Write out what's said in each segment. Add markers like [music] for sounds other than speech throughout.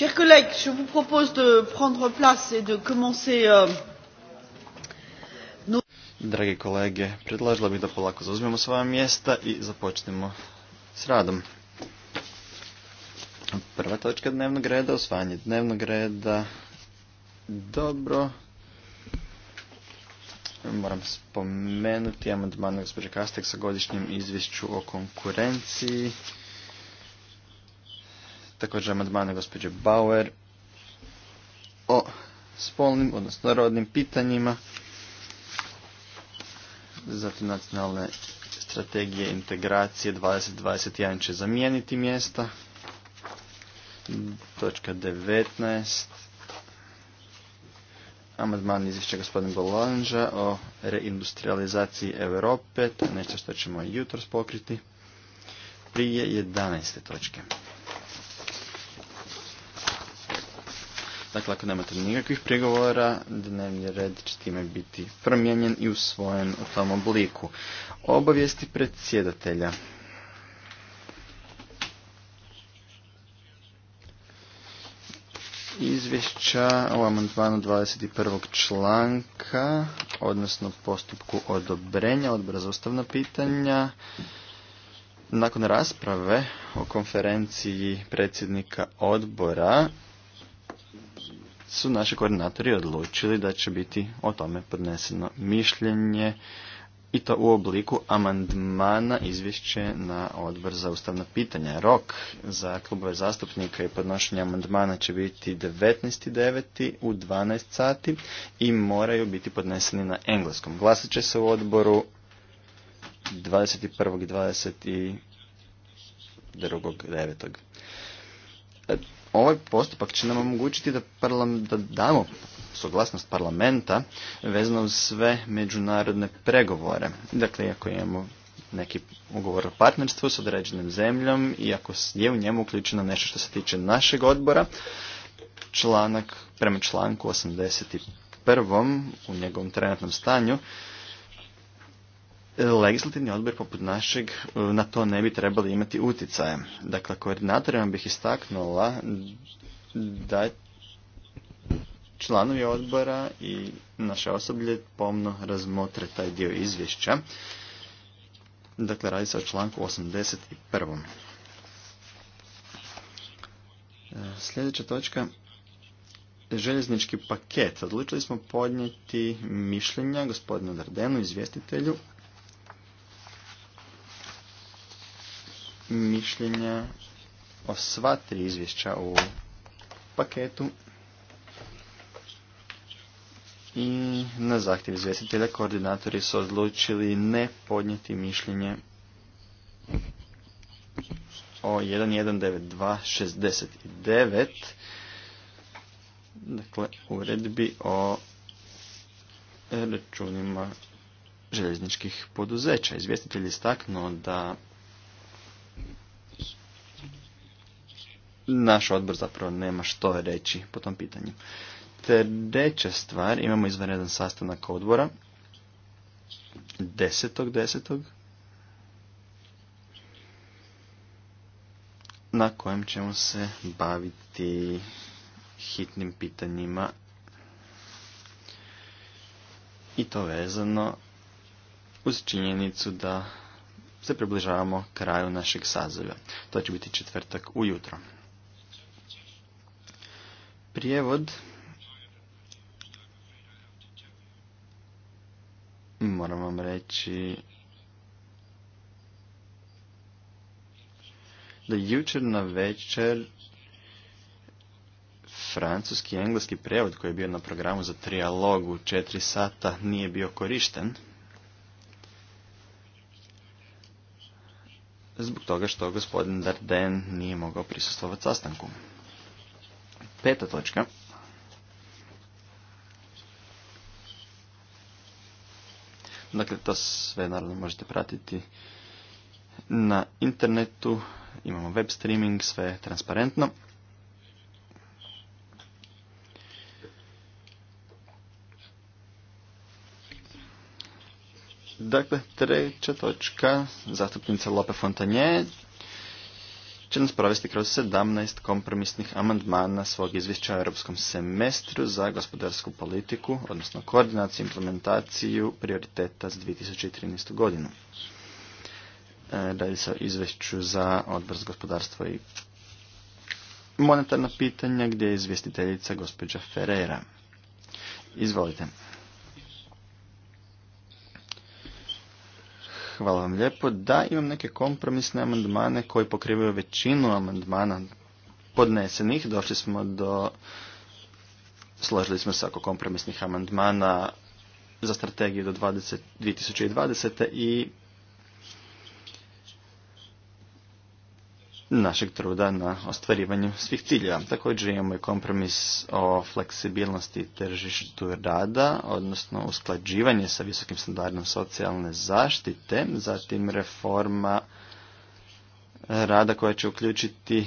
chers collègues je vous propose de prendre place et de commencer euh, drage kolege predlažila bih da polako zauzmemo svoja mjesta i započnemo s radom prva točka dnevnog reda osvajanje dnevnog reda dobro moram spomenuti amandman gospođe Kastek sa godišnjim izvješću o konkurenciji također amandmane gospođe Bauer o spolnim, odnosno rodnim pitanjima, zatim nacionalne strategije integracije 2021 će zamijeniti mjesta, točka 19, amandman izvješća gospodin Bolanža o reindustrializaciji Europe, to je nešto što ćemo jutros pokriti, prije 11. točke. Dakle, ako nemate nikakvih prigovora, dnevni red će time biti promijenjen i usvojen u tom obliku. Obavijesti predsjedatelja. izvješća o amandmanu 21. članka, odnosno postupku odobrenja odbora za ustavna pitanja. Nakon rasprave o konferenciji predsjednika odbora su naši koordinatori odlučili da će biti o tome podneseno mišljenje i to u obliku amandmana izvješće na odbor za ustavna pitanja. Rok za klubove zastupnika i podnošenje amandmana će biti 19.9. u 12 sati i moraju biti podneseni na engleskom. Glasat će se u odboru 21. i 22.9 ovaj postupak će nam omogućiti da, parlam, da damo suglasnost parlamenta vezano uz sve međunarodne pregovore. Dakle, ako imamo neki ugovor o partnerstvu s određenim zemljom i ako je u njemu uključeno nešto što se tiče našeg odbora, članak, prema članku 81. u njegovom trenutnom stanju, legislativni odbor poput našeg e, na to ne bi trebali imati utjecaje. Dakle, koordinatorima bih istaknula da članovi odbora i naše osoblje pomno razmotre taj dio izvješća. Dakle, radi se o članku 81. E, sljedeća točka željeznički paket. Odlučili smo podnijeti mišljenja gospodinu Dardenu, izvjestitelju, mišljenja o sva tri izvješća u paketu i na zahtjev izvjestitelja koordinatori su odlučili ne podnijeti mišljenje o 119269 dakle uredbi o računima željezničkih poduzeća. Izvjestitelj je istaknuo da naš odbor zapravo nema što reći po tom pitanju. Treća stvar, imamo izvanredan sastanak odbora desetog desetog na kojem ćemo se baviti hitnim pitanjima i to vezano uz činjenicu da se približavamo kraju našeg saziva. To će biti četvrtak ujutro prijevod. Moram vam reći da jučer na večer francuski i engleski prijevod koji je bio na programu za trijalog u četiri sata nije bio korišten. Zbog toga što gospodin Darden nije mogao prisustovati sastanku. Peta točka. Dakle, to sve naravno možete pratiti na internetu. Imamo web streaming, sve je transparentno. Dakle, treća točka, zastupnica Lope Fontanje, će nas provesti kroz 17 kompromisnih amandmana svog izvješća o europskom semestru za gospodarsku politiku, odnosno koordinaciju i implementaciju prioriteta za 2013. godinu. dalje se o izvješću za odbor za gospodarstvo i monetarna pitanja gdje je izvjestiteljica gospođa Ferreira. Izvolite. Hvala vam lijepo. Da, imam neke kompromisne amandmane koji pokrivaju većinu amandmana podnesenih. Došli smo do... Složili smo se oko kompromisnih amandmana za strategiju do 20, 2020. i našeg truda na ostvarivanju svih ciljeva. Također imamo i kompromis o fleksibilnosti tržištu rada, odnosno usklađivanje sa visokim standardom socijalne zaštite, zatim reforma rada koja će uključiti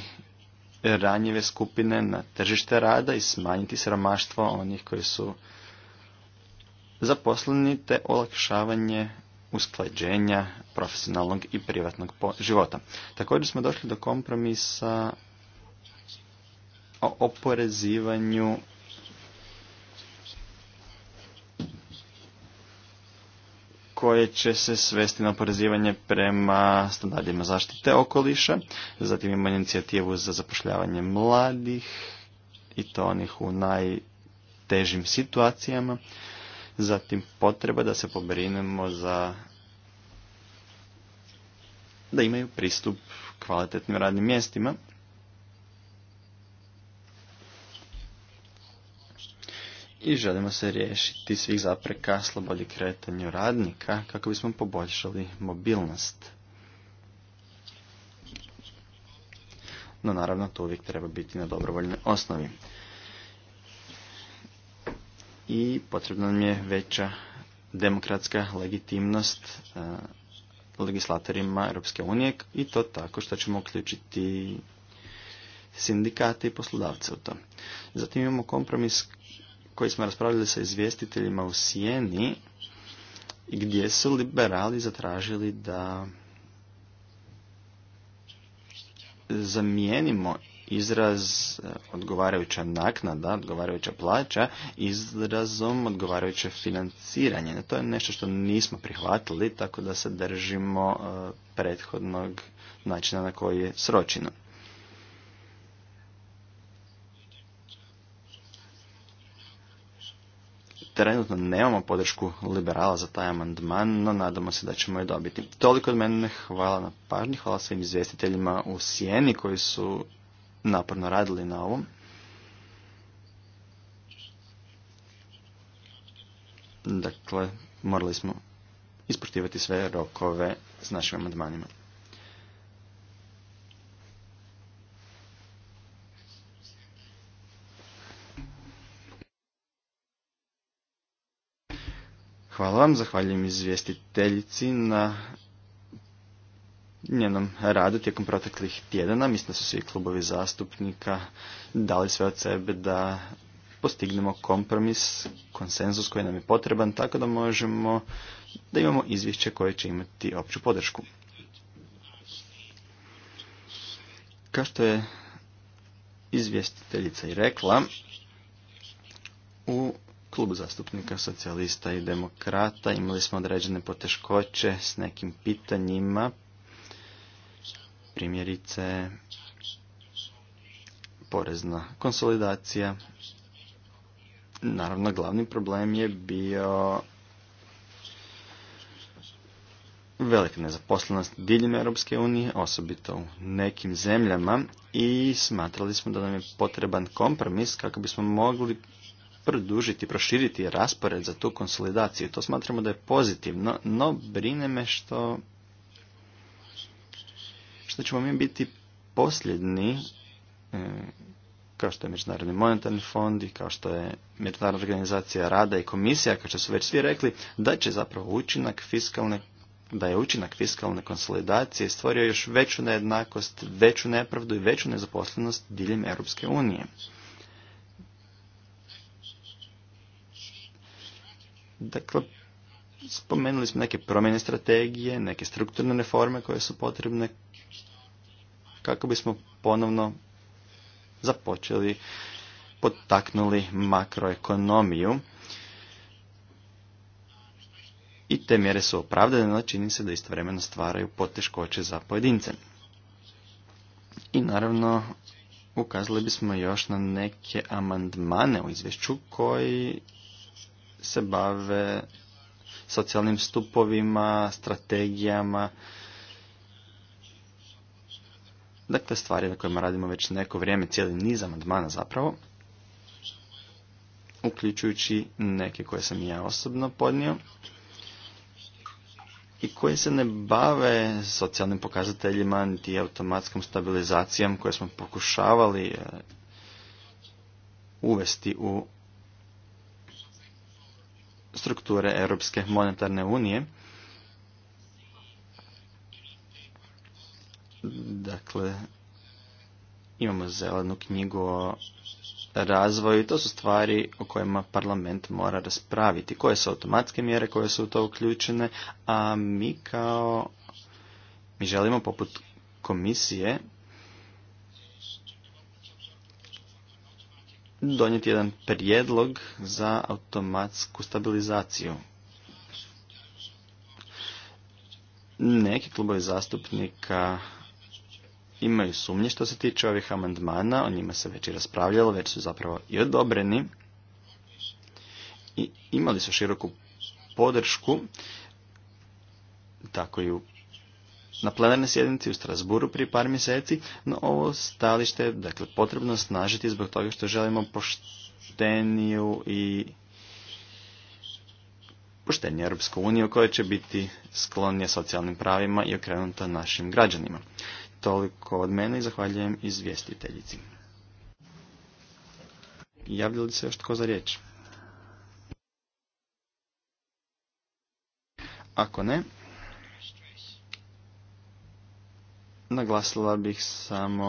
ranjive skupine na tržište rada i smanjiti siromaštvo onih koji su zaposleni te olakšavanje usklađenja profesionalnog i privatnog života. Također smo došli do kompromisa o oporezivanju koje će se svesti na oporezivanje prema standardima zaštite okoliša. Zatim imamo inicijativu za zapošljavanje mladih i to onih u najtežim situacijama. Zatim potreba da se pobrinemo za da imaju pristup kvalitetnim radnim mjestima. I želimo se riješiti svih zapreka slobodi kretanju radnika kako bismo poboljšali mobilnost. No naravno to uvijek treba biti na dobrovoljnoj osnovi i potrebna nam je veća demokratska legitimnost e, legislatorima Europske unije i to tako što ćemo uključiti sindikate i poslodavce u to. Zatim imamo kompromis koji smo raspravljali sa izvjestiteljima u Sijeni gdje su liberali zatražili da zamijenimo izraz e, odgovarajuća naknada, odgovarajuća plaća, izrazom odgovarajuće financiranje. To je nešto što nismo prihvatili, tako da se držimo e, prethodnog načina na koji je sročino. Trenutno nemamo podršku liberala za taj amandman, no nadamo se da ćemo je dobiti. Toliko od mene, hvala na pažnji, hvala svim izvjestiteljima u Sijeni koji su naporno radili na ovom. Dakle, morali smo ispoštivati sve rokove s našim amandmanima. Hvala vam, zahvaljujem izvjestiteljici na njenom radu tijekom proteklih tjedana. Mislim da su svi klubovi zastupnika dali sve od sebe da postignemo kompromis, konsenzus koji nam je potreban, tako da možemo da imamo izvješće koje će imati opću podršku. Kao što je izvjestiteljica i rekla, u klubu zastupnika socijalista i demokrata imali smo određene poteškoće s nekim pitanjima primjerice porezna konsolidacija. Naravno, glavni problem je bio velika nezaposlenost diljem Europske unije, osobito u nekim zemljama i smatrali smo da nam je potreban kompromis kako bismo mogli produžiti, proširiti raspored za tu konsolidaciju. To smatramo da je pozitivno, no brine me što što ćemo mi biti posljedni e, kao što je Međunarodni monetarni fond i kao što je Međunarodna organizacija rada i komisija, kao što su već svi rekli, da će zapravo učinak fiskalne da je učinak fiskalne konsolidacije stvorio još veću nejednakost, veću nepravdu i veću nezaposlenost diljem Europske unije. Dakle, spomenuli smo neke promjene strategije, neke strukturne reforme koje su potrebne kako bismo ponovno započeli, potaknuli makroekonomiju. I te mjere su opravdane, no čini se da istovremeno stvaraju poteškoće za pojedince. I naravno, ukazali bismo još na neke amandmane u izvješću koji se bave socijalnim stupovima, strategijama, Dakle, stvari na kojima radimo već neko vrijeme, cijeli niz amandmana zapravo, uključujući neke koje sam ja osobno podnio i koje se ne bave socijalnim pokazateljima niti automatskom stabilizacijom koje smo pokušavali e, uvesti u strukture Europske monetarne unije Dakle, imamo zelenu knjigu o razvoju i to su stvari o kojima parlament mora raspraviti. Koje su automatske mjere koje su u to uključene, a mi kao mi želimo poput komisije donijeti jedan prijedlog za automatsku stabilizaciju. Neki klubovi zastupnika imaju sumnje što se tiče ovih amandmana, o njima se već i raspravljalo, već su zapravo i odobreni i imali su široku podršku, tako i na plenarnoj sjednici u Strasburu prije par mjeseci, no ovo stalište je dakle, potrebno snažiti zbog toga što želimo pošteniju i poštenje Europsku uniju koja će biti sklonija socijalnim pravima i okrenuta našim građanima. Toliko od mene i zahvaljujem izvjestiteljici. Javlja li se još tko za riječ? Ako ne, naglasila bih samo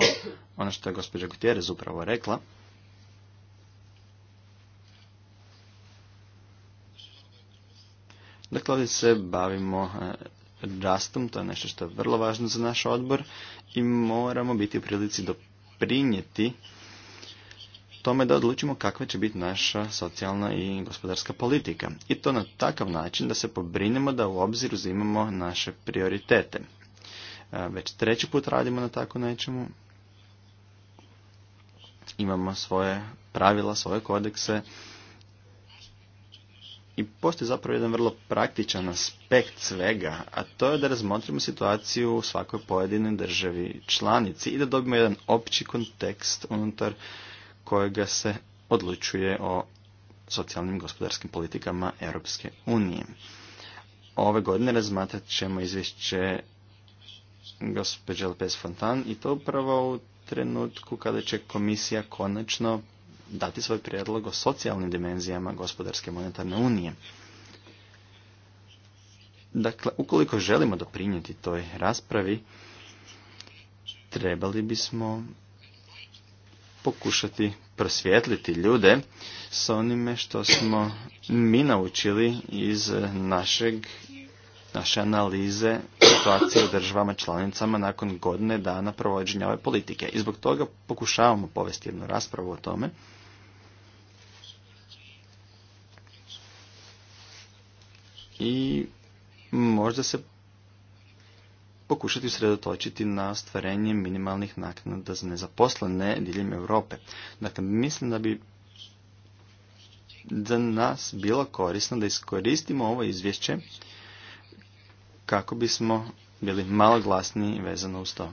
ono što je gospođa Gutierrez upravo rekla. Dakle, ovdje se bavimo e, rastom, to je nešto što je vrlo važno za naš odbor i moramo biti u prilici doprinijeti tome da odlučimo kakva će biti naša socijalna i gospodarska politika. I to na takav način da se pobrinemo da u obzir uzimamo naše prioritete. E, već treći put radimo na tako nečemu. Imamo svoje pravila, svoje kodekse i postoji zapravo jedan vrlo praktičan aspekt svega, a to je da razmotrimo situaciju u svakoj pojedinoj državi članici i da dobimo jedan opći kontekst unutar kojega se odlučuje o socijalnim gospodarskim politikama Europske unije. Ove godine razmatrat ćemo izvješće gospođe Lopez Fontan i to upravo u trenutku kada će komisija konačno dati svoj prijedlog o socijalnim dimenzijama gospodarske monetarne unije. Dakle, ukoliko želimo doprinijeti toj raspravi, trebali bismo pokušati prosvjetliti ljude s onime što smo mi naučili iz našeg, naše analize situacije u državama članicama nakon godine dana provođenja ove politike. I zbog toga pokušavamo povesti jednu raspravu o tome i možda se pokušati usredotočiti na stvarenje minimalnih naknada za nezaposlene diljem Europe. Dakle, mislim da bi za nas bilo korisno da iskoristimo ovo izvješće kako bismo bili malo glasniji vezano uz to.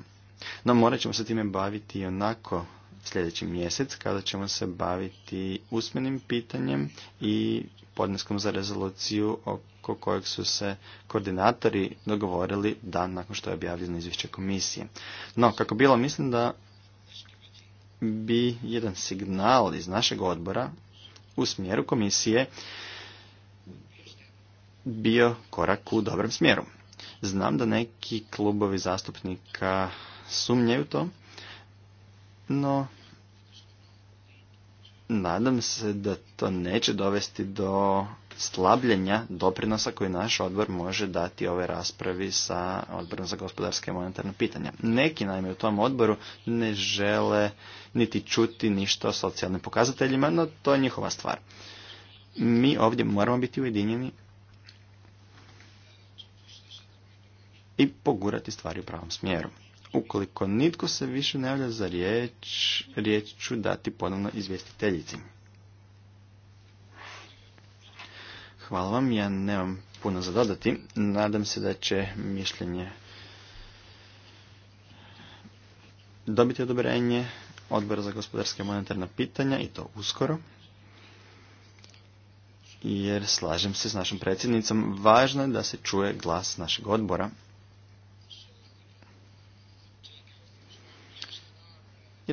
No morat ćemo se time baviti i onako sljedeći mjesec kada ćemo se baviti usmenim pitanjem i podneskom za rezoluciju o oko kojeg su se koordinatori dogovorili dan nakon što je objavljeno izvješće komisije. No, kako bilo, mislim da bi jedan signal iz našeg odbora u smjeru komisije bio korak u dobrom smjeru. Znam da neki klubovi zastupnika sumnjaju to, no nadam se da to neće dovesti do slabljenja doprinosa koji naš odbor može dati ove raspravi sa odborom za gospodarske i monetarne pitanja. Neki naime u tom odboru ne žele niti čuti ništa o socijalnim pokazateljima, no to je njihova stvar. Mi ovdje moramo biti ujedinjeni i pogurati stvari u pravom smjeru. Ukoliko nitko se više ne javlja za riječ, riječ ću dati ponovno izvjestiteljici. Hvala vam, ja nemam puno za dodati. Nadam se da će mišljenje dobiti odobrenje odbora za gospodarske monetarna pitanja i to uskoro. Jer slažem se s našom predsjednicom, važno je da se čuje glas našeg odbora.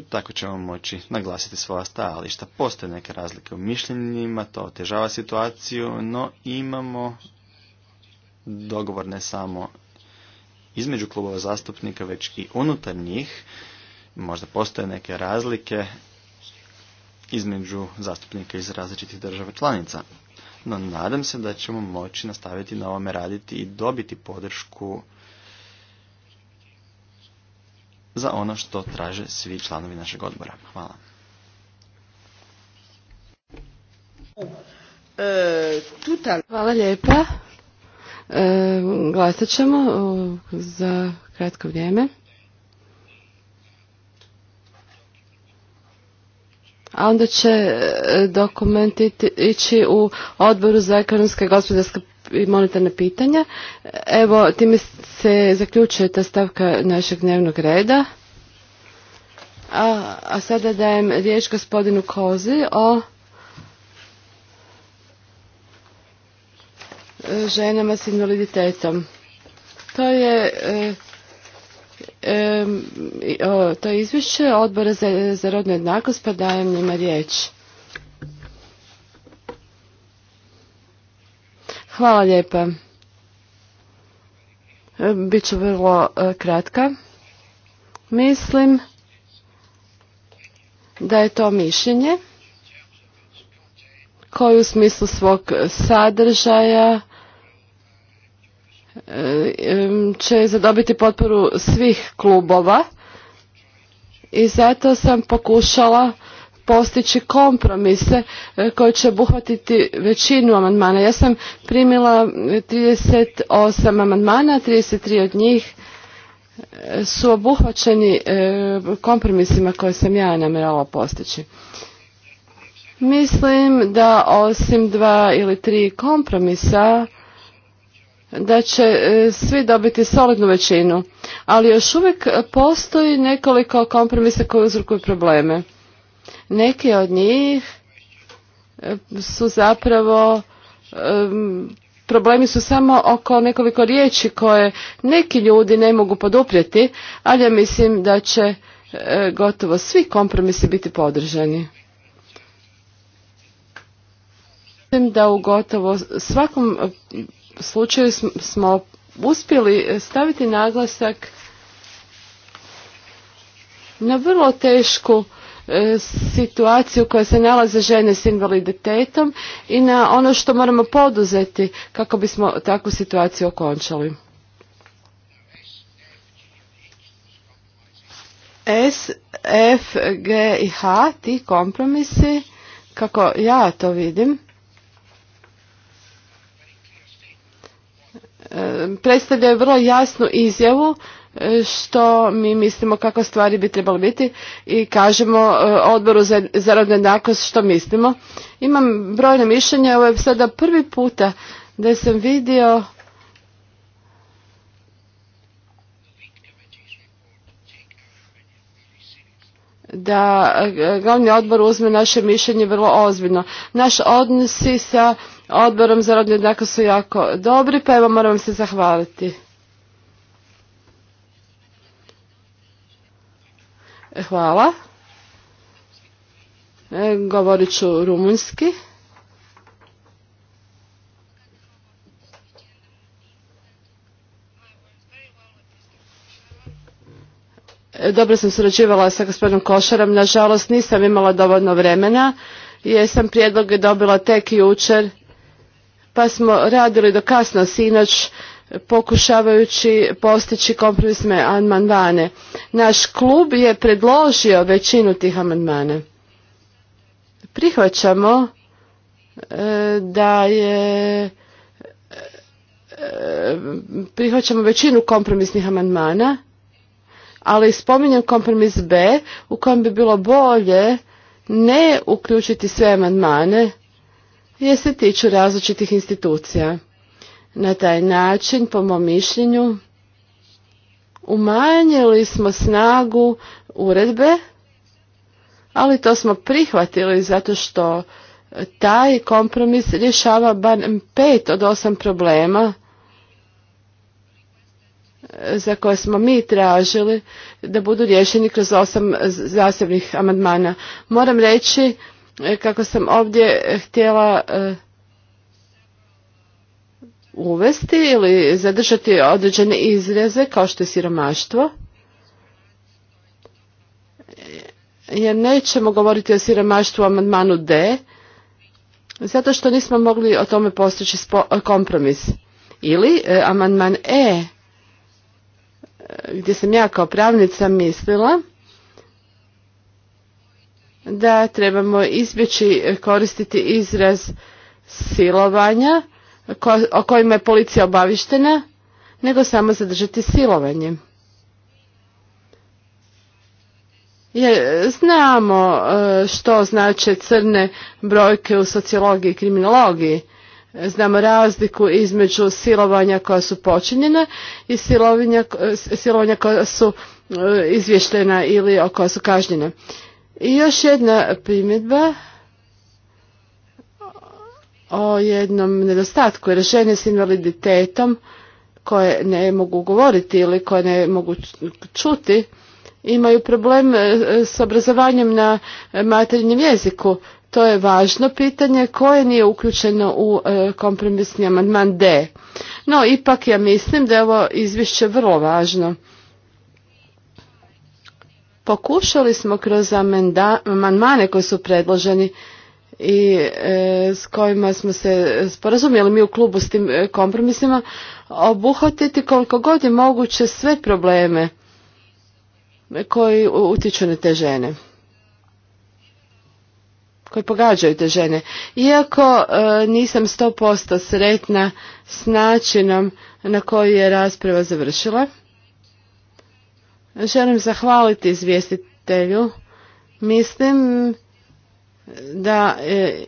tako ćemo moći naglasiti svoja stajališta. Postoje neke razlike u mišljenjima, to otežava situaciju, no imamo dogovor ne samo između klubova zastupnika, već i unutar njih. Možda postoje neke razlike između zastupnika iz različitih država članica. No nadam se da ćemo moći nastaviti na ovome raditi i dobiti podršku za ono što traže svi članovi našeg odbora. Hvala. Hvala lijepa. E, glasat ćemo e, za kratko vrijeme. A onda će e, dokument ići u odboru za ekonomske i gospodarske i monetarna pitanja. Evo, time se zaključuje ta stavka našeg dnevnog reda. A, sada dajem riječ gospodinu Kozi o e, ženama s invaliditetom. To je e, e o, to izvješće odbora za, za rodnu jednakost, pa dajem njima riječ. Hvala lijepa. E, Biću vrlo e, kratka. Mislim da je to mišljenje koje u smislu svog sadržaja e, će zadobiti potporu svih klubova i zato sam pokušala postići kompromise e, koji će obuhvatiti većinu amandmana. Ja sam primila 38 e, amandmana, 33 od njih e, su obuhvaćeni kompromisima koje sam ja namjerala postići. Mislim da osim dva ili tri kompromisa da će svi dobiti solidnu većinu, ali još uvijek postoji nekoliko kompromisa koji uzrokuju probleme. Neki od njih e, su zapravo problemi su samo oko nekoliko riječi koje neki ljudi ne mogu poduprijeti, ali ja mislim da će e, gotovo svi kompromisi biti podržani. Mislim da u gotovo svakom slučaju smo uspjeli staviti naglasak na vrlo tešku E, situaciju u kojoj se nalaze žene s invaliditetom i na ono što moramo poduzeti kako bismo takvu situaciju okončali. S, F, G i H, ti kompromisi, kako ja to vidim, e, predstavljaju vrlo jasnu izjavu što mi mislimo kako stvari bi trebali biti i kažemo e, odboru za, za jednakost što mislimo. Imam brojne mišljenja, ovo je sada prvi puta da sam vidio da e, glavni odbor uzme naše mišljenje vrlo ozbiljno. Naš odnosi sa odborom za rodnu jednakost su jako dobri, pa evo moram se zahvaliti. hvala. E, govorit ću rumunjski. E, dobro sam surađivala sa gospodinom Košarom, nažalost nisam imala dovoljno vremena jer sam prijedloge dobila tek jučer pa smo radili do kasno sinoć pokušavajući postići kompromisne amandmane. Naš klub je predložio većinu tih amandmana. Prihvaćamo e, da je e, prihvaćamo većinu kompromisnih amandmana, ali spominjem kompromis B u kojem bi bilo bolje ne uključiti sve amandmane jer se tiču različitih institucija. Na taj način, po mom mišljenju, umanjili smo snagu uredbe, ali to smo prihvatili zato što taj kompromis rješava barem pet od osam problema za koje smo mi tražili da budu rješeni kroz osam zasebnih amandmana. Moram reći e, kako sam ovdje htjela e, uvesti ili zadržati određene izreze kao što je siromaštvo. Jer nećemo govoriti o siromaštvu u amandmanu D, zato što nismo mogli o tome postići kompromis. Ili e, amandman e, e, gdje sam ja kao pravnica mislila da trebamo izbjeći e, koristiti izraz silovanja, o kojima je policija obavištena, nego samo zadržati silovanje. Jer znamo e, što znače crne brojke u sociologiji i kriminologiji. Znamo razliku između silovanja koja su počinjena i silovanja, e, silovanja koja su e, izvještena ili koja su kažnjena. I još jedna primjedba o jednom nedostatku jer žene s invaliditetom koje ne mogu govoriti ili koje ne mogu čuti imaju problem e, s obrazovanjem na materinjem jeziku. To je važno pitanje koje nije uključeno u e, kompromisni amandman D. No, ipak ja mislim da je ovo izvješće vrlo važno. Pokušali smo kroz amandmane koji su predloženi i e, s kojima smo se sporazumjeli mi u klubu s tim e, kompromisima obuhvatiti koliko god je moguće sve probleme koji utječu na te žene koji pogađaju te žene. Iako e, nisam 100% sretna s načinom na koji je rasprava završila, želim zahvaliti izvjestitelju. Mislim da e,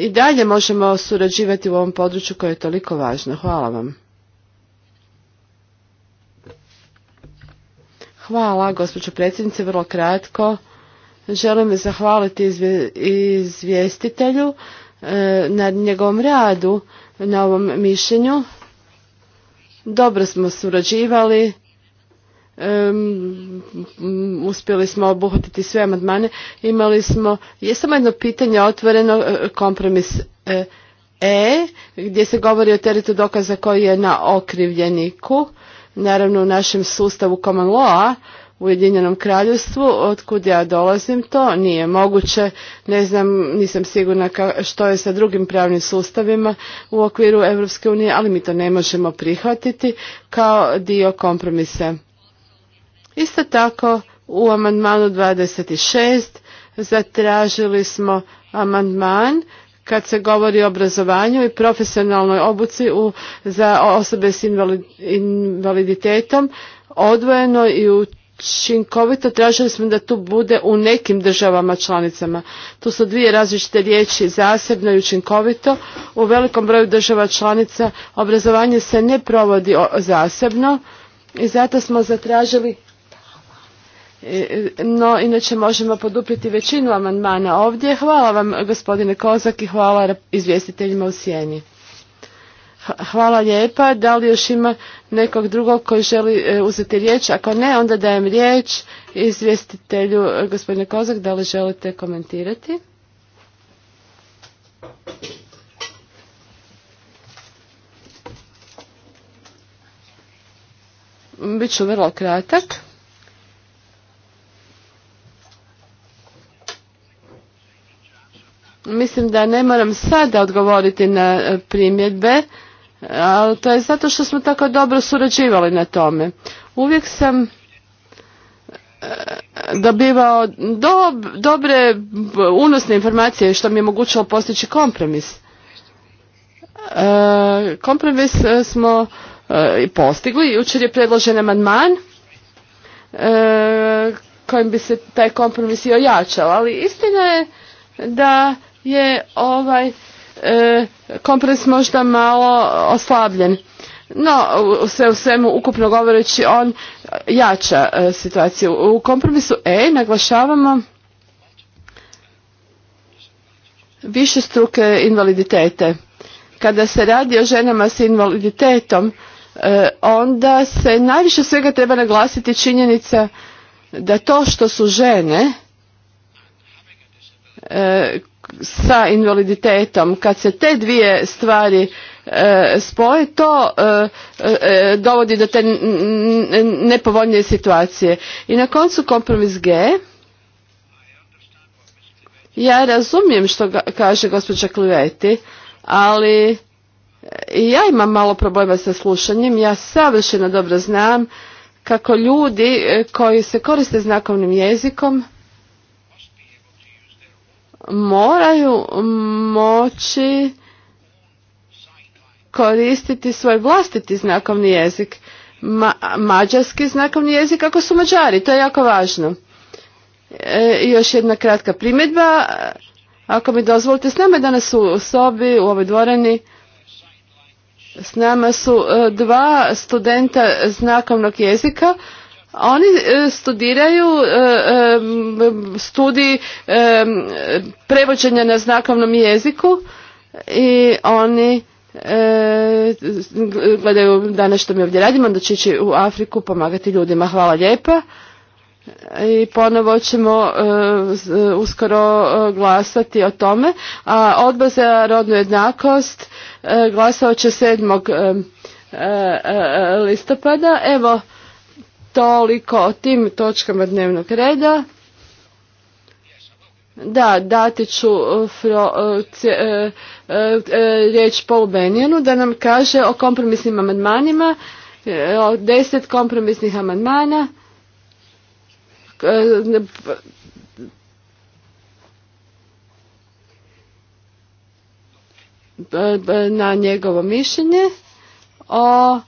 i dalje možemo surađivati u ovom području koje je toliko važno. Hvala vam. Hvala, gospođo predsjednice, vrlo kratko. Želim zahvaliti izvjestitelju e, na njegovom radu, na ovom mišljenju. Dobro smo surađivali, uspjeli smo obuhvatiti sve amandmane. Imali smo, je samo jedno pitanje otvoreno, e, kompromis e, e, gdje se govori o teretu dokaza koji je na okrivljeniku, naravno u našem sustavu common law u Ujedinjenom kraljevstvu, otkud ja dolazim, to nije moguće, ne znam, nisam sigurna što je sa drugim pravnim sustavima u okviru Europske unije, ali mi to ne možemo prihvatiti kao dio kompromisa. Isto tako u amandmanu 26 zatražili smo amandman kad se govori o obrazovanju i profesionalnoj obuci u, za osobe s invaliditetom odvojeno i učinkovito tražili smo da tu bude u nekim državama članicama. Tu su dvije različite riječi zasebno i učinkovito. U velikom broju država članica obrazovanje se ne provodi zasebno i zato smo zatražili E, no, inače možemo poduprijeti većinu amandmana ovdje. Hvala vam gospodine Kozak i hvala izvjestiteljima u sjeni. Hvala lijepa. Da li još ima nekog drugog koji želi e, uzeti riječ? Ako ne, onda dajem riječ izvjestitelju e, gospodine Kozak. Da li želite komentirati? Biću vrlo kratak. Mislim da ne moram sada odgovoriti na e, primjedbe, ali to je zato što smo tako dobro surađivali na tome. Uvijek sam e, dobivao dobre unosne informacije što mi je mogućilo postići kompromis. E, kompromis smo i postigli. Jučer je predložen amandman kojim bi se taj kompromis i ojačao, ali istina je da je ovaj e, možda malo oslabljen. No, sve u svemu, ukupno govoreći, on jača e, situaciju. U kompromisu E naglašavamo više struke invaliditete. Kada se radi o ženama s invaliditetom, e, onda se najviše svega treba naglasiti činjenica da to što su žene, e, sa invaliditetom. Kad se te dvije stvari e, spoje, to e, e, dovodi do te nepovoljnije situacije. I na koncu kompromis G. Ja razumijem što kaže gospođa Kliveti, ali ja imam malo problema sa slušanjem. Ja savršeno dobro znam kako ljudi koji se koriste znakovnim jezikom moraju moći koristiti svoj vlastiti znakovni jezik, mađarski znakovni jezik ako su mađari, to je jako važno. E, još jedna kratka primjedba, ako mi dozvolite, s nama danas u sobi, u ovoj dvorani, s nama su e, dva studenta znakovnog jezika, oni e, studiraju e, e, studij prevođenja na znakovnom jeziku i oni gledaju danas što mi ovdje radimo, onda će u Afriku pomagati ljudima. Hvala lijepa i ponovo ćemo uskoro glasati o tome. A odbor za rodnu jednakost glasao će 7. listopada. Evo, Toliko o tim točkama dnevnog reda. Da, dati ću uh, uh, uh, riječ Paul Benjenu da nam kaže o kompromisnim amandmanima, o deset kompromisnih amandmana. na njegovo mišljenje o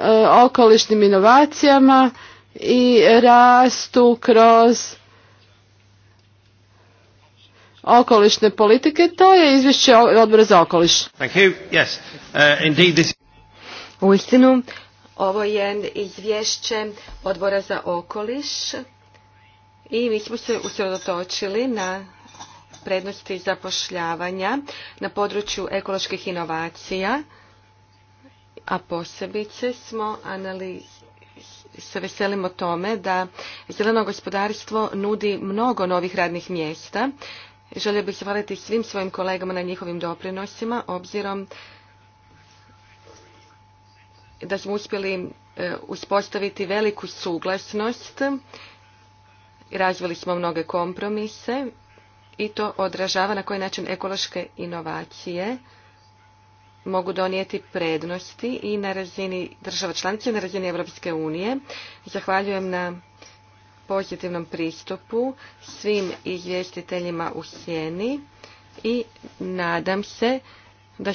E, okolišnim inovacijama i rastu kroz okolišne politike. To je izvješće odbora za okoliš. Uh, istinu, ovo je izvješće odbora za okoliš i mi smo se usredotočili na prednosti zapošljavanja na području ekoloških inovacija a posebice smo analizirali se veselimo tome da zeleno gospodarstvo nudi mnogo novih radnih mjesta. Želio bih hvaliti svim svojim kolegama na njihovim doprinosima, obzirom da smo uspjeli e, uspostaviti veliku suglasnost, razvili smo mnoge kompromise i to odražava na koji način ekološke inovacije mogu donijeti prednosti i na razini država članica i na razini Europske unije. Zahvaljujem na pozitivnom pristupu svim izvjestiteljima u sjeni i nadam se da,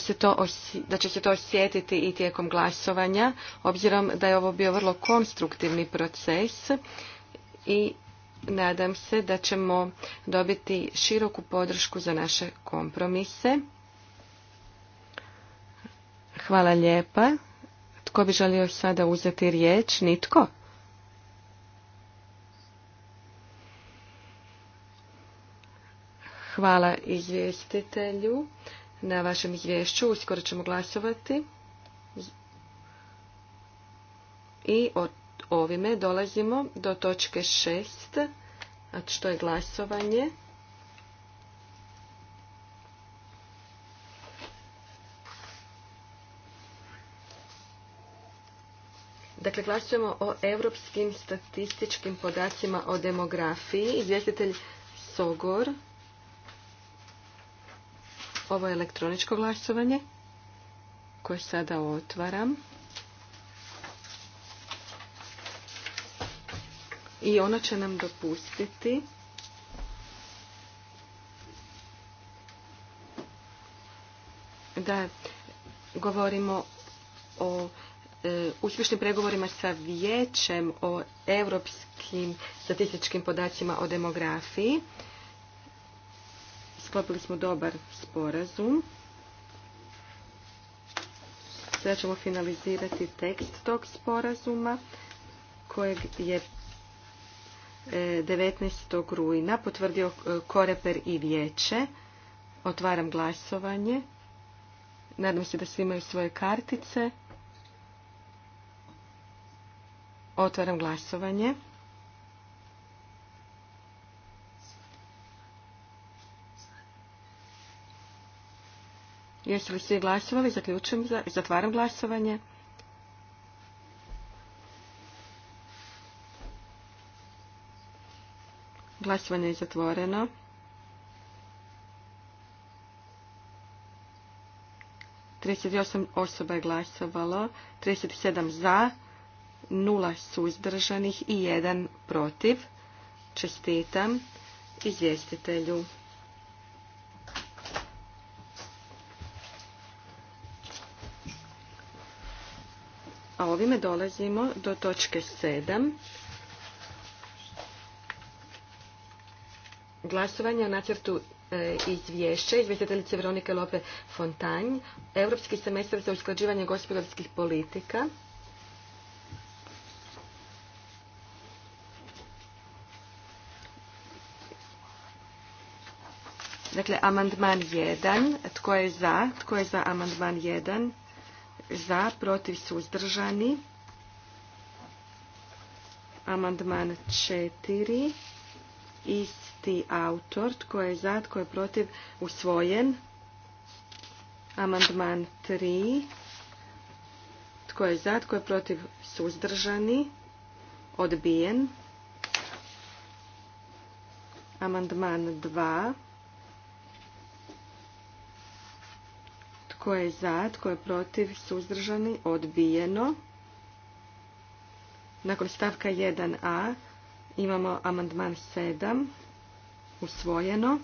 da će se to osjetiti i tijekom glasovanja, obzirom da je ovo bio vrlo konstruktivni proces i nadam se da ćemo dobiti široku podršku za naše kompromise. Hvala lijepa. Tko bi želio sada uzeti riječ? Nitko? Hvala izvjestitelju na vašem izvješću. Uskoro ćemo glasovati. I od ovime dolazimo do točke šest, a što je glasovanje. Dakle, glasujemo o europskim statističkim podacima o demografiji. Izvjestitelj Sogor. Ovo je elektroničko glasovanje koje sada otvaram. I ono će nam dopustiti da govorimo o E, uspješnim pregovorima sa vijećem o europskim statističkim podacima o demografiji. Sklopili smo dobar sporazum. Sada ćemo finalizirati tekst tog sporazuma kojeg je 19. E, rujna potvrdio e, Koreper i vijeće. Otvaram glasovanje. Nadam se da svi imaju svoje kartice. Otvaram glasovanje. Jesu li svi glasovali? Zaključujem, zatvaram glasovanje. Glasovanje je zatvoreno. Trideset osam osoba je glasovalo, trideset sedam za, nula suzdržanih i jedan protiv. Čestitam izvjestitelju. A ovime dolazimo do točke sedam. Glasovanje o nacrtu e, izvješća izvjestiteljice Veronike Lope Fontanj, Europski semestar za usklađivanje gospodarskih politika. Dakle, amandman 1. Tko je za? Tko je za amandman 1? Za, protiv, suzdržani. Amandman 4. Isti autor. Tko je za? Tko je protiv? Usvojen. Amandman 3. Tko je za? Tko je protiv? Suzdržani. Odbijen. Amandman 2. Tko je za? Tko je protiv? Suzdržani? Odbijeno. Nakon stavka 1a imamo amandman 7. Usvojeno.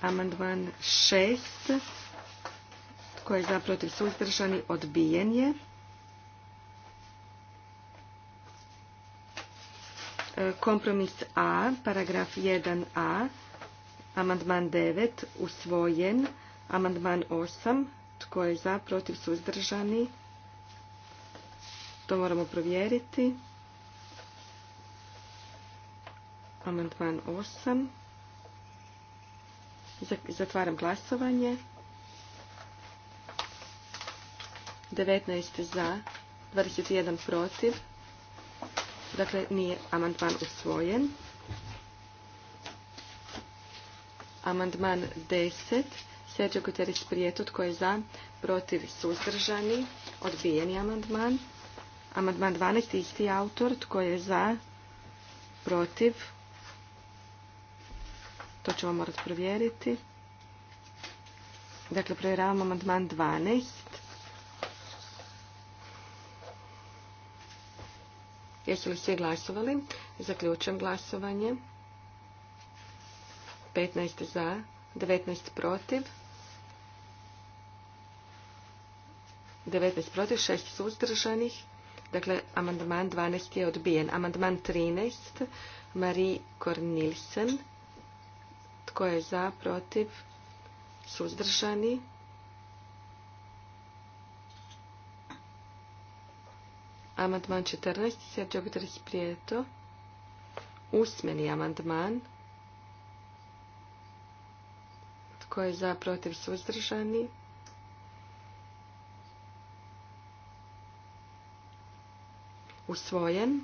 Amandman 6. Tko je za? Protiv? Suzdržani? Odbijen je. E, kompromis A, paragraf 1a Amandman 9 usvojen. Amandman 8. Tko je za, protiv, su izdržani. To moramo provjeriti. Amandman 8. Zatvaram glasovanje. 19 za, 21 protiv. Dakle, nije amandman usvojen. Amandman 10. Sergio Guterres Prijeto, tko je za, protiv, suzdržani, odbijeni amandman. Amandman 12. Isti autor, tko je za, protiv, to ćemo morati provjeriti. Dakle, provjeravamo amandman 12. Jesu li svi glasovali? Zaključujem glasovanje. 15 za, 19 protiv. 19 protiv, 6 suzdržanih. Dakle, amandman 12 je odbijen. Amandman 13, Marie Kornilsen. Tko je za, protiv, suzdržani? Amandman 14, Sergio Guterres Prijeto. Usmeni amandman. Tko je za protiv suzdržani? Usvojen.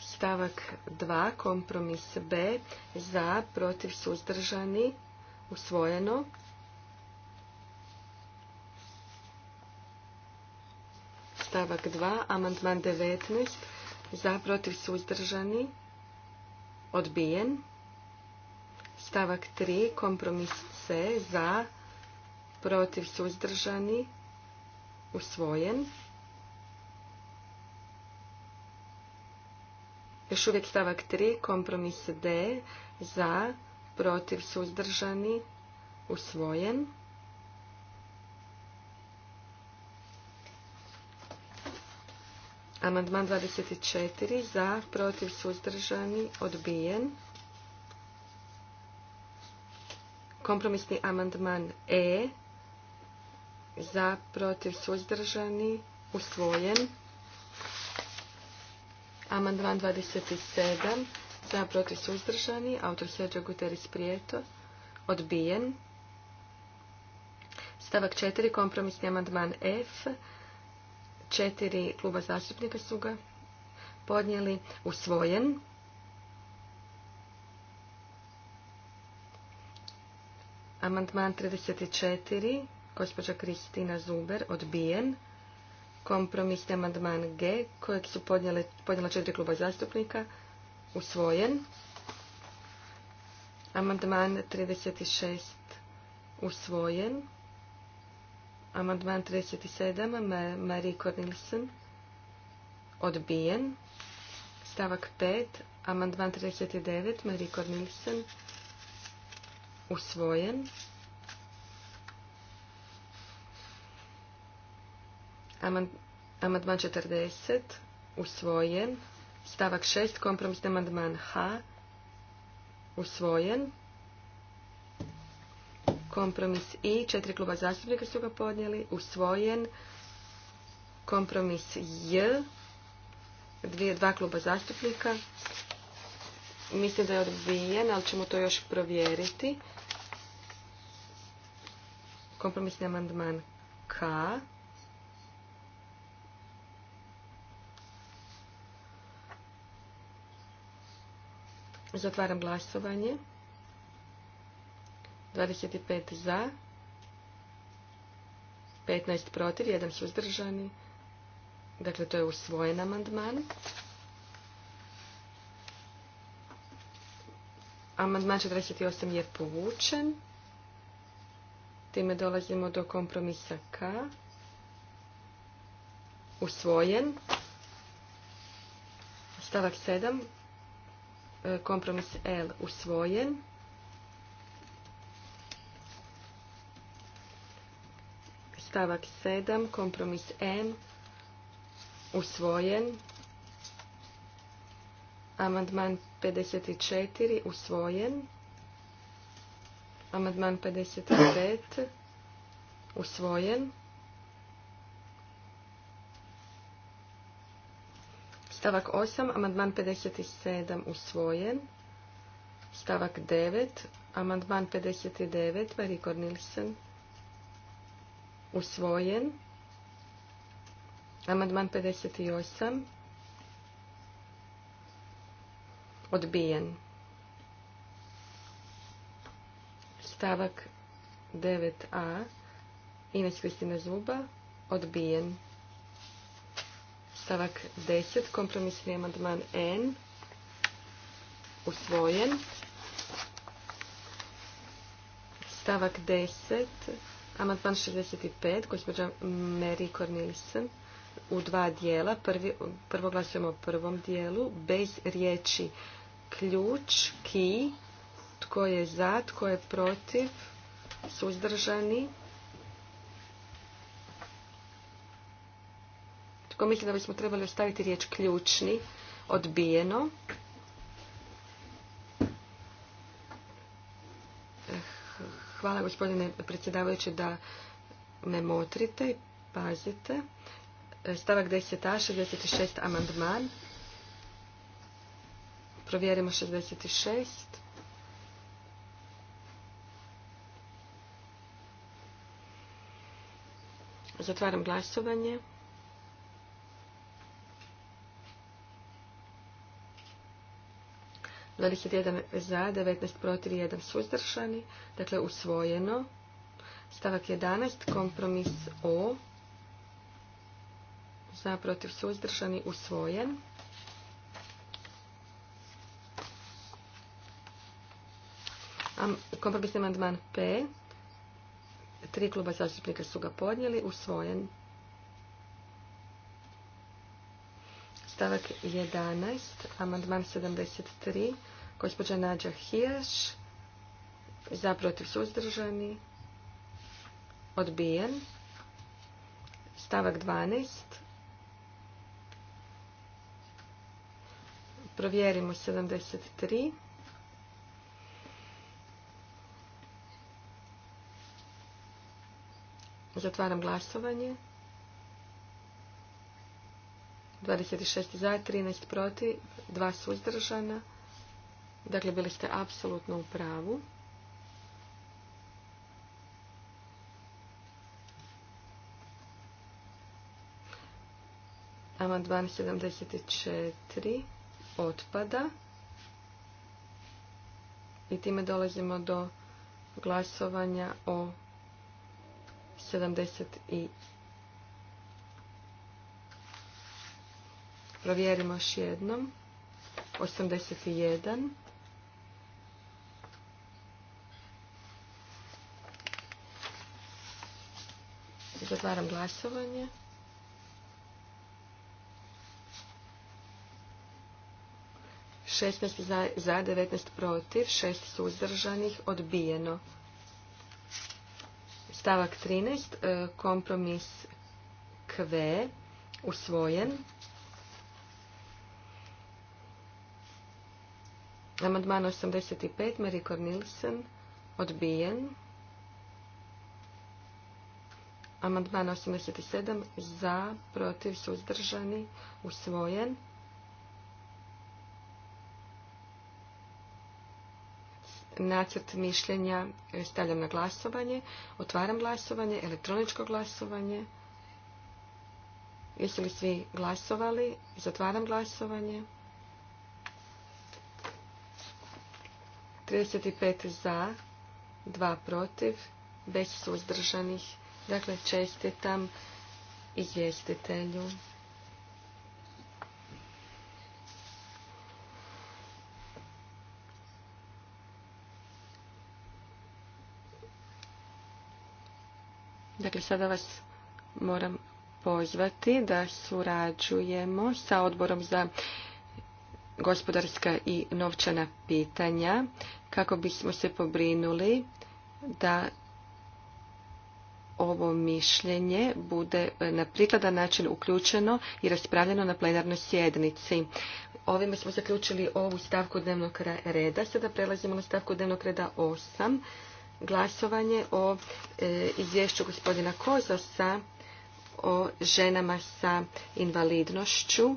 Stavak 2. Kompromis B. Za protiv suzdržani. Usvojeno. stavak 2, amandman 19, za protiv suzdržani, odbijen. Stavak 3, kompromis C, za protiv suzdržani, usvojen. Još uvijek stavak 3, kompromis D, za protiv suzdržani, usvojen. Amandman 24 za, protiv, suzdržani, odbijen. Kompromisni amandman E za, protiv, suzdržani, usvojen. Amandman 27 za, protiv, suzdržani, autor Sergio Guterres Prijeto, odbijen. Stavak 4, kompromisni amandman F Četiri kluba zastupnika su ga podnijeli, usvojen. Amandman 34, gospođa Kristina Zuber, odbijen. Kompromisni amandman G, kojeg su podnijela četiri kluba zastupnika, usvojen. Amandman 36, usvojen. Amandman 37. Marie Cornelsen. Odbijen. Stavak 5. Amandman 39. Marie Cornelsen. Usvojen. Amandman 40. Usvojen. Stavak 6. Kompromisni amandman H. Usvojen. Kompromis I, četiri kluba zastupnika su ga podnijeli, usvojen. Kompromis J, dvije, dva kluba zastupnika. Mislim da je odbijen, ali ćemo to još provjeriti. Kompromisni amandman K. Zatvaram glasovanje. 25 za, 15 protiv, 1 suzdržani. Dakle, to je usvojen amandman. Amandman 48 je povučen. Time dolazimo do kompromisa K. Usvojen. Stavak 7. E, kompromis L usvojen. Stavak 7. Kompromis M. Usvojen. Amandman 54. Usvojen. Amandman 55. Usvojen. Stavak 8. Amandman 57. Usvojen. Stavak 9. Amandman 59. Marie usvojen usvojen. Amandman 58 odbijen. Stavak 9a Ines Kristina Zuba odbijen. Stavak 10 kompromisni amandman N usvojen. Stavak 10 Amandman 65, gospođa Mary Cornelissen, u dva dijela. prvo glasujemo o prvom dijelu, bez riječi ključ, ki, tko je za, tko je protiv, suzdržani. Tko misli da bismo trebali ostaviti riječ ključni, odbijeno. Hvala gospodine predsjedavajući da me motrite i pazite. Stavak 10a, 66 amandman. Provjerimo 66. Zatvaram glasovanje. 21 za, 19 protiv i 1 suzdržani. Dakle, usvojeno. Stavak 11. Kompromis O. Za, protiv, suzdržani. Usvojen. Kompromisni amandman P. Tri kluba zastupnika su ga podnijeli. Usvojen. Stavak 11. Amandman 73. Gospođa Nađa Hijaš, za protiv suzdržani, odbijen. Stavak 12. Provjerimo 73. Zatvaram glasovanje. 26 za, 13 protiv, 2 suzdržana. Dakle, bili ste apsolutno u pravu. Amandman 74 otpada. I time dolazimo do glasovanja o 70 i... Provjerimo još jednom. 81. Zatvaram glasovanje. Šestnaest za, devetnaest protiv, šest suzdržanih, odbijeno. Stavak 13, e, kompromis KV, usvojen. Amandman 85, Marie Cornilsen, odbijen. Amandman 87 za, protiv, suzdržani, usvojen. Nacrt mišljenja e, stavljam na glasovanje. Otvaram glasovanje, elektroničko glasovanje. Jesu li svi glasovali? Zatvaram glasovanje. 35 za, 2 protiv, bez suzdržanih Dakle, čestitam izvjestitelju. Dakle, sada vas moram pozvati da surađujemo sa odborom za gospodarska i novčana pitanja kako bismo se pobrinuli da ovo mišljenje bude e, na prikladan način uključeno i raspravljeno na plenarnoj sjednici. Ovime smo zaključili ovu stavku dnevnog reda. Sada prelazimo na stavku dnevnog reda 8. Glasovanje o e, izvješću gospodina Kozosa o ženama sa invalidnošću.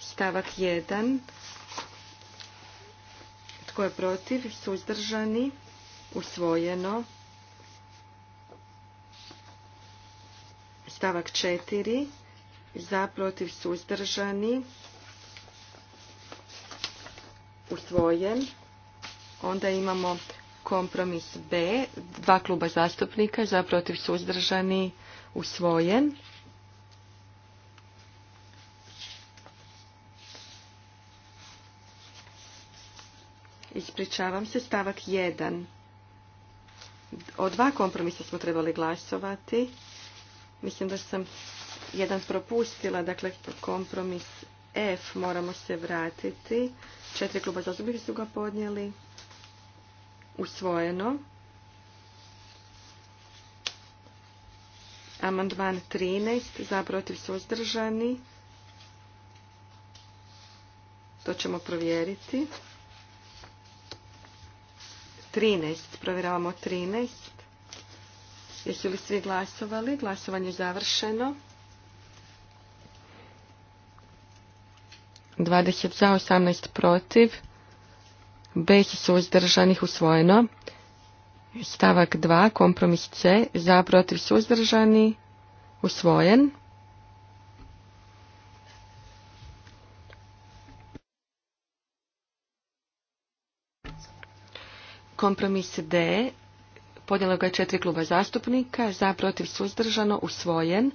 Stavak 1. Tko je protiv? Suzdržani? Usvojeno. Stavak 4. Za, protiv, suzdržani. Usvojen. Onda imamo kompromis B. Dva kluba zastupnika. Za, protiv, suzdržani. Usvojen. Ispričavam se, stavak 1. O dva kompromisa smo trebali glasovati. Mislim da sam jedan propustila, dakle kompromis F moramo se vratiti. Četiri kluba zastupnika su ga podnijeli. Usvojeno. Amandman 13, Zaprotiv su suzdržani. To ćemo provjeriti. 13, provjeravamo 13. Jesu li svi glasovali? Glasovanje je završeno. 20 za, 18 protiv, bez suzdržanih usvojeno. Stavak 2, kompromis C, za, protiv, suzdržani, usvojen. Kompromis D, podnijelo ga je četiri kluba zastupnika, za protiv suzdržano, usvojen.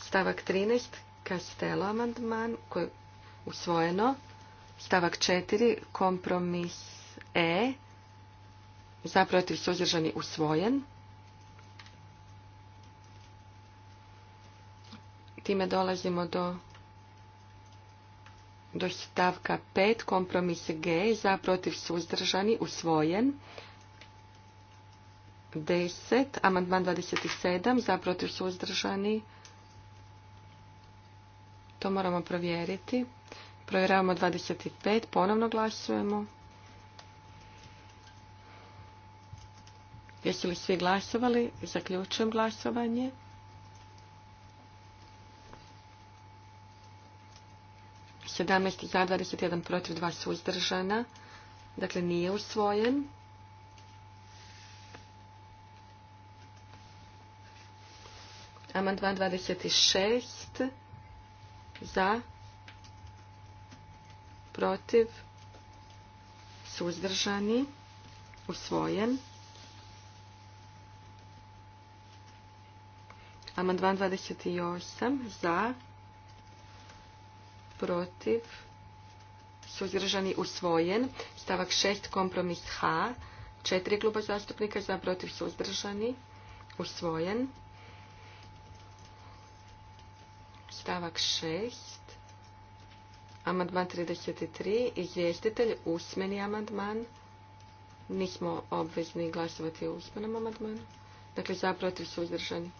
Stavak 13, Kastelo amandman, koji usvojeno. Stavak 4, kompromis E, za protiv suzdržani, usvojen. Time dolazimo do do stavka 5, kompromis G, za protiv suzdržani, usvojen. 10, amandman 27, za protiv suzdržani. To moramo provjeriti. Provjeravamo 25, ponovno glasujemo. Jesu li svi glasovali? Zaključujem glasovanje. Sedamnaest za, 21 protiv, 2 suzdržana. Dakle, nije usvojen. Amandman 26 za, protiv, suzdržani, usvojen. Amandman 28 za, protiv, suzdržani, usvojen. Stavak 6, kompromis H, četiri kluba zastupnika za, protiv, suzdržani, usvojen. stavak 6, amandman 33, izvjestitelj, usmeni amandman. Nismo obvezni glasovati o usmenom amandmanu. Dakle, za su uzdržani.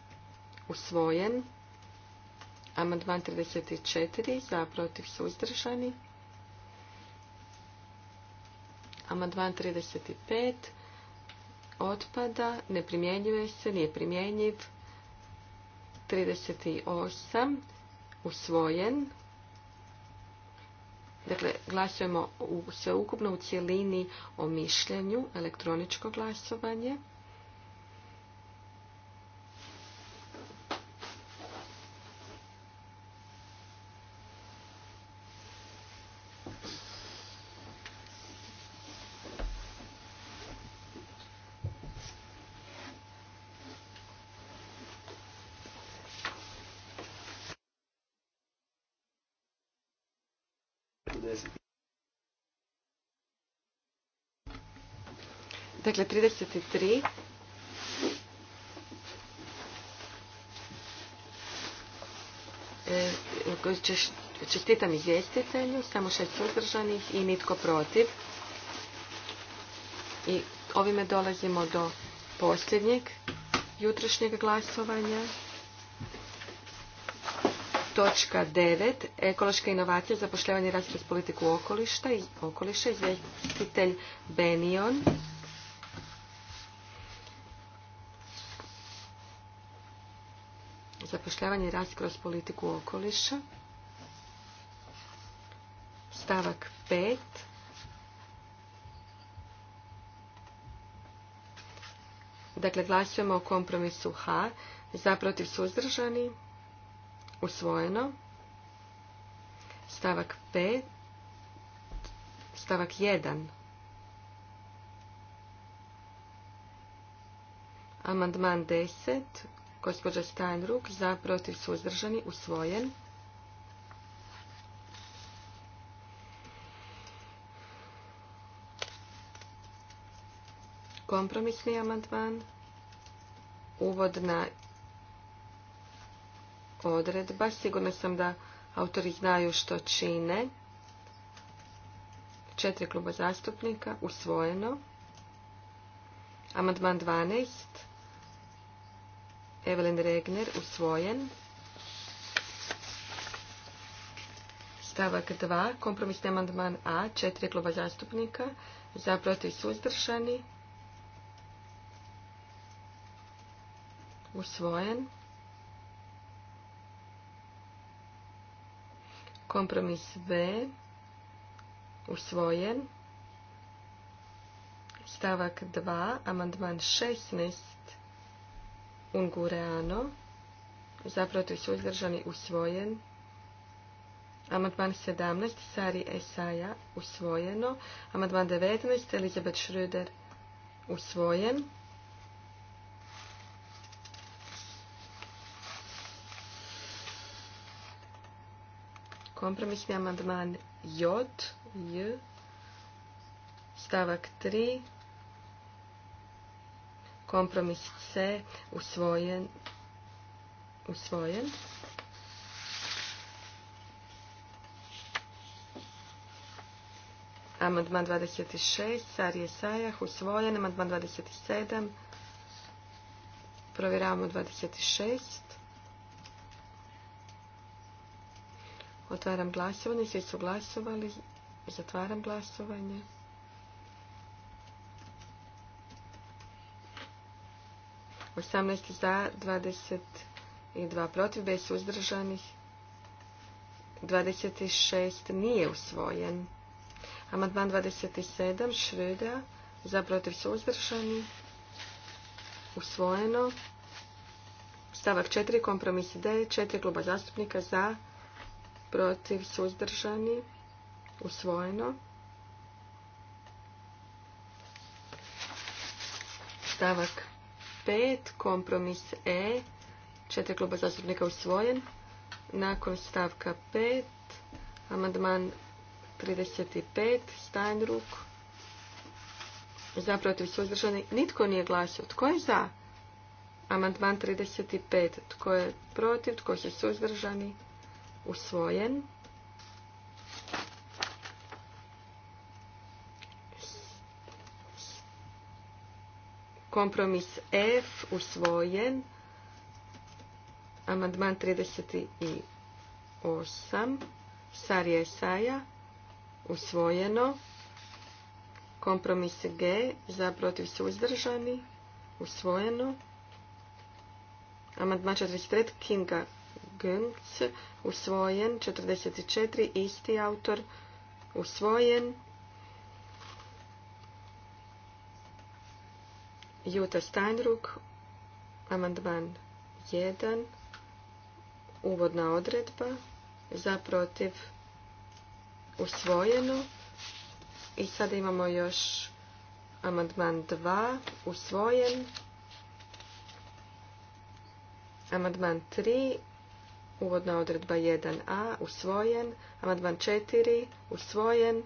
usvojen. Amandman 34, Zaprotiv su uzdržani. Amandman 35, otpada, ne primjenjuje se, nije primjenjiv. 38, usvojen. Dakle, glasujemo u, sveukupno u cjelini o mišljenju, elektroničko glasovanje. Dakle, 33. E, čestitam izvjestitelju, samo šest suzdržanih i nitko protiv. I ovime dolazimo do posljednjeg jutrošnjeg glasovanja. Točka 9. Ekološka inovacija, zapošljavanje i politiku okoliša, okoliša izvjestitelj Benion. sprečavanje rast kroz politiku okoliša. Stavak 5. Dakle, glasujemo o kompromisu H. Za protiv suzdržani. Usvojeno. Stavak 5. Stavak 1. Amandman 10. Gospođa Steinruck za protiv suzdržani usvojen. Kompromisni amandman. Uvodna odredba. Sigurno sam da autori znaju što čine. Četiri kluba zastupnika usvojeno. Amandman 12. Evelyn Regner usvojen. Stavak 2. Kompromisni amandman A. Četiri kluba zastupnika. Zaprotiv protiv suzdržani. Usvojen. Kompromis B. Usvojen. Stavak 2. Amandman 16 Ungureano. Za su suzdržani usvojen. Amandman 17. Sari Esaja usvojeno. Amandman 19. Elizabeth Schröder usvojen. Kompromisni amandman J, J, stavak 3, Kompromis C usvojen. usvojen. Amandman 26, Sarije Sajah, usvojen. Amandman 27, provjeravamo 26. Otvaram glasovanje, svi su glasovali, zatvaram glasovanje. 18 za, 22 protiv, bez uzdržanih 26 nije usvojen. Amadman 27, Šreda, za protiv uzdržani. usvojeno. Stavak 4, kompromis D, četiri kluba zastupnika za protiv uzdržani. usvojeno. Stavak 5, kompromis E, četiri kluba zastupnika usvojen. Nakon stavka 5, amandman 35, ruk za protiv suzdržani, nitko nije glasio. Tko je za? Amandman 35, tko je protiv, tko je suzdržani, usvojen. Kompromis F usvojen. Amandman 38. Sarija Saja usvojeno. Kompromis G za protiv suzdržani usvojeno. Amandman 43. Kinga Gunc usvojen. 44. Isti autor usvojen. Juta Steinruck, amandman 1, uvodna odredba, zaprotiv, protiv usvojeno. I sada imamo još amandman 2, usvojen. Amandman 3, uvodna odredba 1a, usvojen. Amandman 4, usvojen.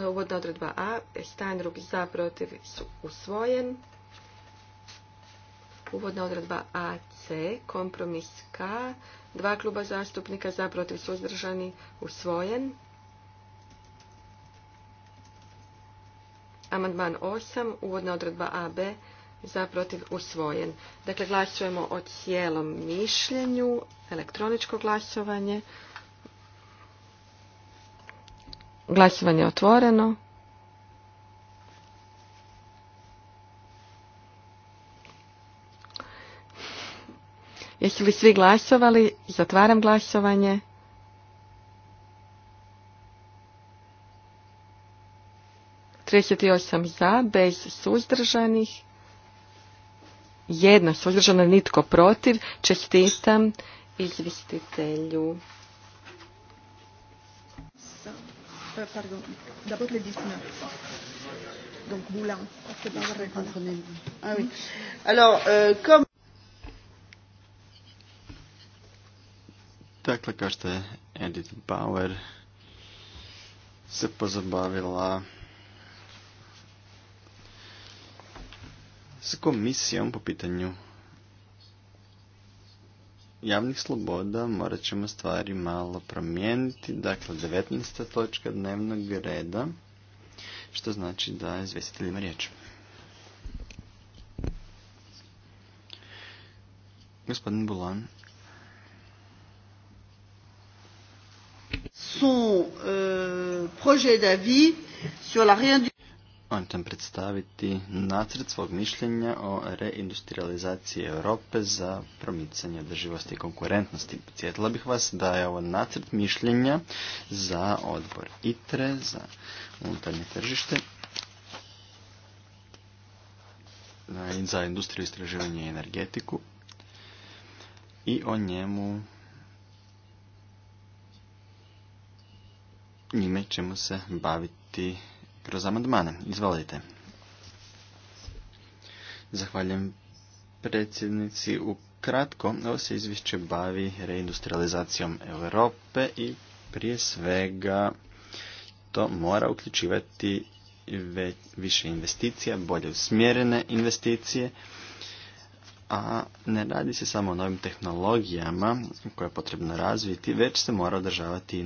E, uvodna odredba A. Steinrug za protiv su usvojen. Uvodna odredba AC. Kompromis K. Dva kluba zastupnika za protiv suzdržani usvojen. Amandman 8. Uvodna odredba AB. Za protiv usvojen. Dakle, glasujemo o cijelom mišljenju. Elektroničko glasovanje. Glasovanje je otvoreno. Jesu li svi glasovali? Zatvaram glasovanje. Trideset osam za, bez suzdržanih. Jedna suzdržana, nitko protiv. Čestitam izvjestitelju. euh, pardon, d'abord le 19. Donc Moulin, c'est pas vrai. Ah oui. Alors, euh, comme... Dakle, kao što je Edith Bauer se pozabavila s komisijom po pitanju javnih sloboda morat ćemo stvari malo promijeniti. Dakle, 19. točka dnevnog reda, što znači da je zvestiteljima riječ. Gospodin Bulan. Son euh, projet d'avis sur la on će predstaviti nacrt svog mišljenja o reindustrializaciji Europe za promicanje održivosti i konkurentnosti. Podsjetila bih vas da je ovo nacrt mišljenja za odbor ITRE, za unutarnje tržište za industriju, istraživanje i energetiku i o njemu njime ćemo se baviti kroz amandmane. Izvolite. Zahvaljujem predsjednici. U kratko, ovo se izvješće bavi reindustrializacijom Europe i prije svega to mora uključivati više investicija, bolje usmjerene investicije a ne radi se samo o novim tehnologijama koje je potrebno razviti, već se mora održavati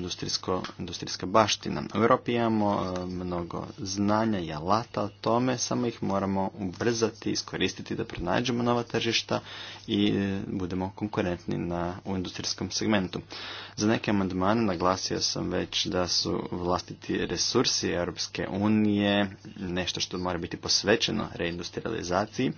industrijska baština. U Europi imamo e, mnogo znanja i alata o tome, samo ih moramo ubrzati, iskoristiti da pronađemo nova tržišta i e, budemo konkurentni na, u industrijskom segmentu. Za neke amandmane naglasio sam već da su vlastiti resursi Europske unije nešto što mora biti posvećeno reindustrializaciji.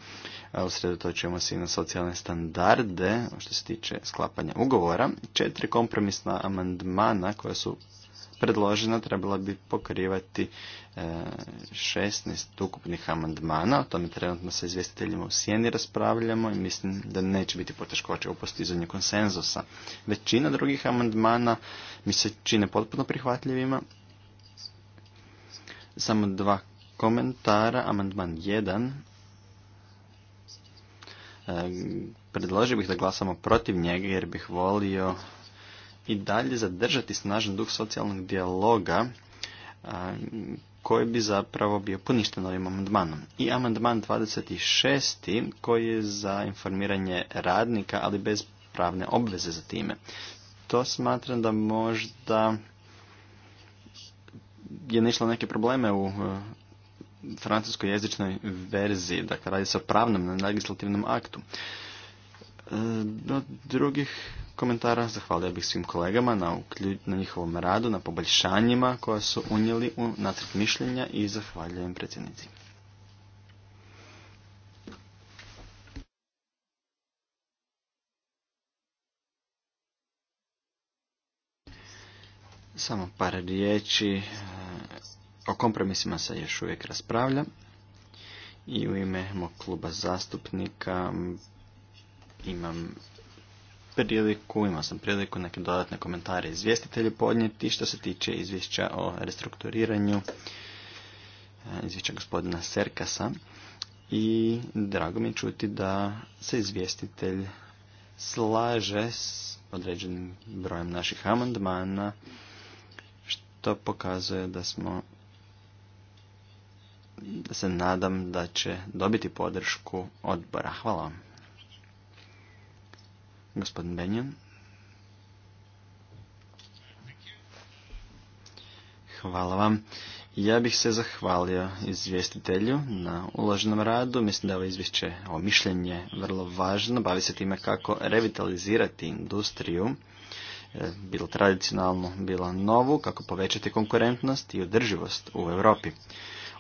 E, usredotočujemo se na socijalne standarde što se tiče sklapanja ugovora. Četiri kompromisna amandmana koja su predložena trebala bi pokrivati 16 e, ukupnih amandmana. O tome trenutno sa izvjestiteljima u Sjeni raspravljamo i mislim da neće biti poteškoće u postizanju konsenzusa. Većina drugih amandmana mi se čine potpuno prihvatljivima. Samo dva komentara. Amandman 1 predložio bih da glasamo protiv njega jer bih volio i dalje zadržati snažan duh socijalnog dijaloga koji bi zapravo bio poništen ovim amandmanom. I amandman 26. koji je za informiranje radnika, ali bez pravne obveze za time. To smatram da možda je nešlo neke probleme u francuskoj jezičnoj verziji, dakle radi se o pravnom legislativnom aktu. E, do drugih komentara zahvalio bih svim kolegama na, na njihovom radu, na poboljšanjima koja su unijeli u nacrt mišljenja i zahvaljujem predsjednici. Samo par riječi o kompromisima se još uvijek raspravlja i u ime mog kluba zastupnika imam priliku, imao sam priliku neke dodatne komentare izvjestitelju podnijeti što se tiče izvješća o restrukturiranju e, izvješća gospodina Serkasa i drago mi je čuti da se izvjestitelj slaže s određenim brojem naših amandmana što pokazuje da smo se nadam da će dobiti podršku odbora. Hvala vam. Gospodin Benjan. Hvala vam. Ja bih se zahvalio izvjestitelju na uloženom radu. Mislim da je ovo izvješće, ovo mišljenje vrlo važno. Bavi se time kako revitalizirati industriju, e, bilo tradicionalno, bilo novu, kako povećati konkurentnost i održivost u Europi.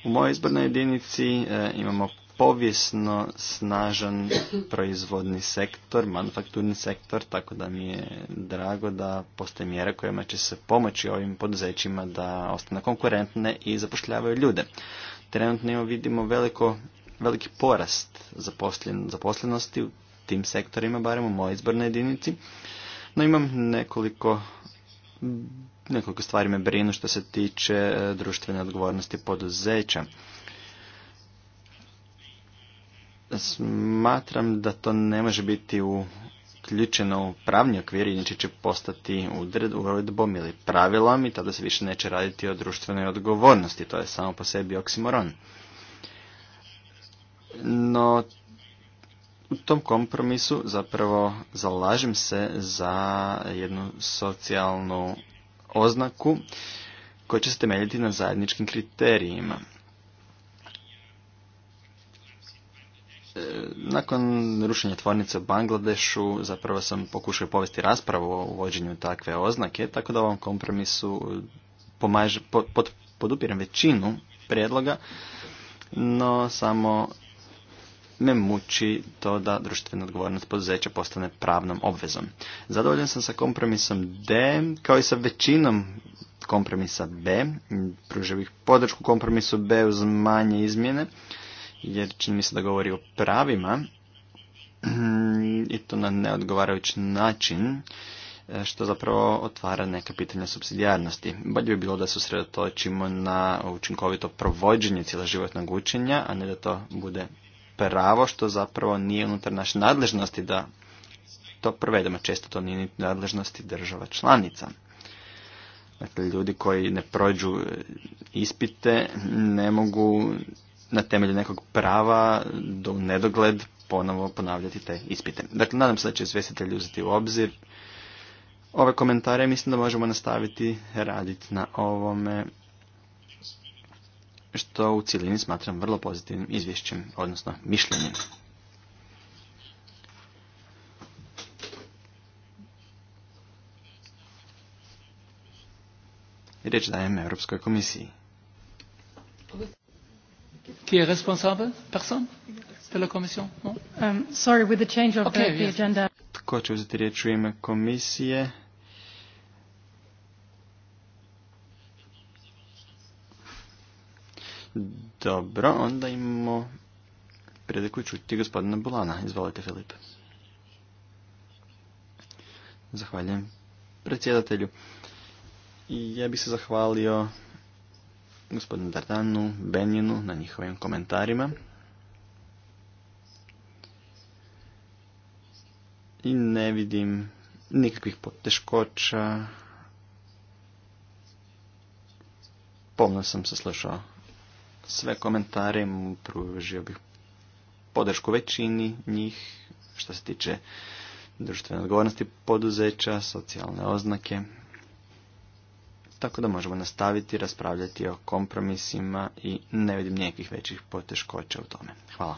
U mojoj izbornoj jedinici e, imamo povijesno snažan proizvodni sektor, manufakturni sektor, tako da mi je drago da postoje mjere kojima će se pomoći ovim poduzećima da ostane konkurentne i zapošljavaju ljude. Trenutno vidimo veliko, veliki porast zaposlen, zaposlenosti u tim sektorima, barem u mojoj izbornoj jedinici. No imam nekoliko nekoliko stvari me brinu što se tiče e, društvene odgovornosti poduzeća. Smatram da to ne može biti uključeno u pravni okvir, inače će postati uredbom ili pravilom i tada se više neće raditi o društvenoj odgovornosti. To je samo po sebi oksimoron. No, u tom kompromisu zapravo zalažem se za jednu socijalnu oznaku koja će se temeljiti na zajedničkim kriterijima. E, nakon rušenja tvornice u Bangladešu zapravo sam pokušao povesti raspravu o uvođenju takve oznake, tako da ovom kompromisu podupiram većinu prijedloga, no samo me muči to da društvena odgovornost poduzeća postane pravnom obvezom. Zadovoljan sam sa kompromisom D, kao i sa većinom kompromisa B, pružio bih podršku kompromisu B uz manje izmjene, jer čini mi se da govori o pravima i to na neodgovarajući način, što zapravo otvara neka pitanja subsidijarnosti. Bolje bi bilo da se usredotočimo na učinkovito provođenje životnog učenja, a ne da to bude pravo što zapravo nije unutar naše nadležnosti da to provedemo. Često to nije nadležnosti država članica. Dakle, ljudi koji ne prođu e, ispite ne mogu na temelju nekog prava do nedogled ponovo ponavljati te ispite. Dakle, nadam se da će izvjestitelj uzeti u obzir ove komentare. Mislim da možemo nastaviti raditi na ovome što u cjelini smatram vrlo pozitivnim izvješćem, odnosno mišljenjem. Riječ dajem Europskoj komisiji. Qui est responsable Personne de la commission no? um, Sorry, with the change of okay, the, yes. the agenda. Tko će uzeti riječ u ime komisije? Dobro, onda imamo priliku čuti gospodina Bulana. Izvolite, Filip. Zahvaljujem predsjedatelju. I ja bih se zahvalio gospodinu Dardanu, Beninu na njihovim komentarima. I ne vidim nikakvih poteškoća. Pomno sam saslušao sve komentare, pružio bih podršku većini njih što se tiče društvene odgovornosti poduzeća, socijalne oznake. Tako da možemo nastaviti raspravljati o kompromisima i ne vidim nekih većih poteškoća u tome. Hvala.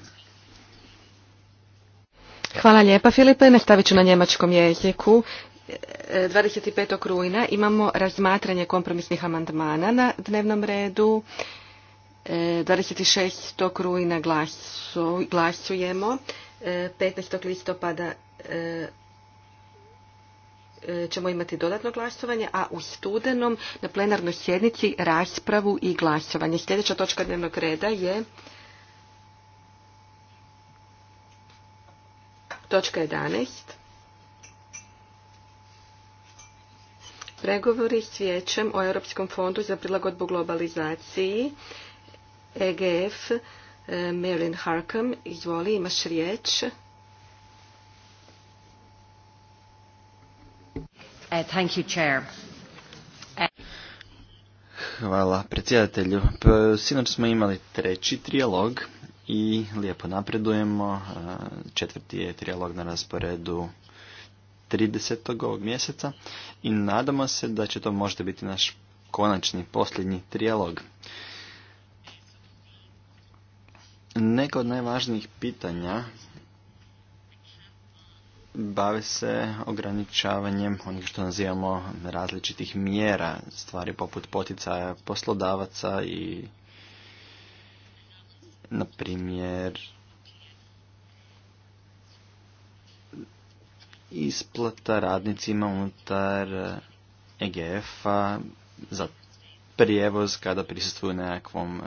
Hvala lijepa Filipe, nastavit ću na njemačkom jeziku. 25. E, rujna imamo razmatranje kompromisnih amandmana na dnevnom redu. 26. rujna glasujemo, 15. E, listopada e, e, ćemo imati dodatno glasovanje, a u studenom na plenarnoj sjednici raspravu i glasovanje. Sljedeća točka dnevnog reda je točka 11. Pregovori s vijećem o Europskom fondu za prilagodbu globalizaciji EGF, e, Marilyn Harkham. Izvoli, imaš riječ. E, e- Hvala predsjedatelju. Sinoć smo imali treći trijalog i lijepo napredujemo. Četvrti je trijalog na rasporedu 30. ovog mjeseca i nadamo se da će to možda biti naš konačni posljednji trijalog. Neko od najvažnijih pitanja bave se ograničavanjem onih što nazivamo različitih mjera, stvari poput poticaja poslodavaca i na primjer isplata radnicima unutar EGF-a za prijevoz kada prisustuju nekakvom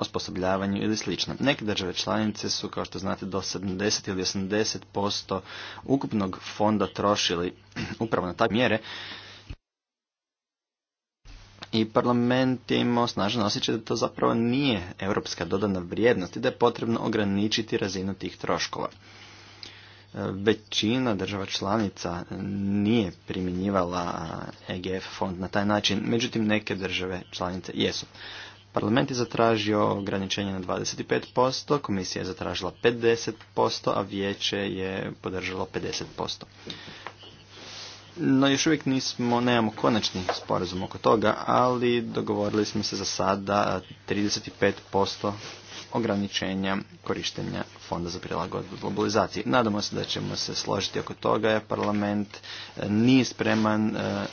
osposobljavanju ili slično. Neke države članice su, kao što znate, do 70 ili 80% ukupnog fonda trošili [clears throat] upravo na takve mjere. I parlament je imao snažan osjećaj da to zapravo nije europska dodana vrijednost i da je potrebno ograničiti razinu tih troškova većina država članica nije primjenjivala EGF fond na taj način, međutim neke države članice jesu. Parlament je zatražio ograničenje na 25%, komisija je zatražila 50%, a vijeće je podržalo 50%. No još uvijek nismo, nemamo konačni sporazum oko toga, ali dogovorili smo se za sada 35% ograničenja korištenja fonda za prilagodbu globalizaciji. Nadamo se da ćemo se složiti oko toga, jer parlament eh, nije spreman eh,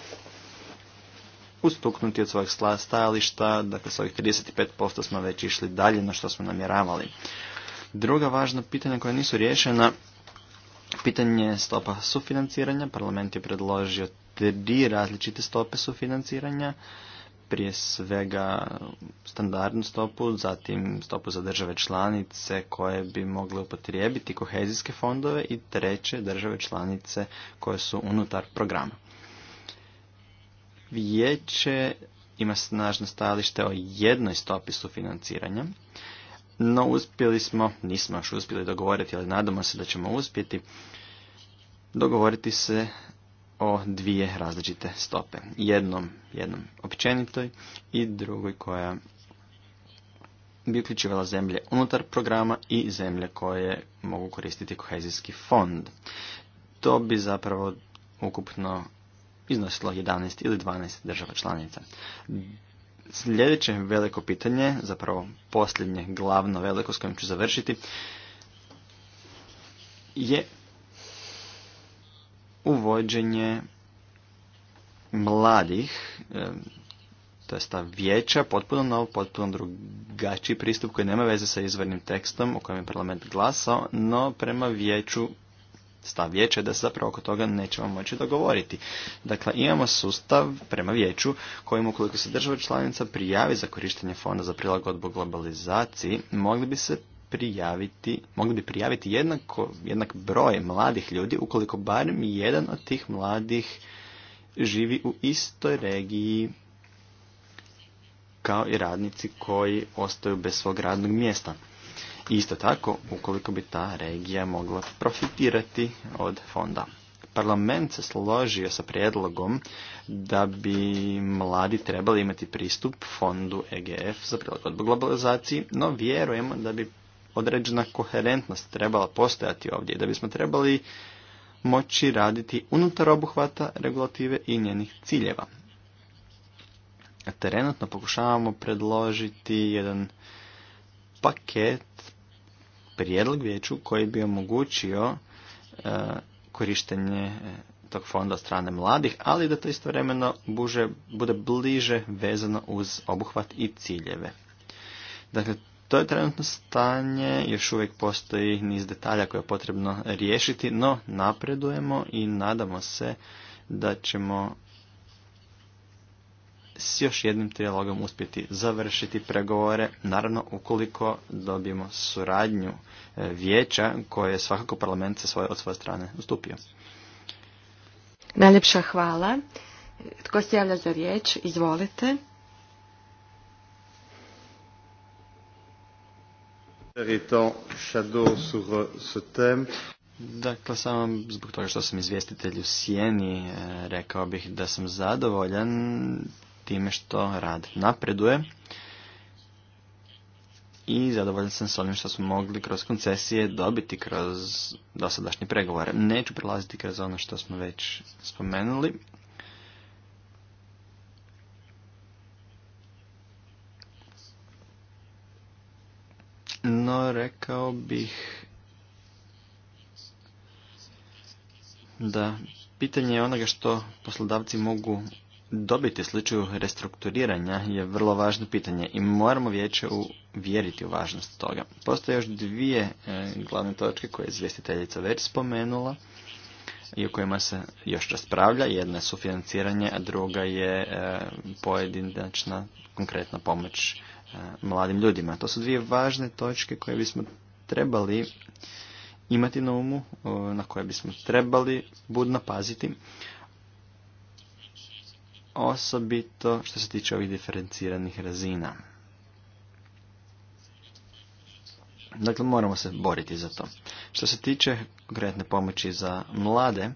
ustuknuti od svojih stajališta, dakle s ovih 35% smo već išli dalje na što smo namjeravali. Druga važna pitanja koja nisu riješena, pitanje stopa sufinanciranja. Parlament je predložio tri različite stope sufinanciranja, prije svega standardnu stopu, zatim stopu za države članice koje bi mogle upotrijebiti kohezijske fondove i treće države članice koje su unutar programa. Vijeće ima snažno stajalište o jednoj stopi sufinanciranja, no uspjeli smo, nismo još uspjeli dogovoriti, ali nadamo se da ćemo uspjeti, dogovoriti se o dvije različite stope. Jednom, jednom općenitoj i drugoj koja bi uključivala zemlje unutar programa i zemlje koje mogu koristiti kohezijski fond. To bi zapravo ukupno iznosilo 11 ili 12 država članica. Sljedeće veliko pitanje, zapravo posljednje glavno veliko s kojim ću završiti, je uvođenje mladih, e, to je ta vijeća, potpuno nov, potpuno drugačiji pristup koji nema veze sa izvornim tekstom o kojem je parlament glasao, no prema vijeću stav vijeća da se zapravo oko toga nećemo moći dogovoriti. Dakle, imamo sustav prema vijeću kojim ukoliko se država članica prijavi za korištenje fonda za prilagodbu globalizaciji, mogli bi se prijaviti, mogli bi prijaviti jednako, jednak broj mladih ljudi ukoliko barem jedan od tih mladih živi u istoj regiji kao i radnici koji ostaju bez svog radnog mjesta. Isto tako, ukoliko bi ta regija mogla profitirati od fonda. Parlament se složio sa prijedlogom da bi mladi trebali imati pristup fondu EGF za prilagodbu globalizaciji, no vjerujemo da bi određena koherentnost trebala postojati ovdje i da bismo trebali moći raditi unutar obuhvata regulative i njenih ciljeva. Trenutno pokušavamo predložiti jedan paket prijedlog vijeću koji bi omogućio e, korištenje e, tog fonda od strane mladih, ali da to istovremeno buže, bude bliže vezano uz obuhvat i ciljeve. Dakle, to je trenutno stanje, još uvijek postoji niz detalja koje je potrebno riješiti, no napredujemo i nadamo se da ćemo s još jednim trijalogom uspjeti završiti pregovore, naravno ukoliko dobijemo suradnju e, vijeća koje je svakako parlament sa svoje, od svoje strane ustupio. Najljepša hvala. Tko se javlja za riječ? Izvolite. Euh, dakle, samo zbog toga što sam izvjestitelj u Sijeni, e, rekao bih da sam zadovoljan time što rad napreduje i zadovoljan sam s onim što smo mogli kroz koncesije dobiti kroz dosadašnji pregovore. Neću prelaziti kroz ono što smo već spomenuli. No, rekao bih da pitanje je onoga što poslodavci mogu dobiti slučaju restrukturiranja je vrlo važno pitanje i moramo vijeće uvjeriti u važnost toga. Postoje još dvije e, glavne točke koje je izvjestiteljica već spomenula i o kojima se još raspravlja. Jedna je sufinanciranje, a druga je e, pojedinačna konkretna pomoć e, mladim ljudima. To su dvije važne točke koje bismo trebali imati na umu, na koje bismo trebali budno paziti osobito što se tiče ovih diferenciranih razina. Dakle, moramo se boriti za to. Što se tiče konkretne pomoći za mlade,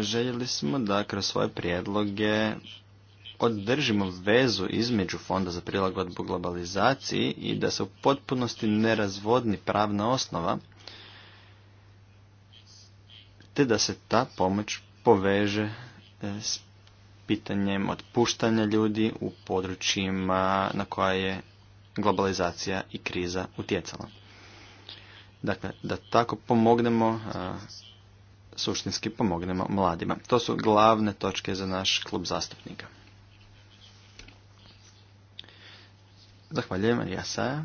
željeli smo da kroz svoje prijedloge održimo vezu između Fonda za prilagodbu globalizaciji i da se u potpunosti nerazvodni pravna osnova, te da se ta pomoć poveže e, s pitanjem otpuštanja ljudi u područjima na koja je globalizacija i kriza utjecala. Dakle, da tako pomognemo, e, suštinski pomognemo mladima. To su glavne točke za naš klub zastupnika. Zahvaljujem, Saja.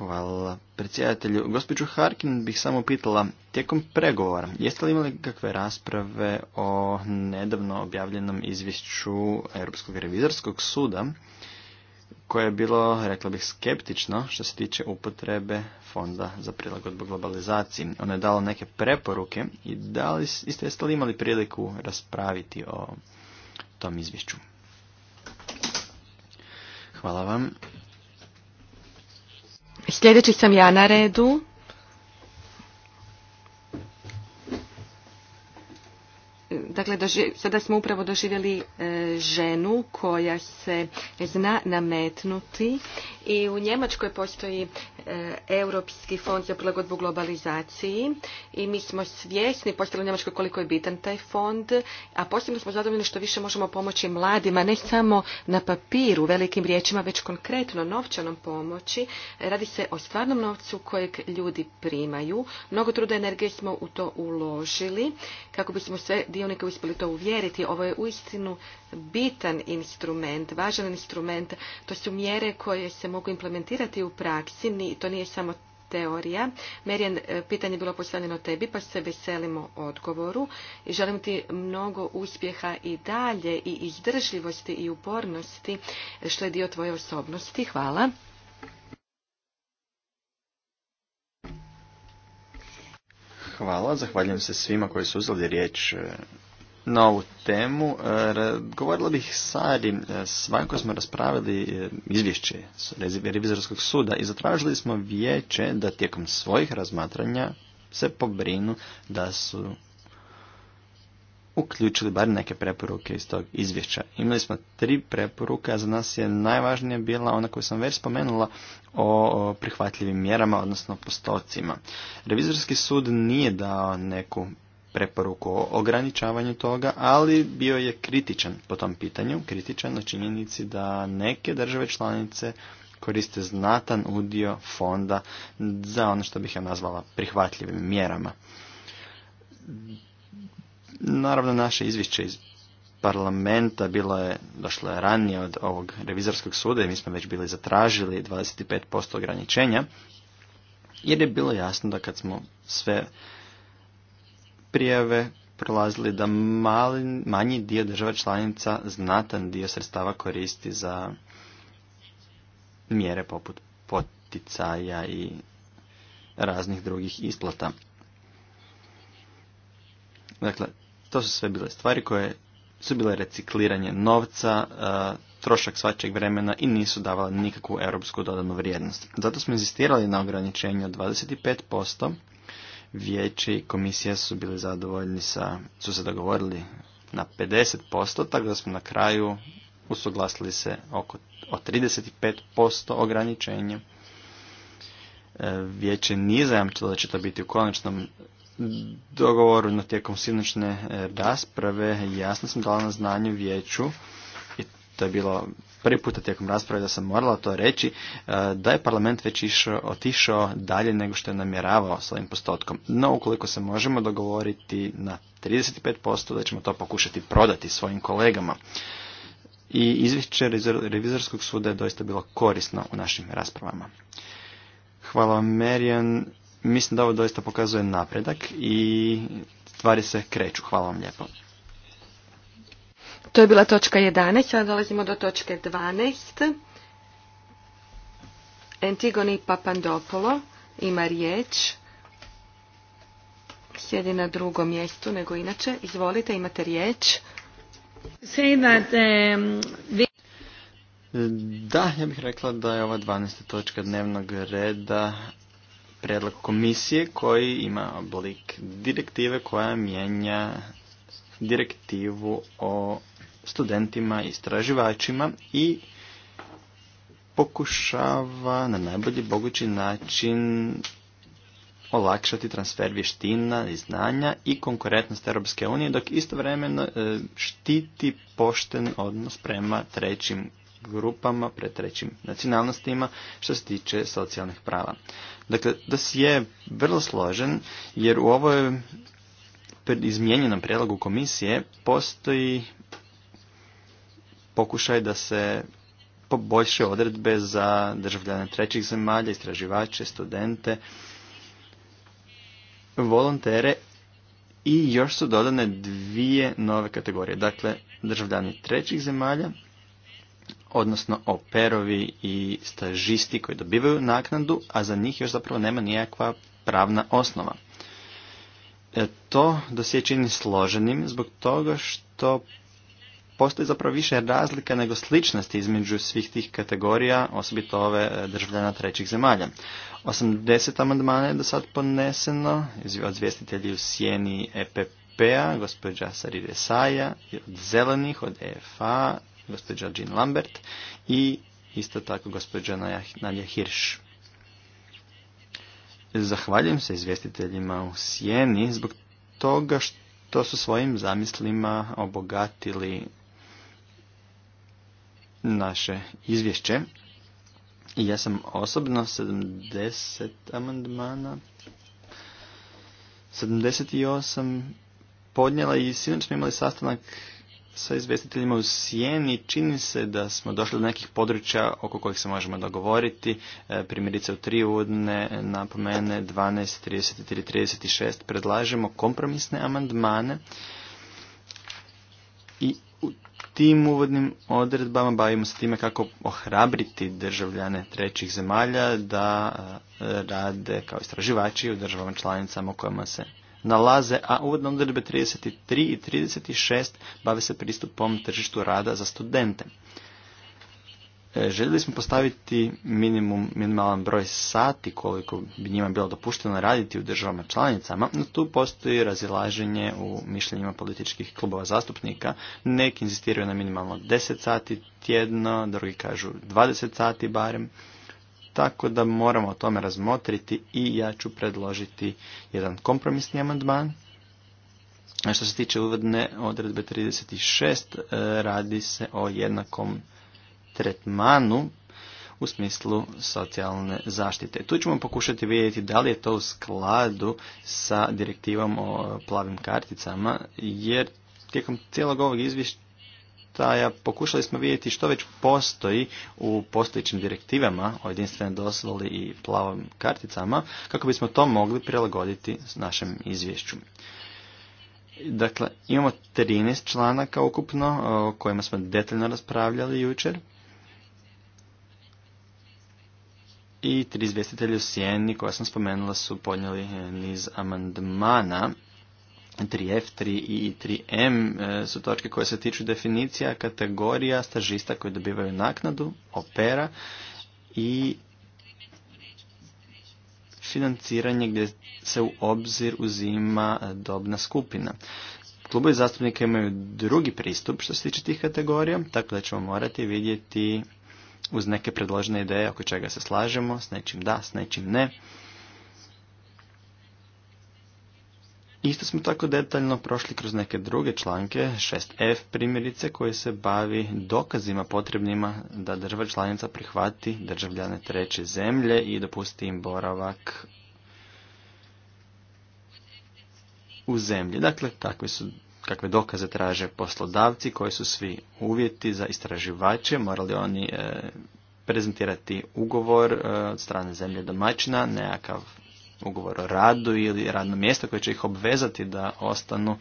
Hvala predsjedatelju. Gospođu Harkin bih samo pitala, tijekom pregovora, jeste li imali kakve rasprave o nedavno objavljenom izvješću Europskog revizorskog suda, koje je bilo, rekla bih, skeptično što se tiče upotrebe fonda za prilagodbu globalizaciji. Ono je dalo neke preporuke i da li, jeste, jeste li imali priliku raspraviti o tom izvješću? Hvala vam. Sljedeći sam ja na redu. Dakle, sada smo upravo doživjeli e, ženu koja se zna nametnuti i u Njemačkoj postoji e, Europski fond za prilagodbu globalizaciji i mi smo svjesni, postali u Njemačkoj koliko je bitan taj fond, a posebno smo zadovoljni što više možemo pomoći mladima, ne samo na papiru, velikim riječima, već konkretno novčanom pomoći. Radi se o stvarnom novcu kojeg ljudi primaju. Mnogo truda energije smo u to uložili kako bismo sve koji uspjeli to uvjeriti. Ovo je uistinu bitan instrument, važan instrument. To su mjere koje se mogu implementirati u praksi. To nije samo teorija. Merijan, e, pitanje je bilo postavljeno tebi, pa se veselimo odgovoru. I želim ti mnogo uspjeha i dalje, i izdržljivosti i upornosti, što je dio tvoje osobnosti. Hvala. Hvala, zahvaljujem se svima koji su uzeli riječ e, na ovu temu. E, govorila bih Sari, e, svako smo raspravili izvješće revizorskog suda i zatražili smo vijeće da tijekom svojih razmatranja se pobrinu da su uključili bar neke preporuke iz tog izvješća. Imali smo tri preporuke, a za nas je najvažnija bila ona koju sam već spomenula o prihvatljivim mjerama, odnosno postocima. Revizorski sud nije dao neku preporuku o ograničavanju toga, ali bio je kritičan po tom pitanju, kritičan na činjenici da neke države članice koriste znatan udio fonda za ono što bih ja nazvala prihvatljivim mjerama Naravno, naše izvješće iz parlamenta bilo je, došlo je ranije od ovog revizorskog suda i mi smo već bili zatražili 25% ograničenja, jer je bilo jasno da kad smo sve prijave prolazili da mali, manji dio država članica znatan dio sredstava koristi za mjere poput poticaja i raznih drugih isplata. Dakle, to su sve bile stvari koje su bile recikliranje novca, e, trošak svačeg vremena i nisu davale nikakvu europsku dodanu vrijednost. Zato smo insistirali na ograničenju od 25%. Vijeći i komisija su bili zadovoljni sa, su se dogovorili na 50%, tako da smo na kraju usuglasili se oko o 35% ograničenja. E, vijeće nije zajamčilo da će to biti u konačnom dogovoru, na tijekom sinoćne e, rasprave jasno sam dala na znanju vijeću i to je bilo prvi puta tijekom rasprave da sam morala to reći, e, da je parlament već išao, otišao dalje nego što je namjeravao s ovim postotkom. No, ukoliko se možemo dogovoriti na 35%, da ćemo to pokušati prodati svojim kolegama. I izvješće revizorskog suda je doista bilo korisno u našim raspravama. Hvala vam, mislim da ovo doista pokazuje napredak i stvari se kreću. Hvala vam lijepo. To je bila točka 11, sada dolazimo do točke 12. Antigoni Papandopolo ima riječ. Sjedi na drugom mjestu nego inače. Izvolite, imate riječ. Da, ja bih rekla da je ova 12. točka dnevnog reda predlog komisije koji ima oblik direktive koja mijenja direktivu o studentima i istraživačima i pokušava na najbolji mogući način olakšati transfer vještina i znanja i konkurentnost Europske unije, dok istovremeno e, štiti pošten odnos prema trećim grupama, pre trećim nacionalnostima što se tiče socijalnih prava. Dakle, to je vrlo složen jer u ovoj izmijenjenom prijedlogu komisije postoji pokušaj da se poboljše odredbe za državljane trećih zemalja, istraživače, studente, volontere i još su dodane dvije nove kategorije. Dakle, državljani trećih zemalja odnosno operovi i stažisti koji dobivaju naknadu, a za njih još zapravo nema nijakva pravna osnova. E, to se čini složenim zbog toga što postoji zapravo više razlika nego sličnosti između svih tih kategorija, osobito ove e, državljana trećih zemalja. 80 amandmana je do sad poneseno, od u sjeni EPP-a, gospođa Sarire Saja, od zelenih, od EFA, gospođa Jean Lambert i isto tako gospođa Nadja Hirsch. Zahvaljujem se izvjestiteljima u Sjeni zbog toga što su svojim zamislima obogatili naše izvješće. I ja sam osobno 70 amandmana, 78 podnijela i sinoć smo imali sastanak sa izvjestiteljima u Sijeni čini se da smo došli do nekih područja oko kojih se možemo dogovoriti. E, primjerice u tri uvodne napomene 12, 33 trideset 36 predlažemo kompromisne amandmane i u tim uvodnim odredbama bavimo se time kako ohrabriti državljane trećih zemalja da e, rade kao istraživači u državama članicama u kojima se nalaze, a uvodne odredbe 33 i 36 bave se pristupom tržištu rada za studente. E, željeli smo postaviti minimum, minimalan broj sati koliko bi njima bilo dopušteno raditi u državama članicama, no tu postoji razilaženje u mišljenjima političkih klubova zastupnika. Neki insistiraju na minimalno 10 sati tjedno, drugi kažu 20 sati barem tako da moramo o tome razmotriti i ja ću predložiti jedan kompromisni amandman. A što se tiče uvodne odredbe 36, e, radi se o jednakom tretmanu u smislu socijalne zaštite. Tu ćemo pokušati vidjeti da li je to u skladu sa direktivom o plavim karticama, jer tijekom cijelog ovog izvješća izvještaja pokušali smo vidjeti što već postoji u postojećim direktivama o jedinstvenoj dozvoli i plavom karticama kako bismo to mogli prilagoditi s našem izvješću. Dakle, imamo 13 članaka ukupno o kojima smo detaljno raspravljali jučer. I tri izvjestitelji u Sijeni koja sam spomenula su podnijeli eh, niz amandmana 3F, 3I i 3M e, su točke koje se tiču definicija, kategorija stažista koji dobivaju naknadu, opera i financiranje gdje se u obzir uzima dobna skupina. Klubovi zastupnika imaju drugi pristup što se tiče tih kategorija, tako da ćemo morati vidjeti uz neke predložene ideje oko čega se slažemo, s nečim da, s nečim ne. Isto smo tako detaljno prošli kroz neke druge članke, 6F primjerice, koji se bavi dokazima potrebnima da država članica prihvati državljane treće zemlje i dopusti im boravak u zemlji. Dakle, takve su kakve dokaze traže poslodavci, koji su svi uvjeti za istraživače, morali oni e, prezentirati ugovor e, od strane zemlje domaćina, nekakav ugovor o radu ili radno mjesto koje će ih obvezati da ostanu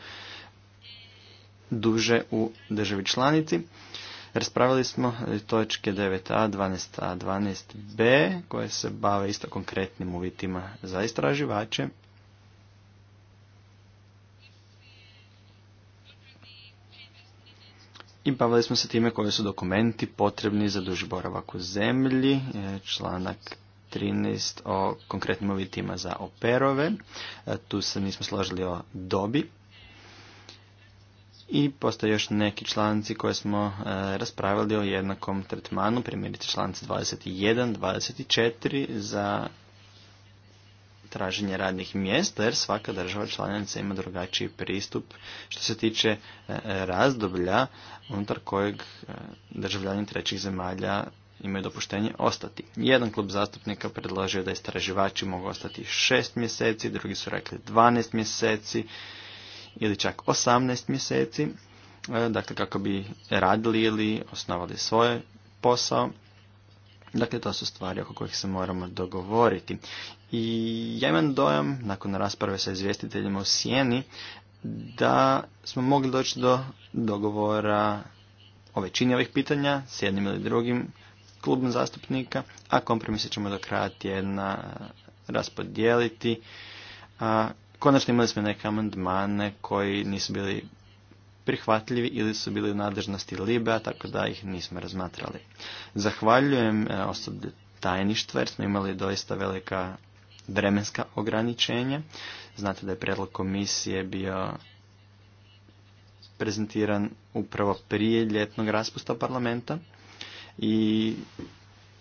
duže u državi članici. Raspravili smo točke 9a, 12a, 12b koje se bave isto konkretnim uvjetima za istraživače. I bavili smo se time koji su dokumenti potrebni za duži boravak u zemlji, e, članak 13 o konkretnim uvjetima za operove. E, tu se nismo složili o dobi. I postoje još neki članci koje smo e, raspravili o jednakom tretmanu, primjerice članci 21, 24 za traženje radnih mjesta, jer svaka država članica ima drugačiji pristup što se tiče e, razdoblja unutar kojeg državljani trećih zemalja imaju dopuštenje ostati. Jedan klub zastupnika predložio da istraživači mogu ostati 6 mjeseci, drugi su rekli 12 mjeseci ili čak 18 mjeseci, e, dakle kako bi radili ili osnovali svoj posao. Dakle, to su stvari oko kojih se moramo dogovoriti. I ja imam dojam, nakon rasprave sa izvjestiteljima u Sijeni, da smo mogli doći do dogovora o većini ovih pitanja s jednim ili drugim klubom zastupnika, a kompromise ćemo do kraja tjedna e, raspodijeliti. A, konačno imali smo neke amandmane koji nisu bili prihvatljivi ili su bili u nadležnosti Libe tako da ih nismo razmatrali. Zahvaljujem e, osoblju tajništva jer smo imali doista velika vremenska ograničenja. Znate da je predlog komisije bio prezentiran upravo prije ljetnog raspusta parlamenta i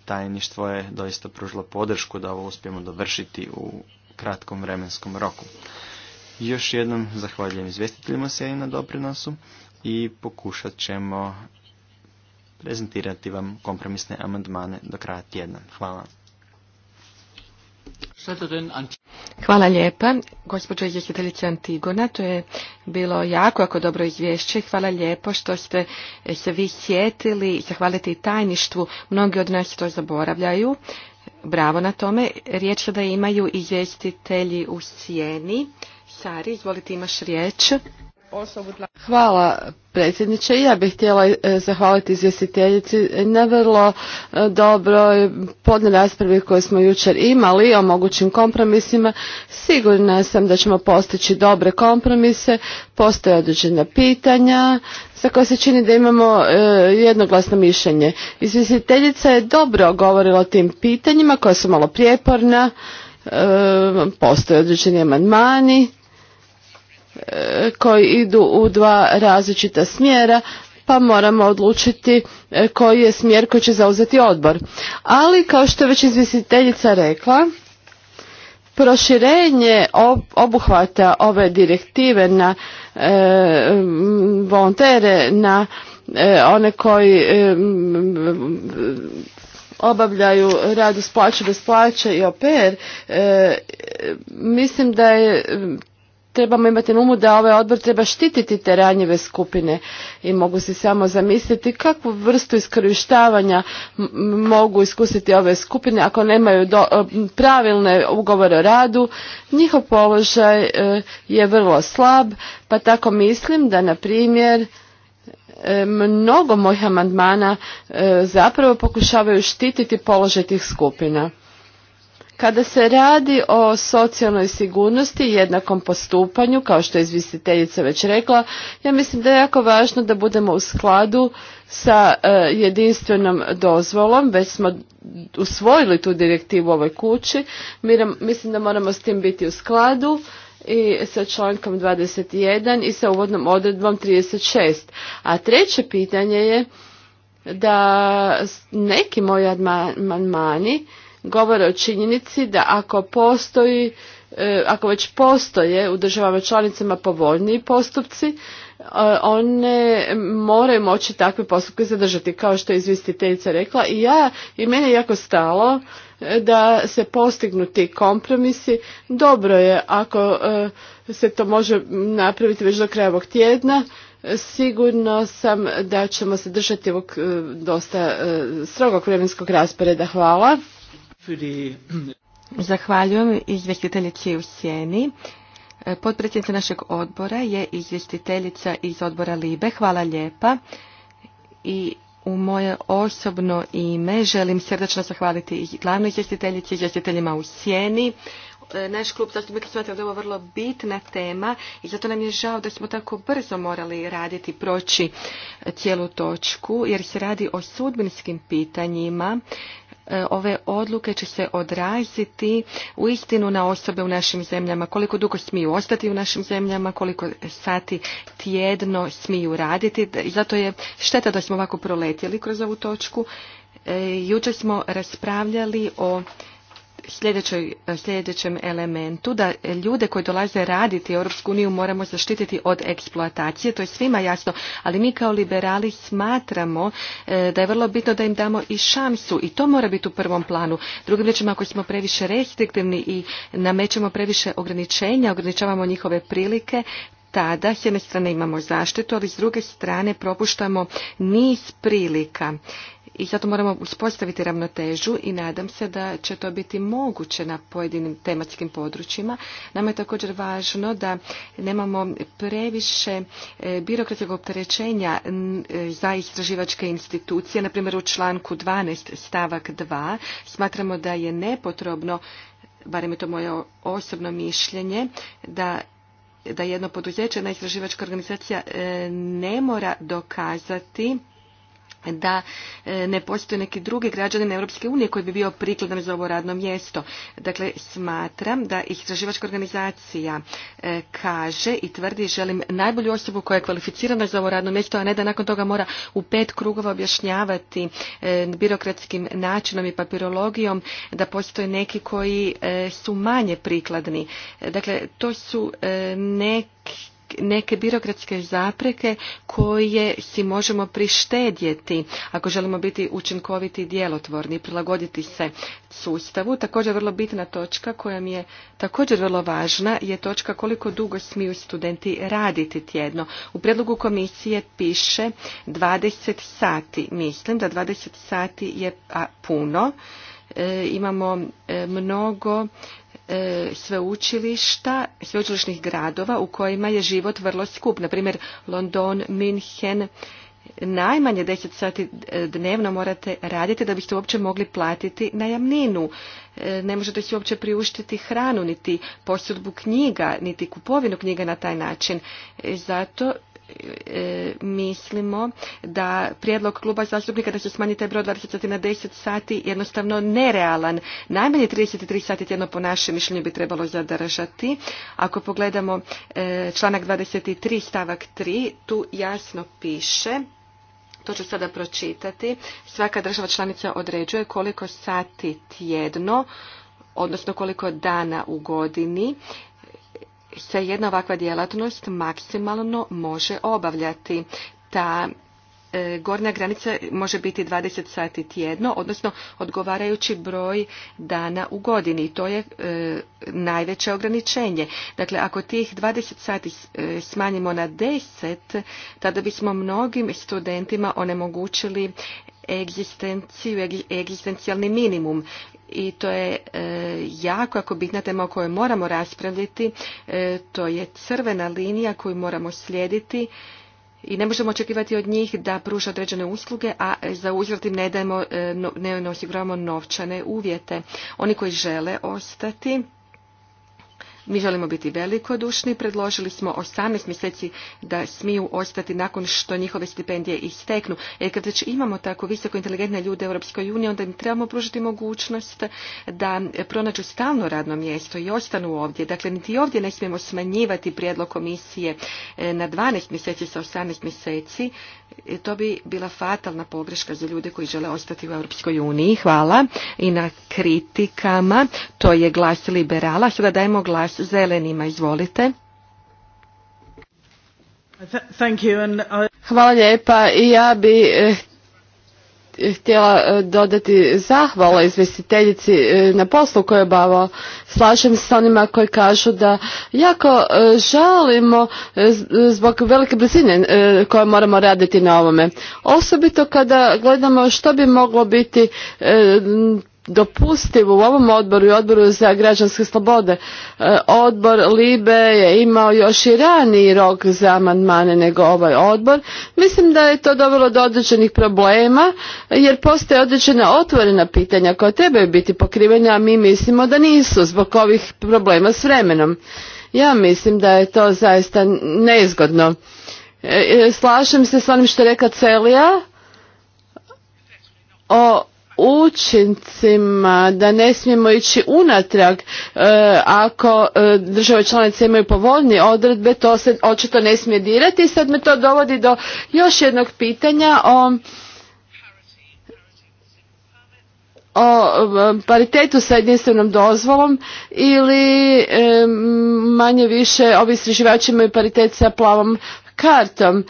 tajništvo je doista pružilo podršku da ovo uspijemo dovršiti u kratkom vremenskom roku. Još jednom zahvaljujem izvjestiteljima se i na doprinosu i pokušat ćemo prezentirati vam kompromisne amandmane do kraja tjedna. Hvala. Hvala lijepa, gospođo izvjestiteljice Antigona, to je bilo jako, jako dobro izvješće. Hvala lijepo što ste se vi sjetili, zahvaliti tajništvu, mnogi od nas to zaboravljaju. Bravo na tome. Riječ da imaju izvjestitelji u sjeni. Sari, izvolite, imaš riječ. Hvala predsjedniče. Ja bih htjela e, zahvaliti izvjestiteljici na vrlo e, dobroj podne raspravi koju smo jučer imali o mogućim kompromisima. Sigurna sam da ćemo postići dobre kompromise. Postoje određena pitanja za koje se čini da imamo e, jednoglasno mišljenje. Izvjestiteljica je dobro govorila o tim pitanjima koja su malo prijeporna. Postoje određeni amandmani koji idu u dva različita smjera pa moramo odlučiti e, koji je smjer koji će zauzeti odbor. Ali kao što je već izvjestiteljica rekla, proširenje obuhvata ove direktive na e, volontere, na e, one koji obavljaju rad u plaće bez plaće i oper, mislim da je trebamo imati na umu da ovaj odbor treba štititi te ranjive skupine i mogu si samo zamisliti kakvu vrstu iskorištavanja mogu iskusiti ove skupine ako nemaju do, e, pravilne ugovore o radu. Njihov položaj e, je vrlo slab, pa tako mislim da, na primjer, e, mnogo mojih amandmana zapravo pokušavaju štititi položaj tih skupina. Kada se radi o socijalnoj sigurnosti i jednakom postupanju, kao što je izvjestiteljica već rekla, ja mislim da je jako važno da budemo u skladu sa e, jedinstvenom dozvolom. Već smo usvojili tu direktivu u ovoj kući. Mislim da moramo s tim biti u skladu i sa člankom 21 i sa uvodnom odredbom 36. A treće pitanje je da neki moji amandmani govore o činjenici da ako postoji e, ako već postoje u državama članicama povoljniji postupci, e, one moraju moći takve postupke zadržati, kao što je izvjestiteljica rekla. I ja, i meni je jako stalo e, da se postignu ti kompromisi. Dobro je ako se to može napraviti već do kraja ovog tjedna. Sigurno sam da ćemo se držati ovog dosta strogog vremenskog rasporeda. Hvala. Zahvaljujem izvjestiteljici u Sjeni. E, potpredsjednica našeg odbora je izvjestiteljica iz odbora Libe. Hvala lijepa. I u moje osobno ime želim srdačno zahvaliti i glavnoj izvjestiteljici, izvjestiteljima u Sjeni. E, naš klub zastupnika smatra da je ovo vrlo bitna tema i zato nam je žao da smo tako brzo morali raditi, proći cijelu točku, jer se radi o sudbinskim pitanjima E, ove odluke će se odraziti u istinu na osobe u našim zemljama, koliko dugo smiju ostati u našim zemljama, koliko sati tjedno smiju raditi. E, zato je šteta da smo ovako proletjeli kroz ovu točku. E, jučer smo raspravljali o E, sljedećem elementu da ljude koji dolaze raditi Europsku uniju moramo zaštititi od eksploatacije, to je svima jasno, ali mi kao liberali smatramo e, da je vrlo bitno da im damo i šansu i to mora biti u prvom planu. Drugim riječima ako smo previše restriktivni i namećemo previše ograničenja, ograničavamo njihove prilike, tada s jedne strane imamo zaštitu, ali s druge strane propuštamo niz prilika i zato moramo uspostaviti ravnotežu i nadam se da će to biti moguće na pojedinim tematskim područjima. Nama je također važno da nemamo previše e, birokratskog opterećenja e, za istraživačke institucije. Na primjer u članku 12 stavak 2 smatramo da je nepotrebno barem je to moje osobno mišljenje, da da jedno poduzeće, jedna istraživačka organizacija e, ne mora dokazati da e, ne postoje neki drugi građanin Europske unije koji bi bio prikladan za ovo radno mjesto. Dakle, smatram da istraživačka organizacija e, kaže i tvrdi želim najbolju osobu koja je kvalificirana za ovo radno mjesto, a ne da nakon toga mora u pet krugova objašnjavati e, birokratskim načinom i papirologijom da postoje neki koji su manje prikladni. Dakle, to su neki neke birokratske zapreke koje si možemo prištedjeti ako želimo biti učinkoviti i djelotvorni i prilagoditi se sustavu. Također vrlo bitna točka koja mi je također vrlo važna je točka koliko dugo smiju studenti raditi tjedno. U predlogu komisije piše 20 sati. Mislim da 20 sati je puno. E, imamo e, mnogo E, sveučilišta, sveučilišnih gradova u kojima je život vrlo skup. Naprimjer, London, München, najmanje 10 sati e, dnevno morate raditi da biste uopće mogli platiti najamninu. E, ne možete si uopće priuštiti hranu, niti posudbu knjiga, niti kupovinu knjiga na taj način. Zato E, mislimo da prijedlog kluba zastupnika da se smanji taj broj 20 sati na 10 sati jednostavno nerealan. Najmanje 33 sati tjedno po našem mišljenju bi trebalo zadržati. Ako pogledamo e, članak 23 stavak 3, tu jasno piše to ću sada pročitati. Svaka država članica određuje koliko sati tjedno, odnosno koliko dana u godini se jedna ovakva djelatnost maksimalno može obavljati. Ta e, gornja granica može biti 20 sati tjedno, odnosno odgovarajući broj dana u godini. To je e, najveće ograničenje. Dakle, ako tih 20 sati e, smanjimo na 10, tada bismo mnogim studentima onemogućili egzistenciju, egzistencijalni minimum i to je e, jako, jako bitna tema o kojoj moramo raspravljati. E, to je crvena linija koju moramo slijediti i ne možemo očekivati od njih da pruža određene usluge, a za uzvratim im ne, dajemo, e, ne osiguravamo novčane uvjete. Oni koji žele ostati mi želimo biti velikodušni, predložili smo 18 mjeseci da smiju ostati nakon što njihove stipendije isteknu. Jer kad već imamo tako visoko inteligentne ljude u Europskoj uniji, onda im trebamo pružiti mogućnost da pronađu stalno radno mjesto i ostanu ovdje. Dakle, niti ovdje ne smijemo smanjivati prijedlog komisije e, na 12 mjeseci sa 18 mjeseci. E, to bi bila fatalna pogreška za ljude koji žele ostati u Europskoj uniji. Hvala i na kritikama. To je glas liberala. Sada dajemo glas zelenima. Izvolite. Hvala lijepa i ja bi eh, htjela eh, dodati zahvala izvestiteljici eh, na poslu koju je obavao. Slažem se s onima koji kažu da jako žalimo zbog velike brzine koje moramo raditi na ovome. Osobito kada gledamo što bi moglo biti dopustivo u ovom odboru i odboru za građanske slobode. E, odbor Libe je imao još i raniji rok za amandmane nego ovaj odbor. Mislim da je to dovelo do određenih problema jer postoje određena otvorena pitanja koja trebaju biti pokrivena, a mi mislimo da nisu zbog ovih problema s vremenom. Ja mislim da je to zaista neizgodno. E, e, slažem se s onim što je rekla Celija o učincima, da ne smijemo ići unatrag. E, ako e, države članice imaju povoljne odredbe, to se očito ne smije dirati. Sad me to dovodi do još jednog pitanja o o paritetu sa jedinstvenom dozvolom ili e, manje više ovi istraživači imaju paritet sa plavom kartom.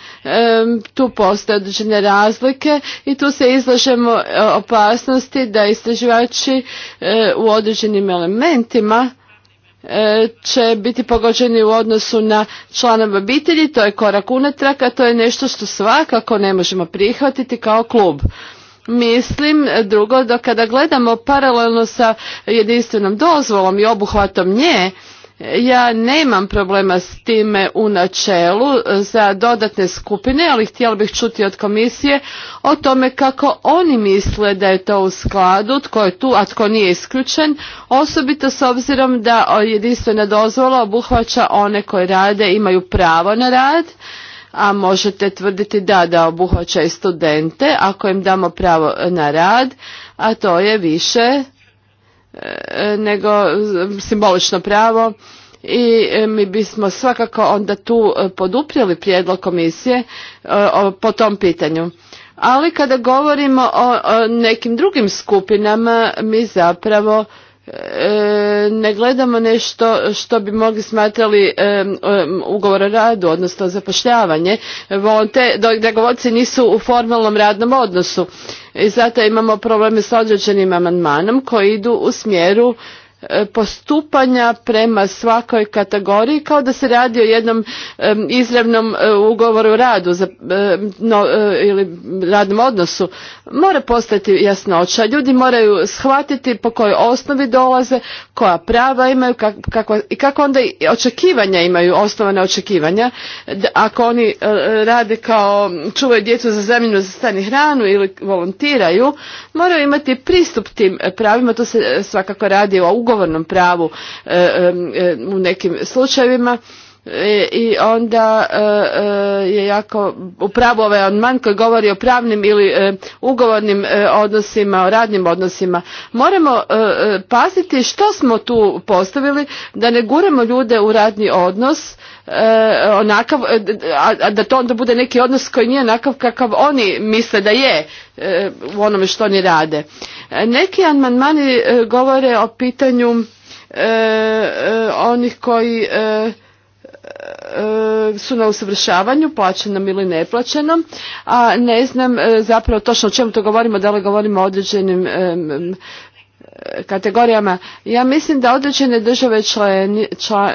Tu postoje određene razlike i tu se izlažemo e, opasnosti da istraživači e, u određenim elementima e, će biti pogođeni u odnosu na članove obitelji, to je korak unatrag, a to je nešto što svakako ne možemo prihvatiti kao klub. Mislim, drugo, da kada gledamo paralelno sa jedinstvenom dozvolom i obuhvatom nje, ja nemam problema s time u načelu za dodatne skupine, ali htjela bih čuti od komisije o tome kako oni misle da je to u skladu, tko je tu, a tko nije isključen, osobito s obzirom da jedinstvena dozvola obuhvaća one koji rade, imaju pravo na rad, a možete tvrditi da, da obuhvaća i studente ako im damo pravo na rad, a to je više E, nego simbolično pravo i e, mi bismo svakako onda tu e, poduprijeli prijedlog komisije po tom pitanju. Ali kada govorimo o nekim drugim skupinama, mi zapravo ne gledamo nešto što bi mogli smatrali ugovor o radu, odnosno zapošljavanje. Te dragovoljci nisu u formalnom radnom odnosu. I zato imamo probleme s određenim amandmanom koji idu u smjeru E, postupanja prema svakoj kategoriji kao da se radi o jednom izravnom e, ugovoru radu za, e, ili radnom odnosu mora postati jasnoća ljudi moraju shvatiti po kojoj osnovi dolaze koja prava imaju kako, i kako onda očekivanja imaju osnovana očekivanja ako oni rade kao čuvaju djecu za zamjenu za stani hranu ili volontiraju moraju imati pristup tim pravima to se svakako radi o ugovornom pravu e, e, u nekim slučajevima e, i onda je jako upravo ovaj odman koji govori o pravnim ili ugovornim odnosima, o radnim odnosima. Moramo paziti što smo tu postavili, da ne guramo ljude u radni odnos Eh, onakav, eh, a da to onda bude neki odnos koji nije onakav kakav oni misle da je eh, u onome što oni rade. Neki amandmani govore o pitanju onih koji su na usavršavanju, plaćenom ili neplaćenom, a ne znam zapravo točno o čemu to govorimo, da li govorimo o određenim kategorijama. Ja mislim da određene države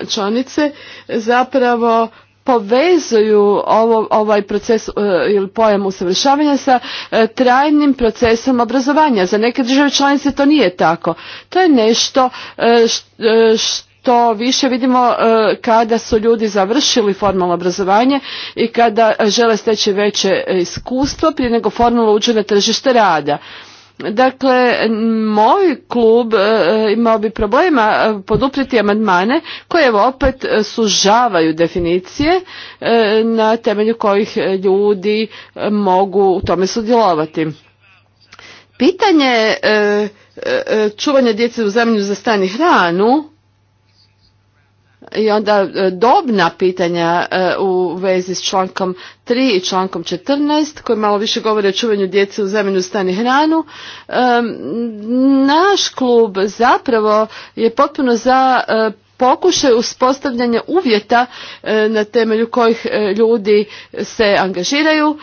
članice zapravo povezuju ovo, ovaj proces e, ili pojam usavršavanja sa e, trajnim procesom obrazovanja. Za neke države članice to nije tako. To je nešto e, što više vidimo kada su ljudi završili formalno obrazovanje i kada žele steći veće iskustvo prije nego formalno uđu na tržište rada. Dakle, moj klub e, imao bi problema e, podupriti amandmane koje opet e, sužavaju definicije na temelju kojih ljudi mogu u tome sudjelovati. Pitanje čuvanja djece u zemlju za stan i hranu i onda e, dobna pitanja e, u vezi s člankom 3 i člankom 14 koji malo više govori o čuvanju djece u zemlju stani hranu. E, naš klub zapravo je potpuno za pokušaj uspostavljanja uvjeta na temelju kojih ljudi se angažiraju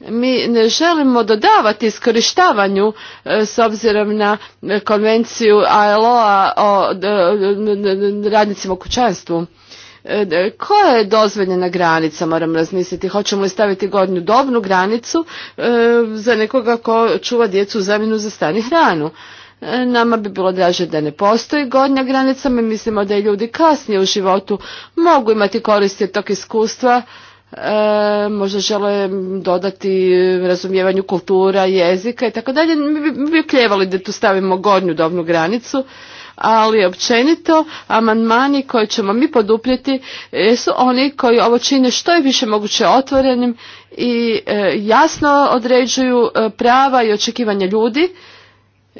mi ne želimo dodavati iskorištavanju e, s obzirom na konvenciju ALO-a o radnicima u kućanstvu. E, Koja je dozvoljena granica, moram razmisliti, hoćemo li staviti godinu dobnu granicu e, za nekoga ko čuva djecu u zamjenu za stan hranu. Nama bi bilo draže da ne postoji godnja granica, mi mislimo da i ljudi kasnije u životu mogu imati koristi tog iskustva, E, možda žele dodati razumijevanju kultura, jezika i tako dalje. Mi bi, kljevali da tu stavimo gornju dobnu granicu, ali općenito amandmani koje ćemo mi poduprijeti e, su oni koji ovo čine što je više moguće otvorenim i e, jasno određuju e, prava i očekivanja ljudi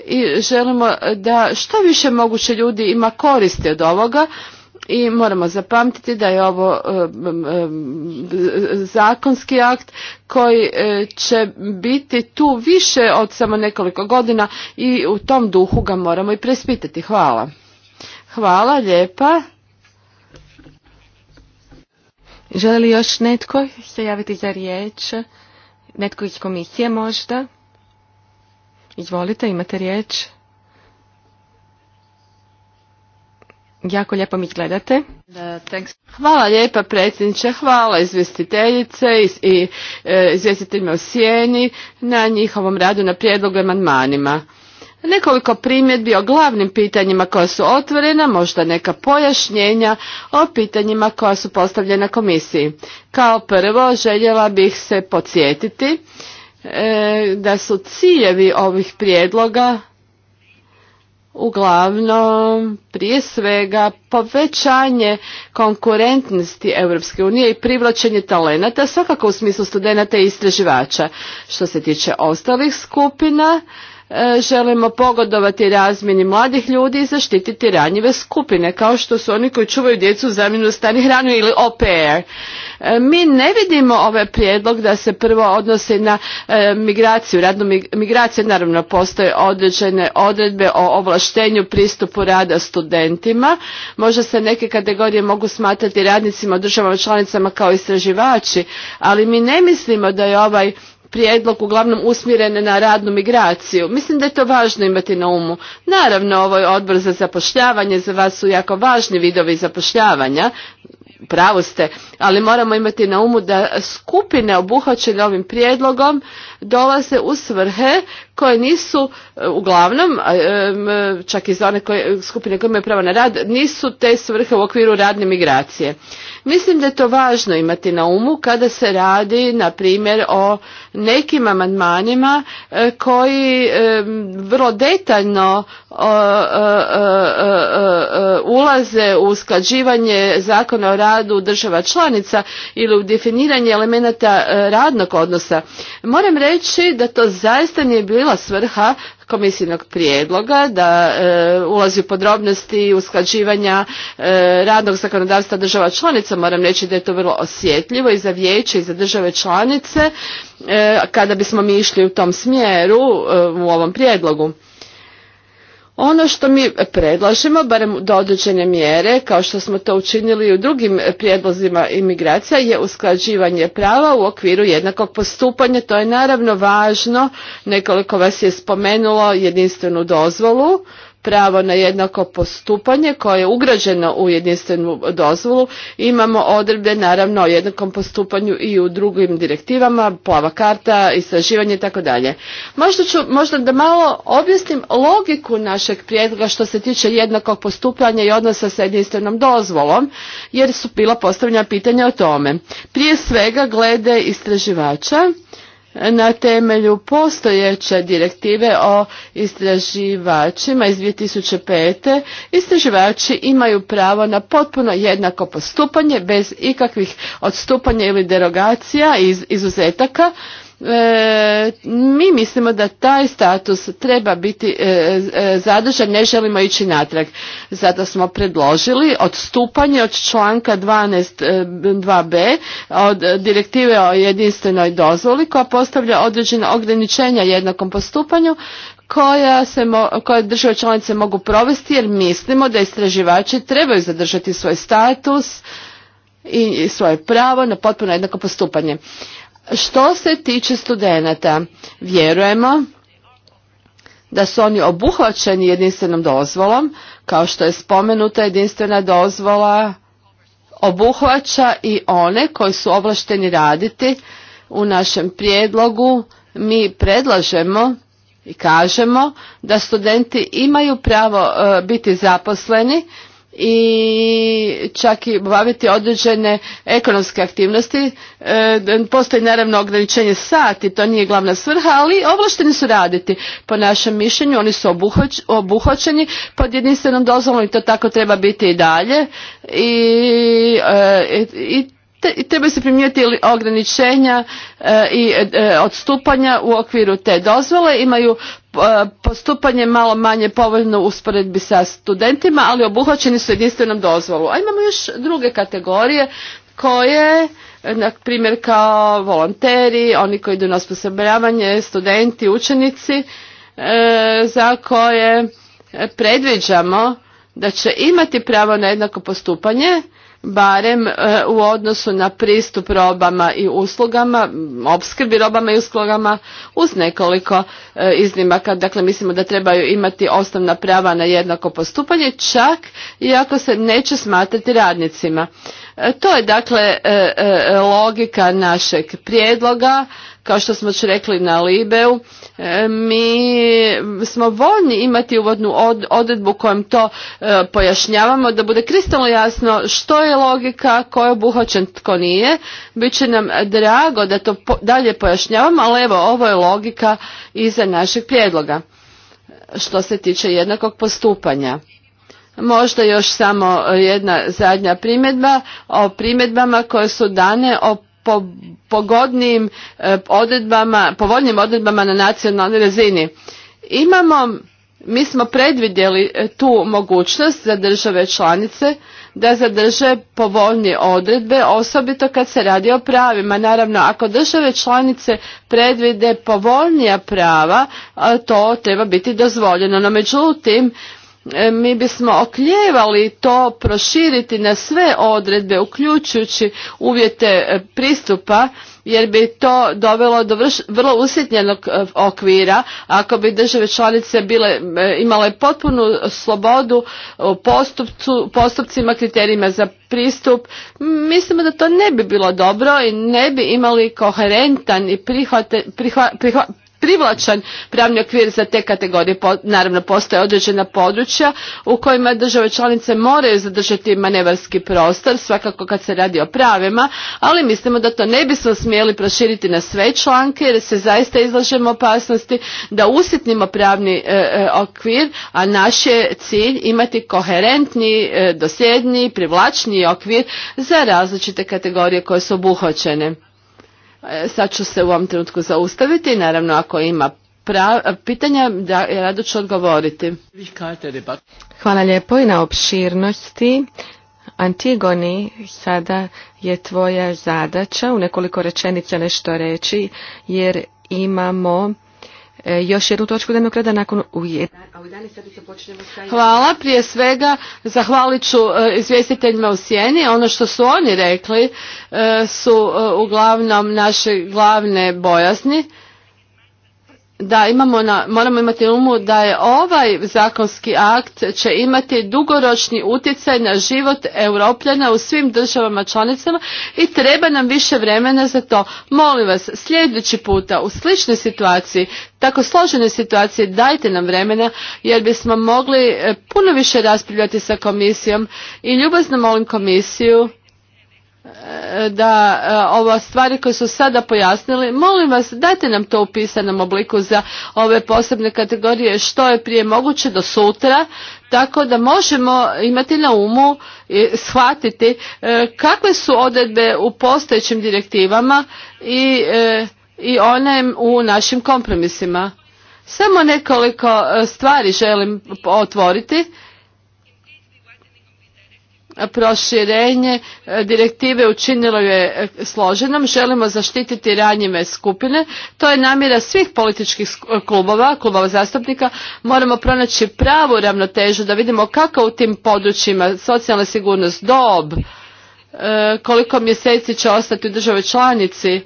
i želimo da što više moguće ljudi ima koristi od ovoga i moramo zapamtiti da je ovo e, e, zakonski akt koji e, će biti tu više od samo nekoliko godina i u tom duhu ga moramo i prespitati. Hvala. Hvala lijepa. Želi li još netko se javiti za riječ? Netko iz komisije možda? Izvolite, imate riječ. Jako lijepo mi gledate. Hvala lijepa predsjedniče, hvala izvjestiteljice i, e, izvjestiteljima u Sijeni na njihovom radu na prijedlogu amandmanima. Nekoliko primjedbi o glavnim pitanjima koja su otvorena, možda neka pojašnjenja o pitanjima koja su postavljena komisiji. Kao prvo željela bih se podsjetiti e, da su ciljevi ovih prijedloga uglavnom prije svega povećanje konkurentnosti Europske unije i privlačenje talenata, svakako u smislu studenata i istraživača. Što se tiče ostalih skupina, E, želimo pogodovati razmjeni mladih ljudi i zaštititi ranjive skupine, kao što su oni koji čuvaju djecu u zamjenu stani hranu ili OPR. E, mi ne vidimo ovaj prijedlog da se prvo odnosi na e, migraciju, radnu migraciju, naravno postoje određene odredbe o ovlaštenju pristupu rada studentima. Možda se neke kategorije mogu smatrati radnicima u državama članicama kao istraživači, ali mi ne mislimo da je ovaj prijedlog uglavnom usmjeren na radnu migraciju. Mislim da je to važno imati na umu. Naravno, ovo ovaj je odbor za zapošljavanje, za vas su jako važni vidovi zapošljavanja, pravo ste, ali moramo imati na umu da skupine obuhvaćene ovim prijedlogom dolaze u svrhe koje nisu e, uglavnom, čak i za one koje, skupine koje imaju pravo na rad, nisu te svrhe u okviru radne migracije. Mislim da je to važno imati na umu kada se radi, na primjer, o nekim amandmanima e, koji vrlo detaljno ulaze u usklađivanje zakona o radu država članica ili u definiranje elemenata e, radnog odnosa. Moram reći reći da to zaista nije bila svrha komisijnog prijedloga da e, ulazi u podrobnosti usklađivanja e, radnog zakonodavstva država članica. Moram reći da je to vrlo osjetljivo i za vijeće i za države članice e, kada bismo mi išli u tom smjeru u ovom prijedlogu. Ono što mi predlažemo, barem do određene mjere, kao što smo to učinili i u drugim prijedlozima imigracija, je usklađivanje prava u okviru jednakog postupanja. To je naravno važno, nekoliko vas je spomenulo jedinstvenu dozvolu, pravo na jednako postupanje koje je ugrađeno u jedinstvenu dozvolu. Imamo odredbe naravno o jednakom postupanju i u drugim direktivama, plava karta, istraživanje i tako dalje. Možda možda da malo objasnim logiku našeg prijedloga što se tiče jednakog postupanja i odnosa sa jedinstvenom dozvolom, jer su bila postavljena pitanja o tome. Prije svega glede istraživača, na temelju postojeće direktive o istraživačima iz 2005. Istraživači imaju pravo na potpuno jednako postupanje bez ikakvih odstupanja ili derogacija iz izuzetaka E, mi mislimo da taj status treba biti e, e, zadržan, ne želimo ići natrag. Zato smo predložili odstupanje od članka 12.2b od direktive o jedinstvenoj dozvoli koja postavlja određena ograničenja jednakom postupanju koja se koje države članice mogu provesti jer mislimo da istraživači trebaju zadržati svoj status i svoje pravo na potpuno jednako postupanje. Što se tiče studenata, vjerujemo da su oni obuhvaćeni jedinstvenom dozvolom, kao što je spomenuta jedinstvena dozvola obuhvaća i one koji su ovlašteni raditi. U našem prijedlogu mi predlažemo i kažemo da studenti imaju pravo e, biti zaposleni i čak i obaviti određene ekonomske aktivnosti. E, postoji naravno ograničenje sati, to nije glavna svrha, ali ovlašteni su raditi. Po našem mišljenju oni su obuhvaćeni pod jedinstvenom dozvolom i to tako treba biti i dalje. i e, Trebaju se primijeti ograničenja e, i e, e, odstupanja u okviru te dozvole. Imaju postupanje malo manje povoljno u usporedbi sa studentima, ali obuhvaćeni su jedinstvenom dozvolu. A imamo još druge kategorije koje, na primjer kao volonteri, oni koji idu na osposobljavanje, studenti, učenici, za koje predviđamo da će imati pravo na jednako postupanje barem e, u odnosu na pristup robama i uslugama, opskrbi robama i uslugama uz nekoliko e, iznimaka. Dakle, mislimo da trebaju imati osnovna prava na jednako postupanje, čak i ako se neće smatrati radnicima. E, to je dakle e, e, logika našeg prijedloga. Kao što smo već rekli na Libeu, mi smo voljni imati uvodnu odredbu kojom to pojašnjavamo, da bude kristalno jasno što je logika, ko je obuhvaćen, tko nije. Biće nam drago da to dalje pojašnjavamo, ali evo ovo je logika iza našeg prijedloga što se tiče jednakog postupanja. Možda još samo e, jedna zadnja primjedba o primjedbama koje su dane o pogodnijim pogodnim e, odredbama, povoljnim odredbama na nacionalnoj razini. Imamo, mi smo predvidjeli e, tu mogućnost za države članice da zadrže povoljnije odredbe, osobito kad se radi o pravima. Naravno, ako države članice predvide povoljnija prava, to treba biti dozvoljeno. No međutim, E, mi bismo okljevali to proširiti na sve odredbe, uključujući uvjete e, pristupa, jer bi to dovelo do vrlo usjetnjenog e, okvira ako bi države članice bile, imale potpunu slobodu u postupcima, kriterijima za pristup. Mislimo da to ne bi bilo dobro i ne bi imali koherentan i prihvate, privlačan pravni okvir za te kategorije. Naravno, postoje određena područja u kojima države članice moraju zadržati manevarski prostor, svakako kad se radi o pravima, ali mislimo da to ne bismo smjeli proširiti na sve članke jer se zaista izlažemo opasnosti da usitnimo pravni e, e, okvir, a naš je cilj imati koherentni, e, dosljedni, privlačni okvir za različite kategorije koje su obuhvaćene. E, sad ću se u ovom trenutku zaustaviti naravno ako ima pitanja, da, rado ću odgovoriti. Hvala lijepo i na opširnosti. Antigoni, sada je tvoja zadaća u nekoliko rečenica nešto reći, jer imamo E, još jednu točku dnevnog nakon Hvala. Prije svega zahvalit ću e, izvjestiteljima u sjeni. Ono što su oni rekli e, su uglavnom naše glavne bojasni da imamo na, moramo imati na umu da je ovaj zakonski akt će imati dugoročni utjecaj na život europljana u svim državama članicama i treba nam više vremena za to. Molim vas, sljedeći puta u sličnoj situaciji, tako složenoj situaciji, dajte nam vremena jer bismo mogli eh, puno više raspravljati sa komisijom i ljubazno molim komisiju da e, ovo stvari koje su sada pojasnili, molim vas dajte nam to u pisanom obliku za ove posebne kategorije što je prije moguće do sutra, tako da možemo imati na umu i shvatiti e, kakve su odredbe u postojećim direktivama i, e, i one u našim kompromisima. Samo nekoliko stvari želim otvoriti proširenje e, direktive učinilo je e, složenom. Želimo zaštititi ranjive skupine. To je namjera svih političkih klubova, klubova zastupnika. Moramo pronaći pravu ravnotežu da vidimo kako u tim područjima socijalna sigurnost, dob, e, koliko mjeseci će ostati u državi članici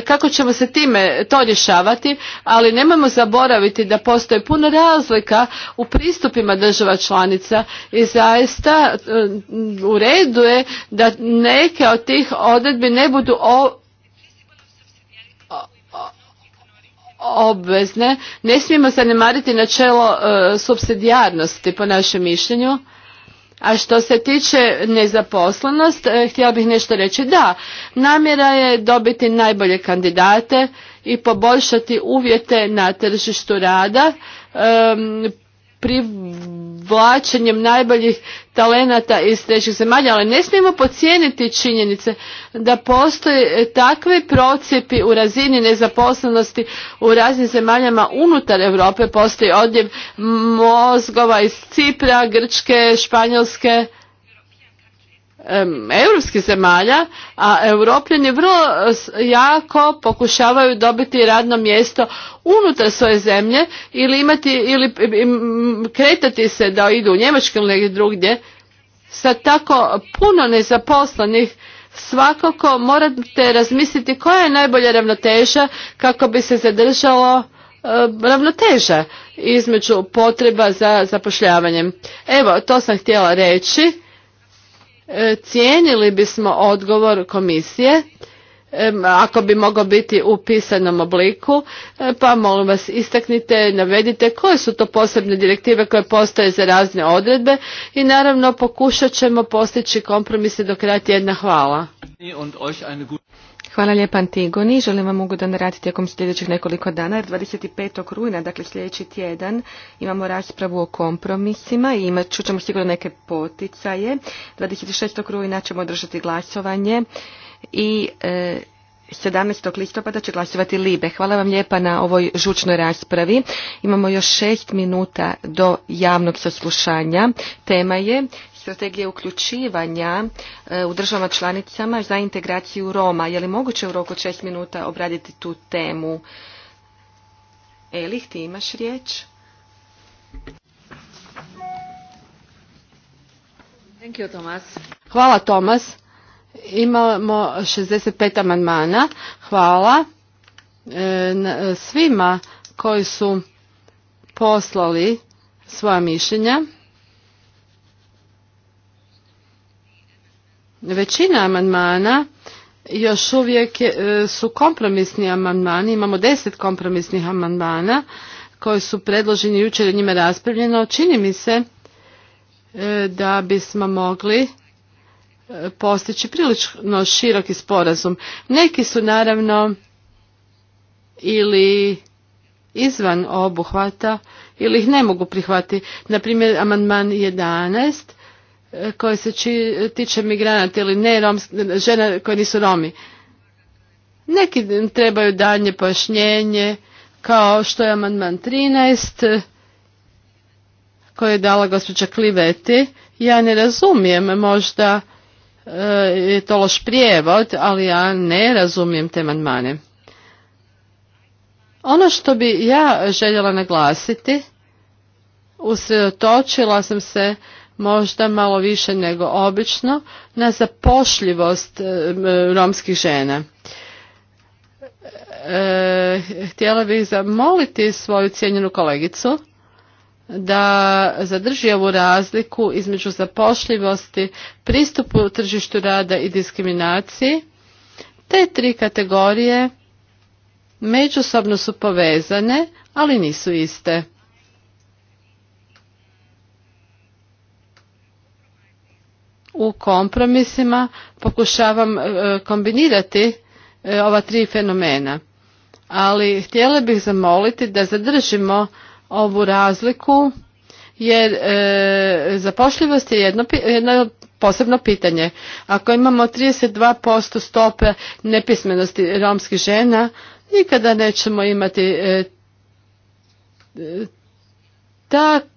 kako ćemo se time to rješavati, ali nemojmo zaboraviti da postoji puno razlika u pristupima država članica i zaista e, u redu je da neke od tih odredbi ne budu obvezne. Ne smijemo zanemariti načelo e, supsidijarnosti subsidijarnosti po našem mišljenju. A što se tiče nezaposlenost, e, htjela bih nešto reći. Da, namjera je dobiti najbolje kandidate i poboljšati uvjete na tržištu rada, privlačenjem najboljih talenata iz trećih zemalja, ali ne smijemo pocijeniti činjenice da postoje takve procjepi u razini nezaposlenosti u raznim zemaljama unutar Europe, postoji odljev mozgova iz Cipra, Grčke, Španjolske, europskih zemalja, a europljani vrlo jako pokušavaju dobiti radno mjesto unutar svoje zemlje ili imati ili kretati se da idu u Njemačku ili negdje drugdje sa tako puno nezaposlenih svakako morate razmisliti koja je najbolja ravnoteža kako bi se zadržalo e, ravnoteža između potreba za zapošljavanjem. Evo, to sam htjela reći E, cijenili bismo odgovor komisije ako bi mogao biti u pisanom obliku, e, pa molim vas istaknite, navedite koje su to posebne direktive koje postoje za razne odredbe i naravno pokušat ćemo postići kompromise do kraja tjedna. Hvala. Hvala lijepa Antigoni. Želim vam ugodan rad tijekom sljedećih nekoliko dana. 25. rujna, dakle sljedeći tjedan, imamo raspravu o kompromisima i imat ćemo sigurno neke poticaje. 26. rujna ćemo održati glasovanje i 17. E, listopada će glasovati Libe. Hvala vam lijepa na ovoj žučnoj raspravi. Imamo još šest minuta do javnog saslušanja. Tema je strategije uključivanja e, u državama članicama za integraciju Roma. Je li moguće u roku 6 minuta obraditi tu temu? Elih, ti imaš riječ? Thank you, Thomas. Hvala Tomas. Imamo 65 amandmana. Hvala e, svima koji su poslali svoja mišljenja. Većina amandmana još uvijek e, su kompromisni amandmani, imamo deset kompromisnih amandmana koji su predloženi jučer njima raspravljeno. Čini mi se e, da bismo mogli e, postići prilično široki sporazum. Neki su naravno ili izvan obuhvata ili ih ne mogu prihvati. Naprimjer, amandman jedanaest koje se tiče migranata ili ne žena koje nisu Romi. Neki trebaju daljnje pojašnjenje kao što je amandman 13 koje je dala gospođa Kliveti. Ja ne razumijem možda e, je to loš prijevod, ali ja ne razumijem te amandmane. Ono što bi ja željela naglasiti, usredotočila sam se možda malo više nego obično na zapošljivost e, romskih žena. E, htjela bih zamoliti svoju cijenjenu kolegicu da zadrži ovu razliku između zapošljivosti, pristupu tržištu rada i diskriminaciji. Te tri kategorije međusobno su povezane, ali nisu iste. u kompromisima pokušavam e, kombinirati e, ova tri fenomena. Ali htjela bih zamoliti da zadržimo ovu razliku jer e, zapošljivost je jedno, posebno pitanje. Ako imamo 32% stope nepismenosti romskih žena, nikada nećemo imati tak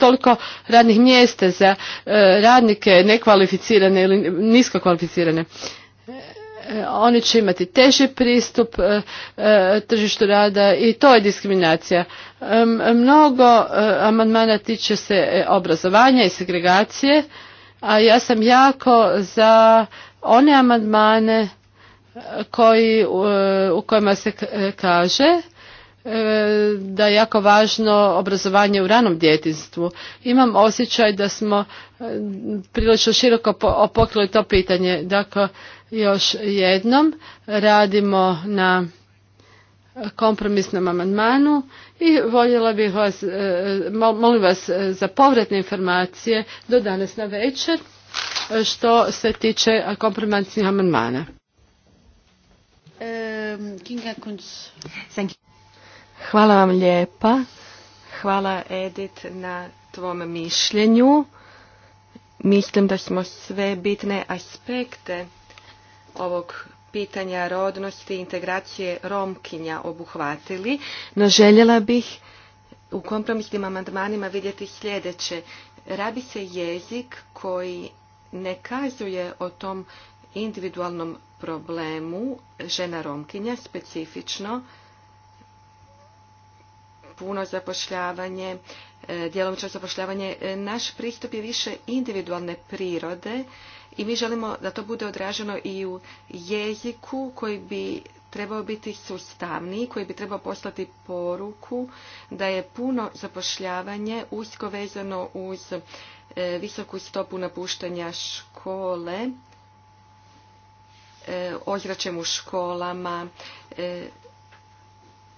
toliko radnih mjesta za e, radnike nekvalificirane ili nisko kvalificirane e, oni će imati teži pristup e, tržištu rada i to je diskriminacija. Mnogo amandmana tiče se obrazovanja i segregacije, a ja sam jako za one amandmane u kojima se kaže E, da je jako važno obrazovanje u ranom djetinstvu. Imam osjećaj da smo e, prilično široko opokrili to pitanje. Dakle, još jednom radimo na kompromisnom amandmanu i voljela bih vas, e, molim vas za povratne informacije do danas na večer što se tiče kompromisnih amandmana. Kinga Hvala vam lijepa. Hvala Edit na tvom mišljenju. Mislim da smo sve bitne aspekte ovog pitanja rodnosti i integracije Romkinja obuhvatili, no željela bih u kompromisnim amandmanima vidjeti sljedeće. Rabi se jezik koji ne kazuje o tom individualnom problemu žena Romkinja specifično, puno zapošljavanje, e, djelomično zapošljavanje. E, naš pristup je više individualne prirode i mi želimo da to bude odraženo i u jeziku koji bi trebao biti sustavniji, koji bi trebao poslati poruku da je puno zapošljavanje usko vezano uz e, visoku stopu napuštanja škole, ozračem u školama,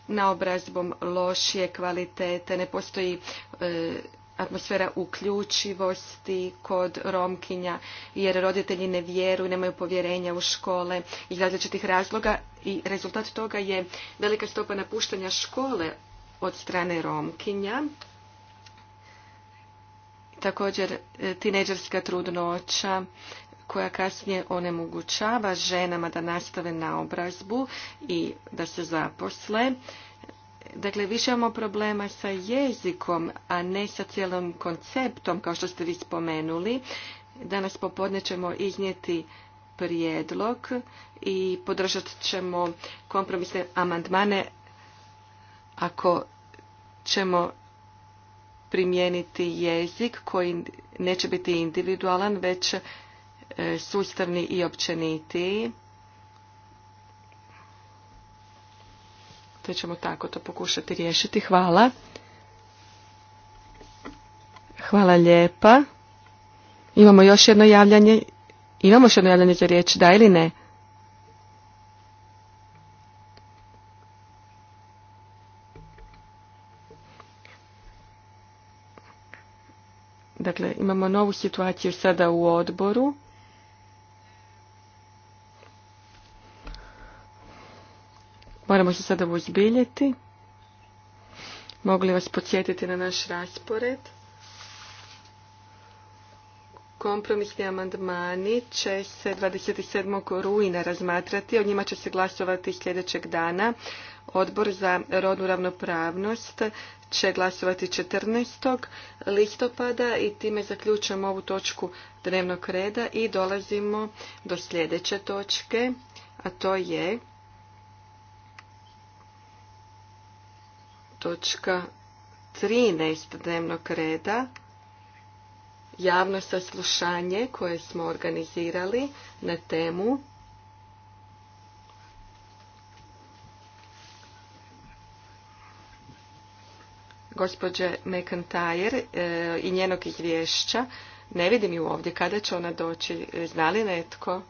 naobrazbom lošije kvalitete, ne postoji e, atmosfera uključivosti kod romkinja jer roditelji ne vjeruju, nemaju povjerenja u škole iz različitih razloga i rezultat toga je velika stopa napuštanja škole od strane romkinja. Također e, tineđerska trudnoća, koja kasnije onemogućava ženama da nastave na obrazbu i da se zaposle. Dakle, više imamo problema sa jezikom, a ne sa cijelom konceptom, kao što ste vi spomenuli. Danas popodne ćemo iznijeti prijedlog i podržat ćemo kompromisne amandmane ako ćemo primijeniti jezik koji neće biti individualan, već E, sustavni i općeniti. Te ćemo tako to pokušati riješiti. Hvala. Hvala lijepa. Imamo još jedno javljanje. Imamo još jedno javljanje za riječ, da ili ne? Dakle, imamo novu situaciju sada u odboru. Moramo se sada uzbiljiti. Mogli vas podsjetiti na naš raspored. Kompromisni amandmani će se 27. rujna razmatrati. O njima će se glasovati sljedećeg dana. Odbor za rodnu ravnopravnost će glasovati 14. listopada i time zaključujemo ovu točku dnevnog reda i dolazimo do sljedeće točke, a to je točka 13 dnevnog reda javno saslušanje koje smo organizirali na temu gospođe McIntyre e, i njenog izvješća. Ne vidim ju ovdje. Kada će ona doći? Zna li netko?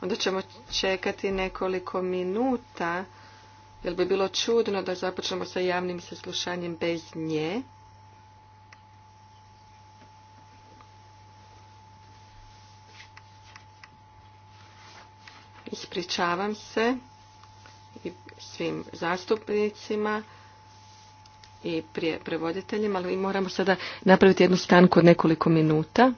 Onda ćemo čekati nekoliko minuta. Jel bi bilo čudno da započnemo sa javnim saslušanjem bez nje? Ispričavam se i svim zastupnicima i prevoditeljima, ali moramo sada napraviti jednu stanku od nekoliko minuta.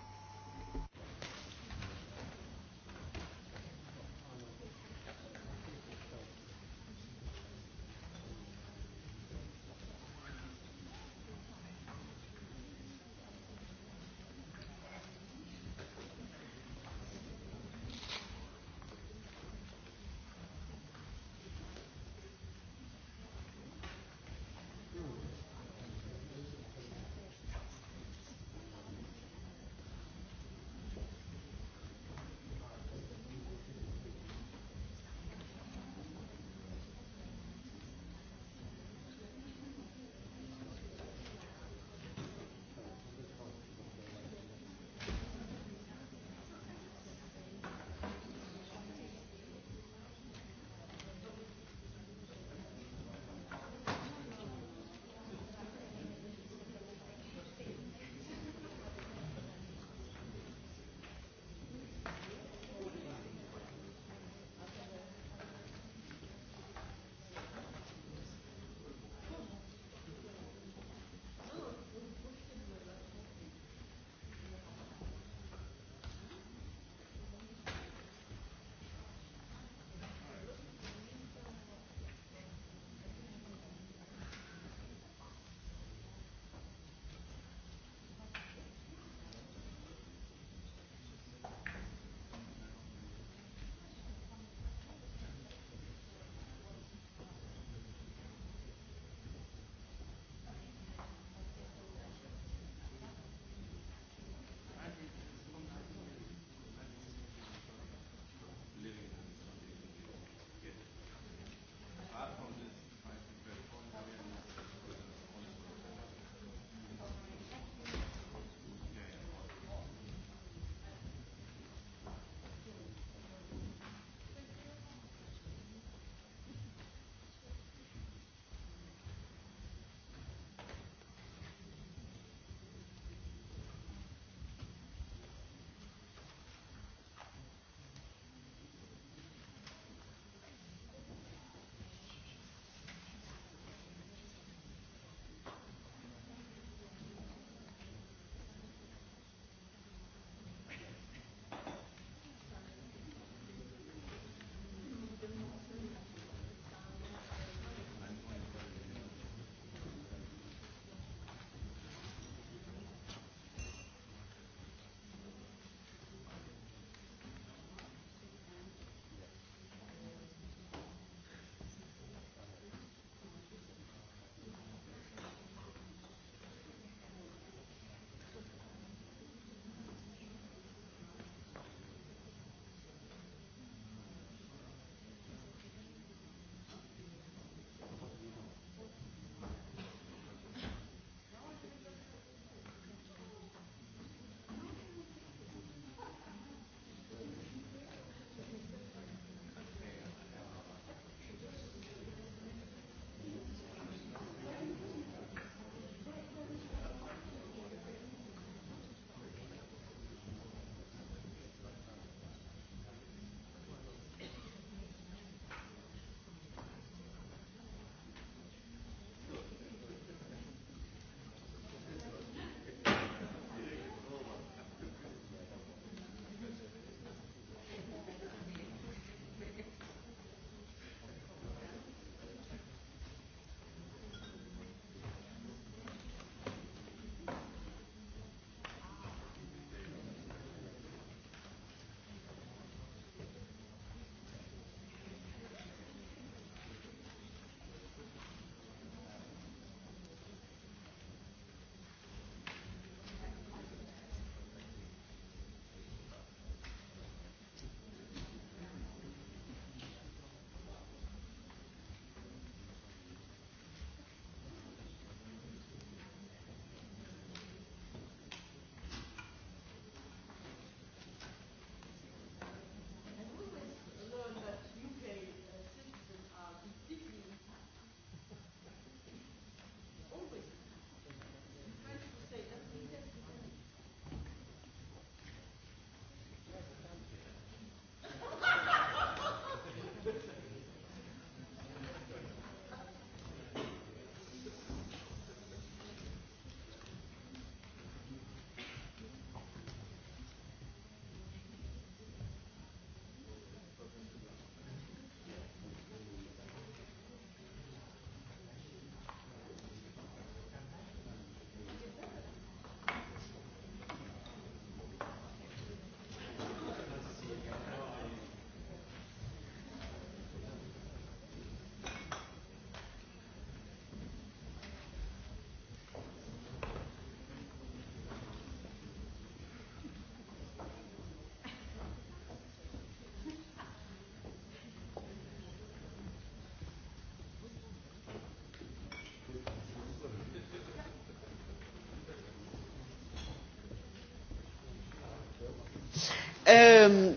Eh,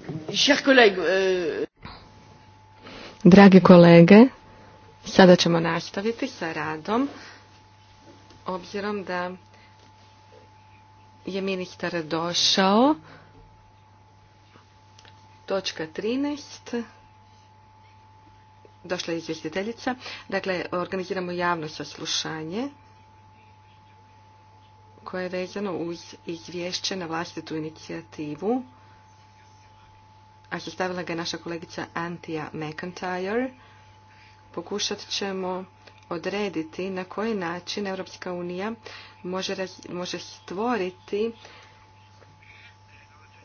eh, Dragi kolege, sada ćemo nastaviti sa radom, obzirom da je ministar došao. Točka 13. Došla je izvjestiteljica. Dakle, organiziramo javno saslušanje koje je vezano uz izvješće na vlastitu inicijativu sastavila ga je naša kolegica Antija McIntyre. Pokušat ćemo odrediti na koji način Europska unija može, može stvoriti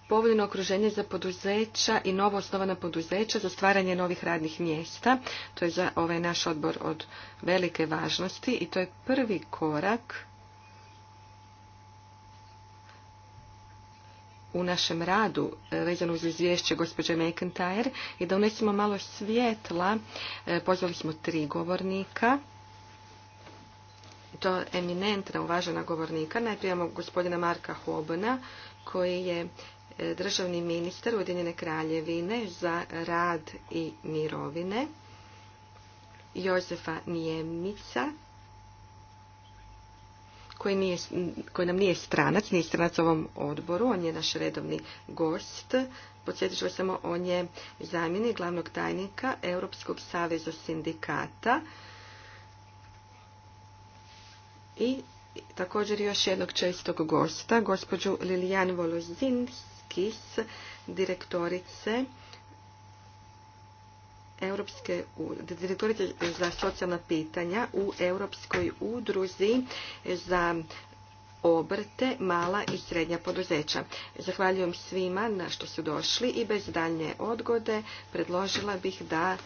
povoljno okruženje za poduzeća i novo osnovana poduzeća za stvaranje novih radnih mjesta. To je za ovaj naš odbor od velike važnosti i to je prvi korak u našem radu e, vezano uz izvješće gospođe McIntyre i da unesimo malo svjetla. E, pozvali smo tri govornika. To je eminentna, uvažena govornika. Najprije imamo gospodina Marka Hobona, koji je e, državni ministar Ujedinjene kraljevine za rad i mirovine. Jozefa Njemica, koji, nam nije stranac, nije stranac ovom odboru, on je naš redovni gost. Podsjetit ću vas samo, on je zamjenik glavnog tajnika Europskog saveza sindikata i također još jednog čestog gosta, gospođu Lilijan Volozinskis, direktorice Europske, za socijalna pitanja u Europskoj udruzi za obrte, mala i srednja poduzeća. Zahvaljujem svima na što su došli i bez daljnje odgode predložila bih da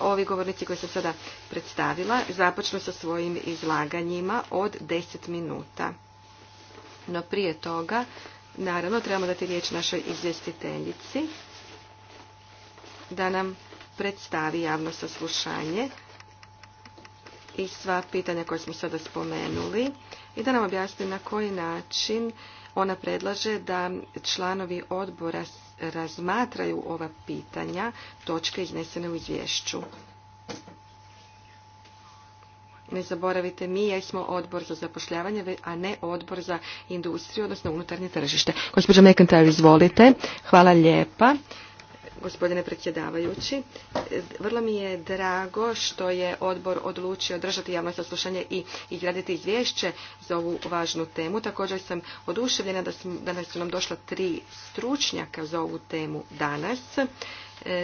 ovi govornici koje sam sada predstavila započnu sa svojim izlaganjima od 10 minuta. No prije toga Naravno, trebamo dati riječ našoj izvjestiteljici da nam predstavi javno saslušanje i sva pitanja koje smo sada spomenuli i da nam objasni na koji način ona predlaže da članovi odbora razmatraju ova pitanja, točke iznesene u izvješću. Ne zaboravite, mi jesmo odbor za zapošljavanje, a ne odbor za industriju, odnosno unutarnje tržište. Gospođo McIntyre, izvolite. Hvala lijepa gospodine predsjedavajući. Vrlo mi je drago što je odbor odlučio držati javno saslušanje i izraditi izvješće za ovu važnu temu. Također sam oduševljena da, da su nam došla tri stručnjaka za ovu temu danas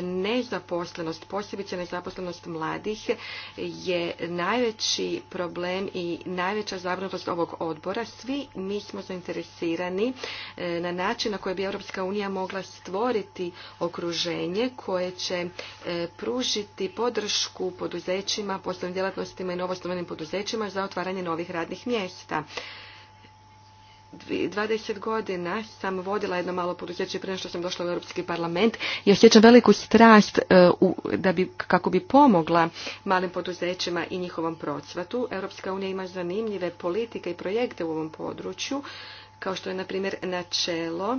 nezaposlenost, posebice nezaposlenost mladih, je najveći problem i najveća zabrinutost ovog odbora. Svi mi smo zainteresirani e, na način na koji bi Europska unija mogla stvoriti okruženje koje će e, pružiti podršku poduzećima, poslovnim djelatnostima i novoosnovanim poduzećima za otvaranje novih radnih mjesta. 20 godina sam vodila jedno malo poduzeće prije što sam došla u Europski parlament i osjećam veliku strast e, da bi, kako bi pomogla malim poduzećima i njihovom procvatu. Europska unija ima zanimljive politike i projekte u ovom području, kao što je, na primjer, načelo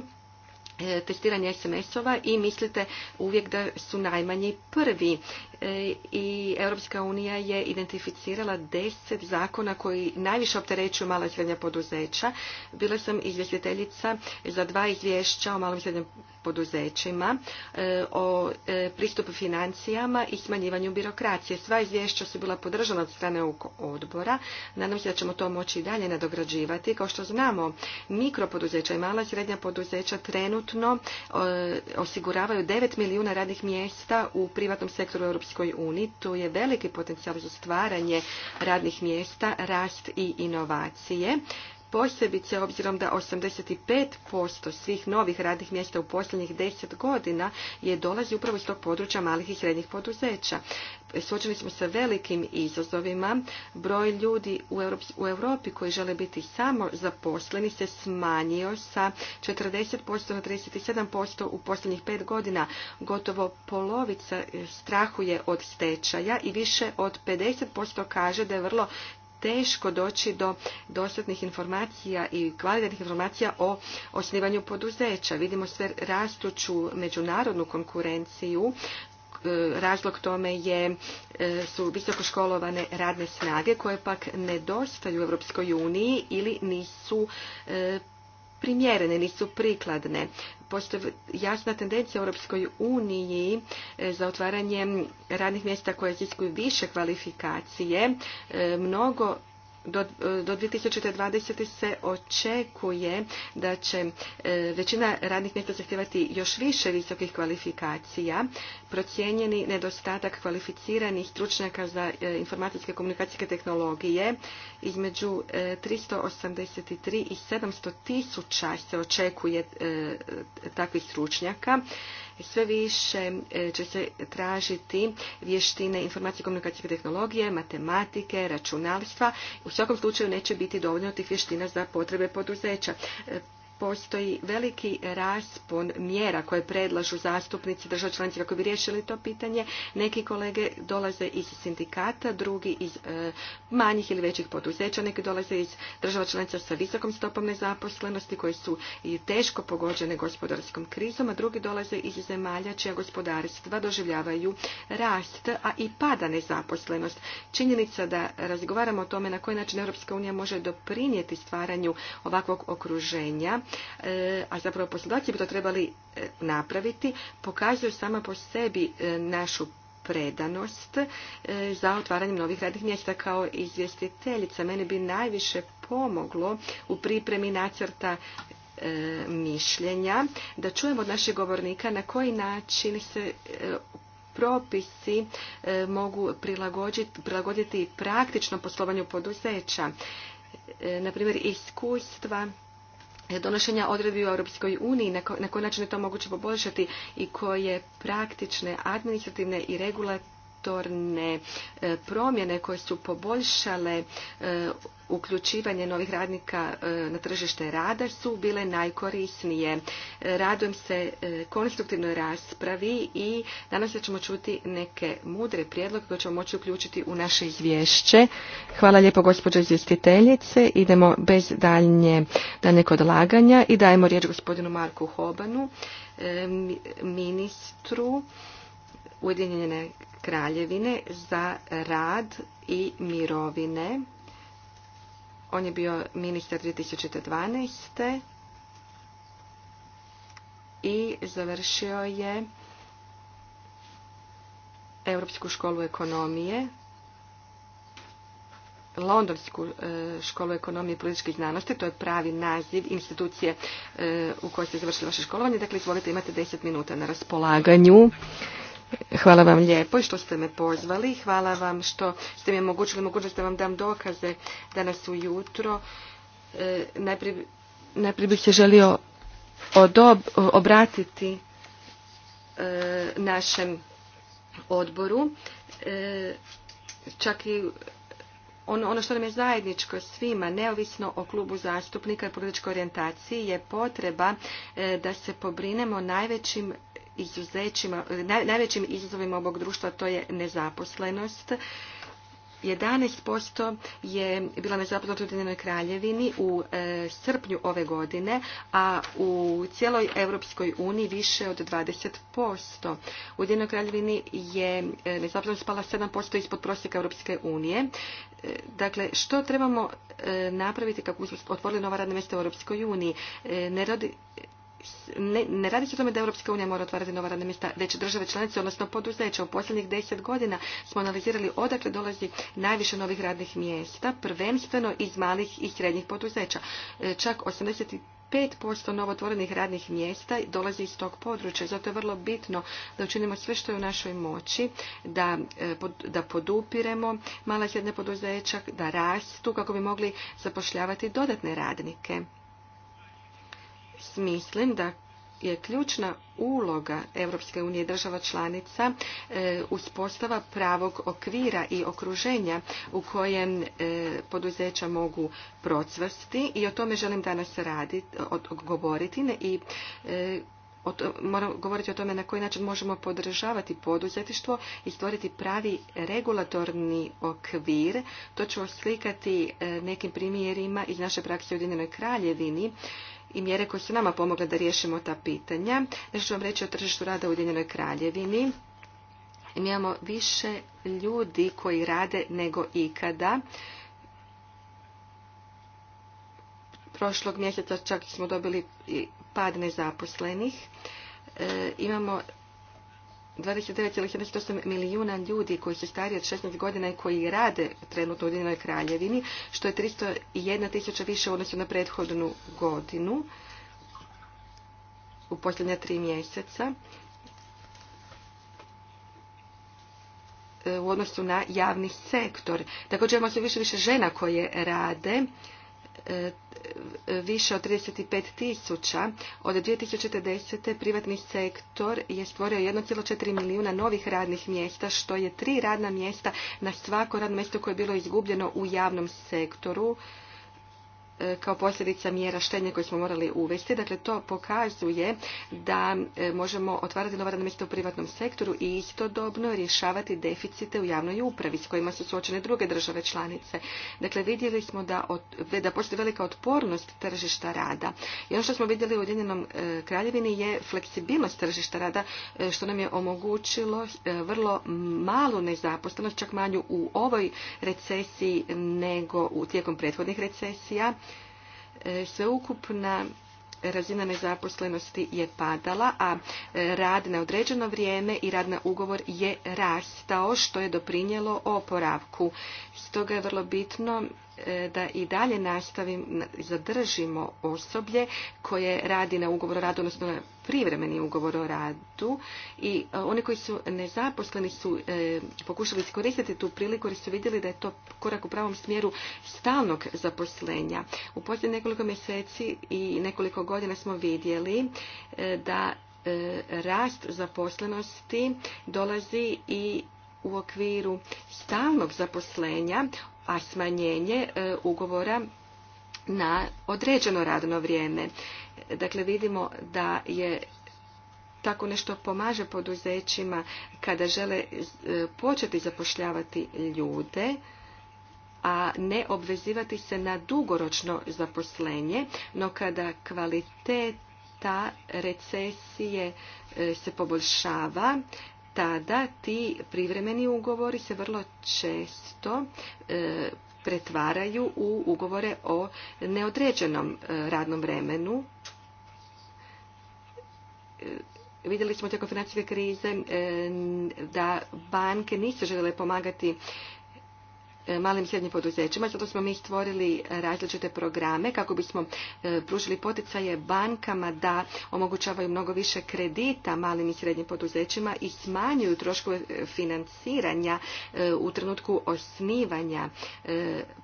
E, testiranje SMS-ova i mislite uvijek da su najmanji prvi. E, I Europska unija je identificirala deset zakona koji najviše opterećuju mala i srednja poduzeća. Bila sam izvjestiteljica za dva izvješća o malim i srednjim poduzećima, e, o pristupu financijama i smanjivanju birokracije. Sva izvješća su bila podržana od strane odbora. Nadam se da ćemo to moći i dalje nadograđivati. Kao što znamo, mikropoduzeća i mala i srednja poduzeća trenutno trenutno e, osiguravaju 9 milijuna radnih mjesta u privatnom sektoru u Europskoj uniji. Tu je veliki potencijal za stvaranje radnih mjesta, rast i inovacije posebice obzirom da 85% svih novih radnih mjesta u posljednjih 10 godina je dolazi upravo iz tog područja malih i srednjih poduzeća. Suočeni smo sa velikim izazovima. Broj ljudi u Europi koji žele biti samo zaposleni se smanjio sa 40% na 37% u posljednjih 5 godina. Gotovo polovica strahuje od stečaja i više od 50% kaže da je vrlo teško doći do dostatnih informacija i kvalitetnih informacija o osnivanju poduzeća. Vidimo sve rastuću međunarodnu konkurenciju e, razlog tome je, e, su visokoškolovane radne snage koje pak nedostaju u Europskoj uniji ili nisu e, primjerene, nisu prikladne postoji jasna tendencija u Europskoj uniji e, za otvaranje radnih mjesta koje iziskuju više kvalifikacije. E, mnogo do, 2020. se očekuje da će e, većina radnih mjesta zahtjevati još više visokih kvalifikacija. Procijenjeni nedostatak kvalificiranih stručnjaka za e, informacijske komunikacijske tehnologije između 383 e, i 700 tisuća se očekuje takvih stručnjaka sve više e, će se tražiti vještine informacije i komunikacijske tehnologije, matematike, računalstva. U svakom slučaju neće biti dovoljno tih vještina za potrebe poduzeća. E, postoji veliki raspon mjera koje predlažu zastupnici država članica kako bi riješili to pitanje. Neki kolege dolaze iz sindikata, drugi iz e, manjih ili većih poduzeća, neki dolaze iz država članica sa visokom stopom nezaposlenosti koji su i teško pogođene gospodarskom krizom, a drugi dolaze iz zemalja čija gospodarstva doživljavaju rast, a i pada nezaposlenost. Činjenica da razgovaramo o tome na koji način Europska unija može doprinijeti stvaranju ovakvog okruženja E, a zapravo poslodavci bi to trebali e, napraviti, pokazuju sama po sebi e, našu predanost za otvaranje novih radnih mjesta kao izvjestiteljica. Mene bi najviše pomoglo u pripremi nacrta mišljenja, da čujemo od našeg govornika na koji način se propisi mogu prilagoditi praktičnom poslovanju poduzeća. Naprimjer, iskustva donošenja odredbi u Europskoj uniji, na koji način je to moguće poboljšati i koje praktične, administrativne i regulatorne regulatorne e, promjene koje su poboljšale e, uključivanje novih radnika e, na tržište rada su bile najkorisnije. Radujem se konstruktivnoj raspravi i danas ćemo čuti neke mudre prijedloge koje ćemo moći uključiti u naše izvješće. Hvala lijepo gospođo izvjestiteljice. Idemo bez daljnje, daljnjeg odlaganja i dajemo riječ gospodinu Marku Hobanu, ministru Ujedinjene Kraljevine za rad i mirovine. On je bio ministar 2012. i završio je Europsku školu ekonomije, Londonsku e, školu ekonomije i političkih znanosti, to je pravi naziv institucije e, u kojoj ste završili vaše školovanje. Dakle, izvolite, imate 10 minuta na raspolaganju. Hvala vam lijepo i što ste me pozvali. Hvala vam što ste mi omogućili mogućnost da vam dam dokaze danas ujutro. E, najprije, bih se želio obratiti e, našem odboru. E, čak i ono, ono što nam je zajedničko svima, neovisno o klubu zastupnika i političkoj orijentaciji, je potreba da se pobrinemo najvećim izuzećima, najvećim izazovima ovog društva to je nezaposlenost. posto je bila nezaposlenost u Ujedinjenoj kraljevini u e, srpnju ove godine, a u cijeloj Europskoj uniji više od 20%. U Ujedinjenoj kraljevini je e, nezaposlenost spala 7% ispod prosjeka Europske unije. E, dakle, što trebamo napraviti kako bismo otvorili nova radna mjesta u Europskoj uniji? Ne radi, ne, radi se o tome da Europska unija mora otvarati nova radna mjesta, već države članice, odnosno poduzeća. U posljednjih deset godina smo analizirali odakle dolazi najviše novih radnih mjesta, prvenstveno iz malih i srednjih poduzeća. E, čak 80 posto novotvorenih radnih mjesta dolazi iz tog područja. Zato je vrlo bitno da učinimo sve što je u našoj moći, da, e, da podupiremo mala i srednja poduzeća, da rastu kako bi mogli zapošljavati dodatne radnike mislim da je ključna uloga Europske unije država članica e, uspostava pravog okvira i okruženja u kojem e, poduzeća mogu procvrsti i o tome želim danas raditi, govoriti i e, o moram govoriti o tome na koji način možemo podržavati poduzetništvo i stvoriti pravi regulatorni okvir. To ću oslikati nekim primjerima iz naše prakse u Ujedinjenoj Kraljevini i mjere koje su nama pomogle da riješimo ta pitanja. Nešto ću vam reći o tržištu rada u Ujedinjenoj kraljevini. Mi imamo više ljudi koji rade nego ikada. Prošlog mjeseca čak smo dobili pad nezaposlenih. E, imamo osam milijuna ljudi koji su stariji od 16 godina i koji rade trenutno u Ujedinjenoj kraljevini, što je 301 tisuća više u odnosu na prethodnu godinu u posljednja tri mjeseca e, u odnosu na javni sektor. Također imamo sve više žena koje rade E, više od 35 tisuća. Od 2040. privatni sektor je stvorio 1,4 milijuna novih radnih mjesta, što je tri radna mjesta na svako radno mjesto koje je bilo izgubljeno u javnom sektoru. E, kao posljedica mjera štednje koje smo morali uvesti. Dakle, to pokazuje da e, možemo otvarati nova radna mjesta u privatnom sektoru i istodobno rješavati deficite u javnoj upravi s kojima su suočene druge države članice. Dakle, vidjeli smo da, od, da postoji velika otpornost tržišta rada. I ono što smo vidjeli u Ujedinjenom e, kraljevini je fleksibilnost tržišta rada što nam je omogućilo vrlo malu nezaposlenost, čak manju u ovoj recesiji nego u tijekom prethodnih recesija E, sveukupna razina nezaposlenosti je padala, a e, rad na određeno vrijeme i rad na ugovor je rastao, što je doprinjelo oporavku. Stoga je vrlo bitno E, da i dalje nastavim, zadržimo osoblje koje radi na ugovor o radu, odnosno na privremeni ugovor o radu i e, oni koji su nezaposleni su e, pokušali iskoristiti tu priliku jer su vidjeli da je to korak u pravom smjeru stalnog zaposlenja. U posljednje nekoliko mjeseci i nekoliko godina smo vidjeli da rast zaposlenosti dolazi i u okviru stalnog zaposlenja, a smanjenje e, ugovora na određeno radno vrijeme. Dakle, vidimo da je tako nešto pomaže poduzećima kada žele e, početi zapošljavati ljude, a ne obvezivati se na dugoročno zaposlenje, no kada kvaliteta recesije e, se poboljšava, tada ti privremeni ugovori se vrlo često e, pretvaraju u ugovore o neodređenom e, radnom vremenu. E, vidjeli smo tijekom financijske krize da banke nisu željele pomagati E, malim i srednjim poduzećima. Zato smo mi stvorili različite programe kako bismo e, pružili poticaje bankama da omogućavaju mnogo više kredita malim i srednjim poduzećima i smanjuju troškove financiranja e, u trenutku osnivanja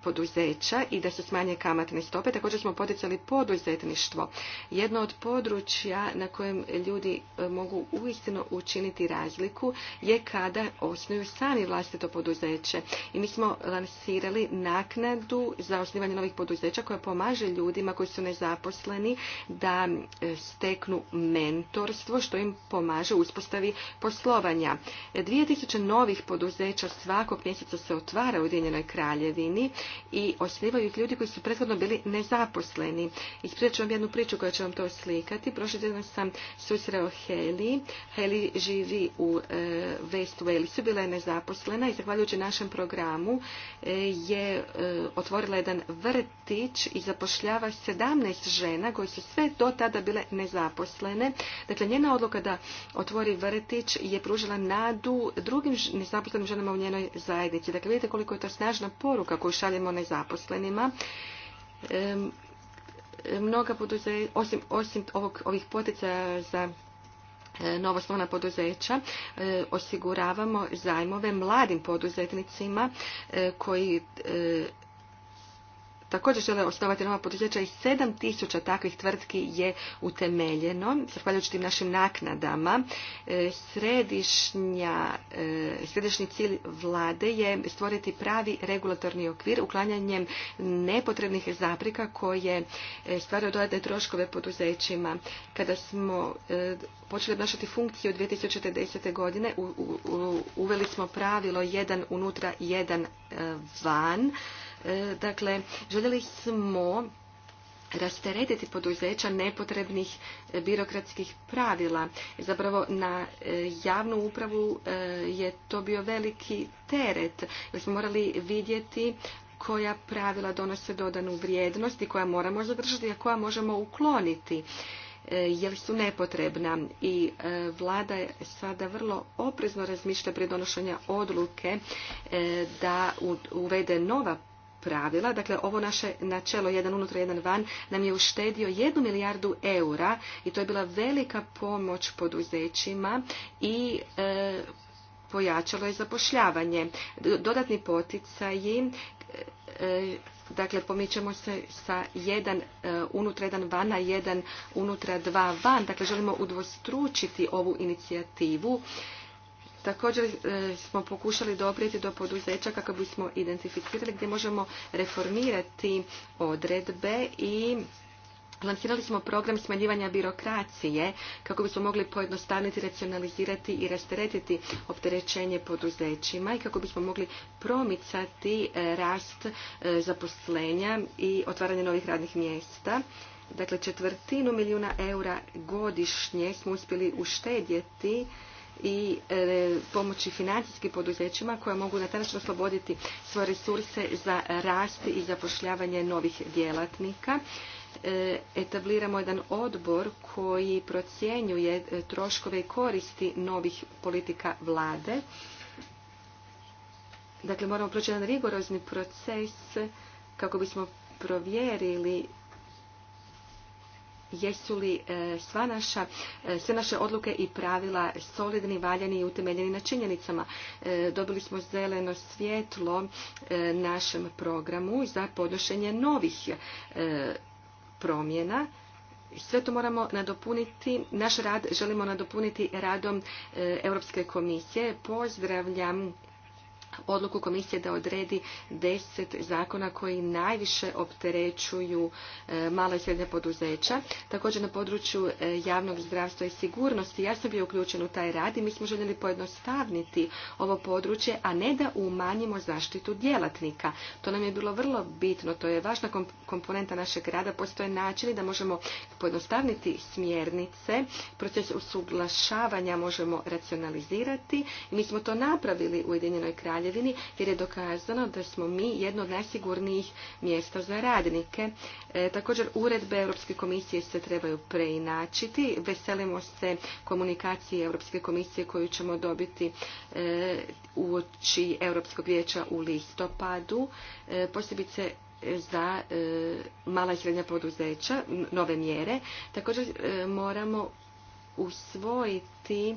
poduzeća i da se smanje kamatne stope. Također smo poticali poduzetništvo. Jedno od područja na kojem ljudi mogu uistinu učiniti razliku je kada osnuju sami vlastito poduzeće. I mi smo lansirali naknadu za osnivanje novih poduzeća koja pomaže ljudima koji su nezaposleni da e, steknu mentorstvo što im pomaže u uspostavi poslovanja. 2000 e, novih poduzeća svakog mjeseca se otvara u Ujedinjenoj Kraljevini i osnivaju ih ljudi koji su prethodno bili nezaposleni. Ispričat ću vam jednu priču koja će vam to slikati. Prošli tjedan sam susreo Heli. Heli živi u e, West Walesu, bila je nezaposlena i zahvaljujući našem programu je e, otvorila jedan vrtić i zapošljava 17 žena koje su sve do tada bile nezaposlene. Dakle, njena odluka da otvori vrtić je pružila nadu drugim nezaposlenim ženama u njenoj zajednici. Dakle, vidite koliko je to snažna poruka koju šaljemo nezaposlenima. Mnoga poduze, osim, osim ovih poticaja za E, novoslovna poduzeća e, osiguravamo zajmove mladim poduzetnicima e, koji također žele osnovati nova poduzeća i 7000 takvih tvrtki je utemeljeno, zahvaljujući tim našim naknadama. E, e, središnji cilj vlade je stvoriti pravi regulatorni okvir uklanjanjem nepotrebnih zaprika koje e, stvaraju dodatne troškove poduzećima. Kada smo počeli obnašati funkciju 2010. godine, uveli smo pravilo jedan unutra, jedan van E, dakle, željeli smo rasteretiti poduzeća nepotrebnih e, birokratskih pravila. Zapravo na e, javnu upravu je to bio veliki teret jer smo morali vidjeti koja pravila donose dodanu vrijednost i koja moramo zadržati, a koja možemo ukloniti jer su nepotrebna i vlada sada vrlo oprezno razmišlja pri donošenja odluke da uvede nova pravila. Dakle, ovo naše načelo jedan unutra, jedan van nam je uštedio jednu milijardu eura i to je bila velika pomoć poduzećima i e, pojačalo je zapošljavanje. Dodatni poticaji je, e, Dakle, pomičemo se sa jedan e, unutra, jedan van, na jedan unutra, dva van. Dakle, želimo udvostručiti ovu inicijativu Također e, smo pokušali doprijeti do poduzeća kako bismo identificirali gdje možemo reformirati odredbe i Lansirali smo program smanjivanja birokracije kako bismo mogli pojednostavniti, racionalizirati i rasteretiti opterećenje poduzećima i kako bismo mogli promicati e, rast e, zaposlenja i otvaranje novih radnih mjesta. Dakle, četvrtinu milijuna eura godišnje smo uspjeli uštedjeti i e, pomoći financijskim poduzećima koja mogu na taj osloboditi svoje resurse za rast i zapošljavanje novih djelatnika. E, etabliramo jedan odbor koji procjenjuje e, troškove i koristi novih politika vlade. Dakle, moramo proći jedan rigorozni proces kako bismo provjerili jesu li e, sva naša, e, sve naše odluke i pravila solidni, valjani i utemeljeni na činjenicama. E, dobili smo zeleno svjetlo našem programu za podnošenje novih promjena. Sve to moramo nadopuniti, naš rad želimo nadopuniti radom Europske komisije. Pozdravljam odluku komisije da odredi deset zakona koji najviše opterećuju e, mala i srednja poduzeća. Također na području e, javnog zdravstva i sigurnosti ja sam bio uključen u taj rad i mi smo željeli pojednostavniti ovo područje, a ne da umanjimo zaštitu djelatnika. To nam je bilo vrlo bitno, to je važna komponenta našeg rada. Postoje načini da možemo pojednostavniti smjernice, proces usuglašavanja možemo racionalizirati i mi smo to napravili u Ujedinjenoj kralji kraljevini jer je dokazano da smo mi jedno od najsigurnijih mjesta za radnike. E, također uredbe Europske komisije se trebaju preinačiti. Veselimo se komunikaciji Europske komisije koju ćemo dobiti e, uoči Europskog vijeća u listopadu. E, posebice za e, mala i srednja poduzeća, nove mjere. Također e, moramo usvojiti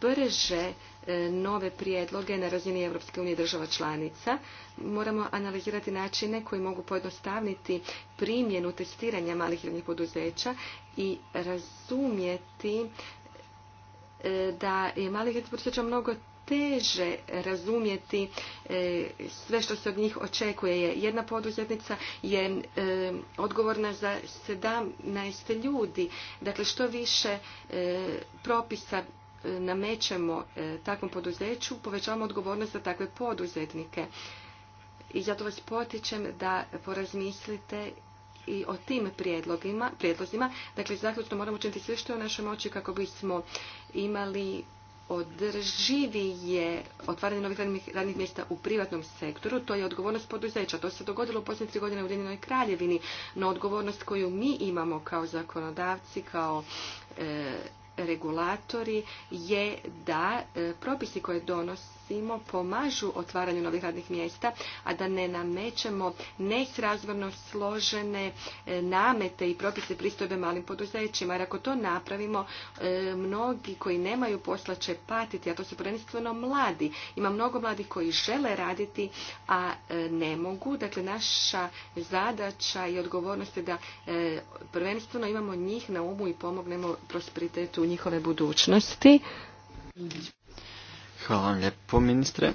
brže e, nove prijedloge na razini Europske unije država članica. Moramo analizirati načine koji mogu pojednostavniti primjenu testiranja malih i poduzeća i razumjeti e, da je malih poduzeća mnogo teže razumjeti e, sve što se od njih očekuje. Jedna poduzetnica je e, odgovorna za 17 ljudi. Dakle, što više e, propisa namećemo takvom poduzeću, povećavamo odgovornost za takve poduzetnike. I zato vas potičem da porazmislite i o tim prijedlozima. Dakle, zaključno moramo učiniti sve što je u našoj moći kako bismo imali održivi je otvaranje novih radnih mjesta u privatnom sektoru, to je odgovornost poduzeća. To se dogodilo u posljednje tri godine u Ujedinjenoj Kraljevini, no odgovornost koju mi imamo kao zakonodavci, kao e, regulatori je da e, propisi koje donosi imamo pomažu otvaranju novih radnih mjesta, a da ne namećemo nesrazvorno složene e, namete i propise pristojbe malim poduzećima. Jer ako to napravimo, e, mnogi koji nemaju posla će patiti, a to su prvenstveno mladi. Ima mnogo mladih koji žele raditi, a e, ne mogu. Dakle, naša zadaća i odgovornost je da prvenstveno imamo njih na umu i pomognemo prosperitetu njihove budućnosti. Hvala vam lijepo, ministre.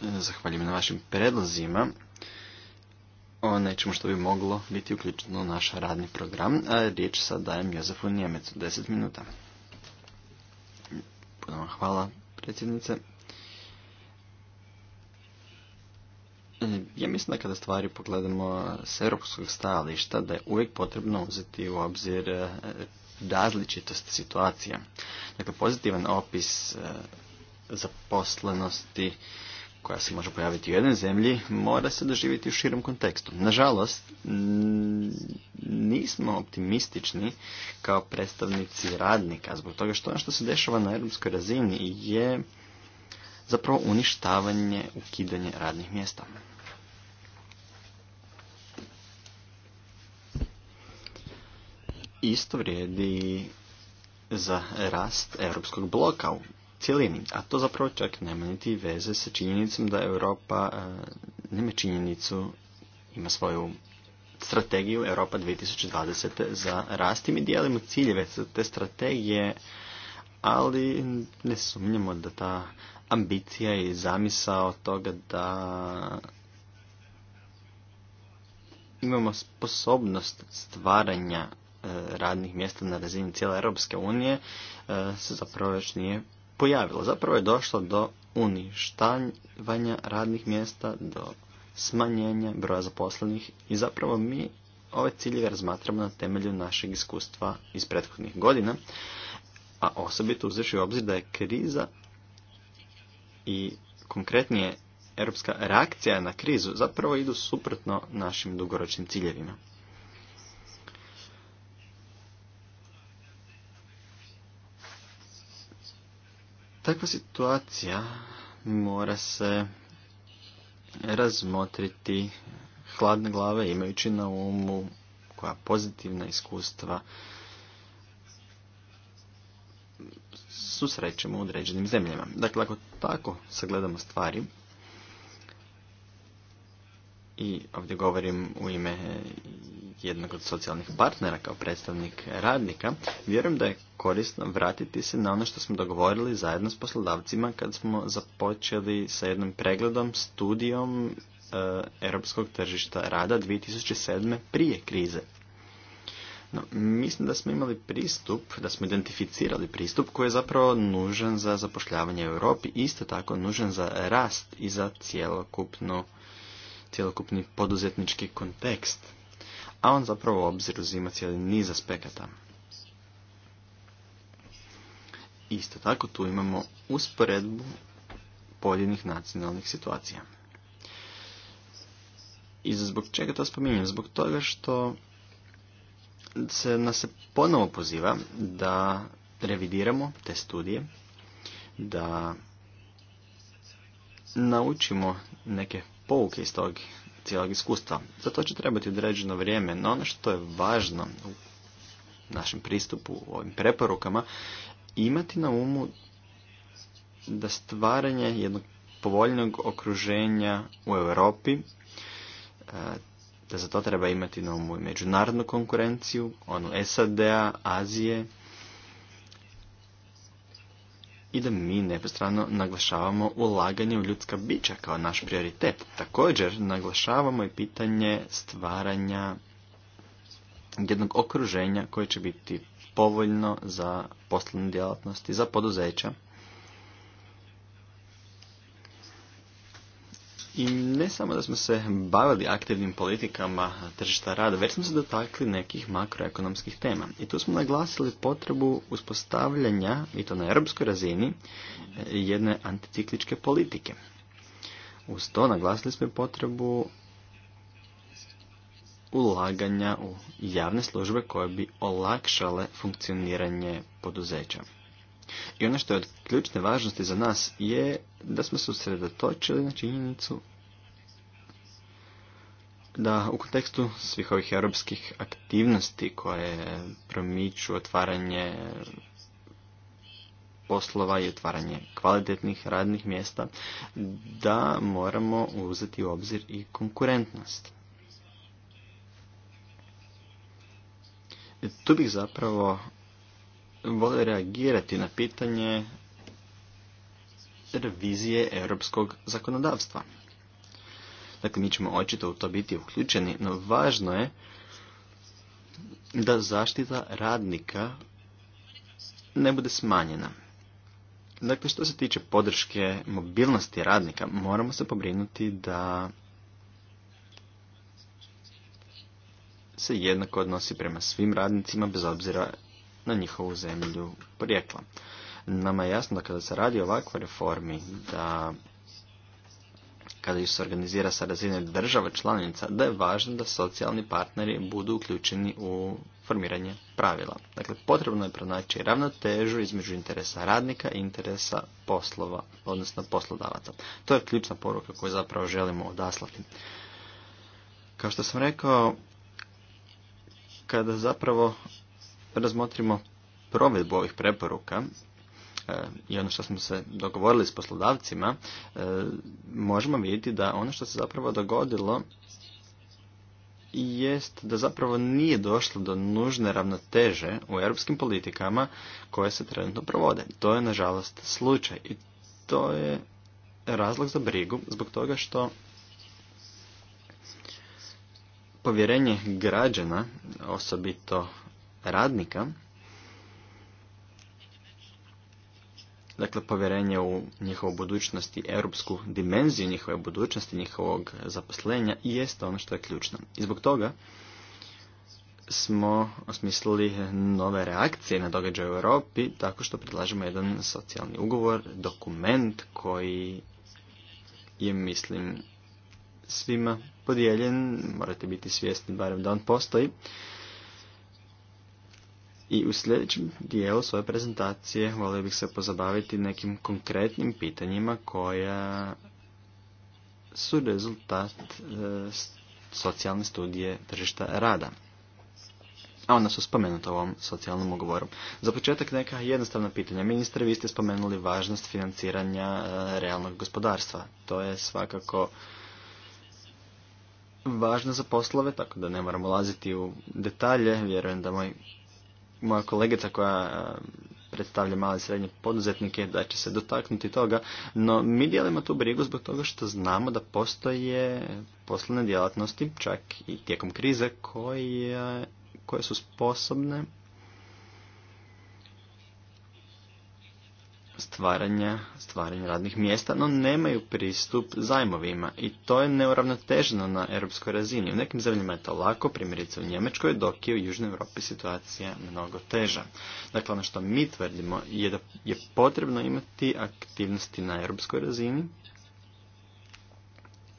Zahvaljujem na vašim predlazima. o nečemu što bi moglo biti uključeno u naš radni program, a riječ sad dajem Jozefu Njemecu, Deset minuta. Puno hvala, predsjednice. E, ja mislim da kada stvari pogledamo s europskog stajališta, da je uvijek potrebno uzeti u obzir e, različitost situacija. Dakle, pozitivan opis e, zaposlenosti koja se može pojaviti u jednoj zemlji, mora se doživjeti u širom kontekstu. Nažalost, nismo optimistični kao predstavnici radnika, zbog toga što ono što se dešava na europskoj razini je zapravo uništavanje, ukidanje radnih mjesta. Isto vrijedi za rast europskog bloka u cjelini, a to zapravo čak nema niti veze sa činjenicom da Europa e, nema činjenicu, ima svoju strategiju Europa 2020. za rast i mi dijelimo ciljeve te strategije, ali ne sumnjamo da ta ambicija i zamisa od toga da imamo sposobnost stvaranja Eh, radnih mjesta na razini cijele Europske unije eh, se zapravo već nije pojavilo. Zapravo je došlo do uništavanja radnih mjesta, do smanjenja broja zaposlenih i zapravo mi ove ciljeve razmatramo na temelju našeg iskustva iz prethodnih godina, a osobito uzreši u obzir da je kriza i konkretnije europska reakcija na krizu zapravo idu suprotno našim dugoročnim ciljevima. Takva situacija mora se razmotriti hladne glave imajući na umu koja pozitivna iskustva susrećemo u određenim zemljama. Dakle, ako tako sagledamo stvari, i ovdje govorim u ime jednog od socijalnih partnera kao predstavnik radnika, vjerujem da je korisno vratiti se na ono što smo dogovorili zajedno s poslodavcima kad smo započeli sa jednom pregledom, studijom e, europskog tržišta rada 2007. prije krize. No, mislim da smo imali pristup, da smo identificirali pristup koji je zapravo nužan za zapošljavanje u Europi, isto tako nužan za rast i za cjelokupno cjelokupni poduzetnički kontekst a on zapravo u obzir uzima cijeli niz aspekata. Isto tako tu imamo usporedbu pojedinih nacionalnih situacija. I zbog čega to spominjem? Zbog toga što se nas se ponovo poziva da revidiramo te studije, da naučimo neke pouke iz tog cijelog iskustva. Zato će trebati određeno vrijeme, no ono što je važno u našem pristupu, u ovim preporukama, imati na umu da stvaranje jednog povoljnog okruženja u Europi, e, da za to treba imati na umu i međunarodnu konkurenciju, onu SAD-a, Azije, i da mi neprestano naglašavamo ulaganje u ljudska bića kao naš prioritet. Također naglašavamo i pitanje stvaranja jednog okruženja koje će biti povoljno za poslovne djelatnosti, za poduzeća I ne samo da smo se bavili aktivnim politikama tržišta rada, već smo se dotakli nekih makroekonomskih tema. I tu smo naglasili potrebu uspostavljanja, i to na europskoj razini, jedne anticikličke politike. Uz to naglasili smo potrebu ulaganja u javne službe koje bi olakšale funkcioniranje poduzeća. I ono što je od ključne važnosti za nas je da smo se usredotočili na činjenicu da u kontekstu svih ovih europskih aktivnosti koje promiču otvaranje poslova i otvaranje kvalitetnih radnih mjesta, da moramo uzeti u obzir i konkurentnost. Tu bih zapravo vole reagirati na pitanje revizije europskog zakonodavstva. Dakle, mi ćemo očito u to biti uključeni, no važno je da zaštita radnika ne bude smanjena. Dakle, što se tiče podrške mobilnosti radnika, moramo se pobrinuti da se jednako odnosi prema svim radnicima bez obzira na njihovu zemlju porijekla. Nama je jasno da kada se radi o ovakvoj reformi, da kada ju se organizira sa razine država članica, da je važno da socijalni partneri budu uključeni u formiranje pravila. Dakle, potrebno je pronaći ravnotežu između interesa radnika i interesa poslova, odnosno poslodavaca. To je ključna poruka koju zapravo želimo odaslati. Kao što sam rekao, kada zapravo razmotrimo provedbu ovih preporuka e, i ono što smo se dogovorili s poslodavcima, e, možemo vidjeti da ono što se zapravo dogodilo jest da zapravo nije došlo do nužne ravnoteže u europskim politikama koje se trenutno provode. To je nažalost slučaj i to je razlog za brigu zbog toga što povjerenje građana, osobito radnika. Dakle, povjerenje u njihovu budućnost i europsku dimenziju njihove budućnosti, njihovog zaposlenja i jeste ono što je ključno. I zbog toga smo osmislili nove reakcije na događaje u Europi tako što predlažemo jedan socijalni ugovor, dokument koji je, mislim, svima podijeljen. Morate biti svjesni barem da on postoji. I u sljedećem dijelu svoje prezentacije volio bih se pozabaviti nekim konkretnim pitanjima koja su rezultat e, socijalne studije tržišta rada. A ona su spomenuta u ovom socijalnom ugovoru. Za početak neka jednostavna pitanja. Ministre, vi ste spomenuli važnost financiranja e, realnog gospodarstva. To je svakako važno za poslove, tako da ne moram ulaziti u detalje. Vjerujem da moj moja kolegica koja e, predstavlja male i srednje poduzetnike da će se dotaknuti toga, no mi dijelimo tu brigu zbog toga što znamo da postoje poslovne djelatnosti, čak i tijekom krize, koje, koje su sposobne stvaranja, stvaranja radnih mjesta, no nemaju pristup zajmovima i to je neuravnoteženo na europskoj razini. U nekim zemljama je to lako, primjerice u Njemačkoj, dok je u Južnoj Europi situacija mnogo teža. Dakle, ono što mi tvrdimo je da je potrebno imati aktivnosti na europskoj razini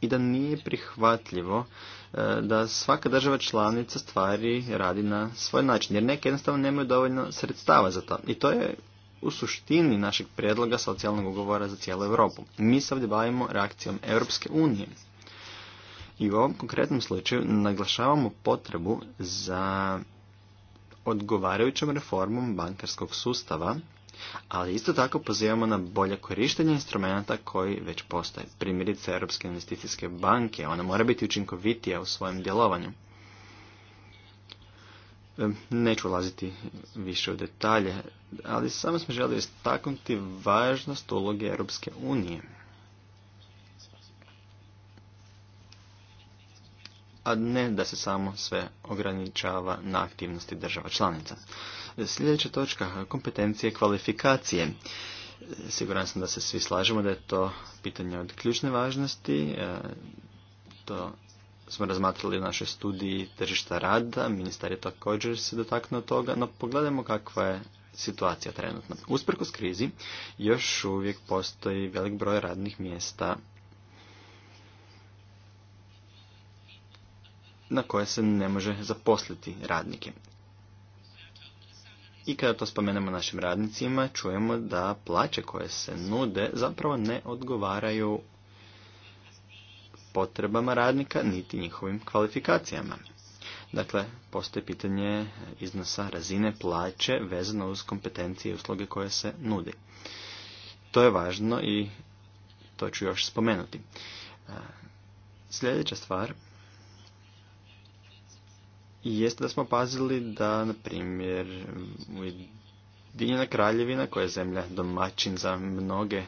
i da nije prihvatljivo e, da svaka država članica stvari radi na svoj način, jer neke jednostavno nemaju dovoljno sredstava za to. I to je u suštini našeg prijedloga socijalnog ugovora za cijelu Europu. Mi se ovdje bavimo reakcijom Europske unije. I u ovom konkretnom slučaju naglašavamo potrebu za odgovarajućom reformom bankarskog sustava, ali isto tako pozivamo na bolje korištenje instrumenta koji već postoje. Primjerice Europske investicijske banke, ona mora biti učinkovitija u svojem djelovanju. Neću ulaziti više u detalje, ali samo smo želi istaknuti važnost uloge Europske unije. a ne da se samo sve ograničava na aktivnosti država članica. Sljedeća točka, kompetencije i kvalifikacije. Siguran sam da se svi slažemo da je to pitanje od ključne važnosti. E, to smo razmatrali u našoj studiji tržišta rada, ministar je također se dotaknuo toga, no pogledajmo kakva je situacija trenutno. Usprkos krizi još uvijek postoji velik broj radnih mjesta na koje se ne može zaposliti radnike. I kada to spomenemo našim radnicima, čujemo da plaće koje se nude zapravo ne odgovaraju potrebama radnika niti njihovim kvalifikacijama. Dakle, postoji pitanje iznosa razine plaće vezano uz kompetencije i usluge koje se nudi. To je važno i to ću još spomenuti. E, sljedeća stvar jeste da smo pazili da, na primjer, Ujedinjena kraljevina, koja je zemlja domaćin za mnoge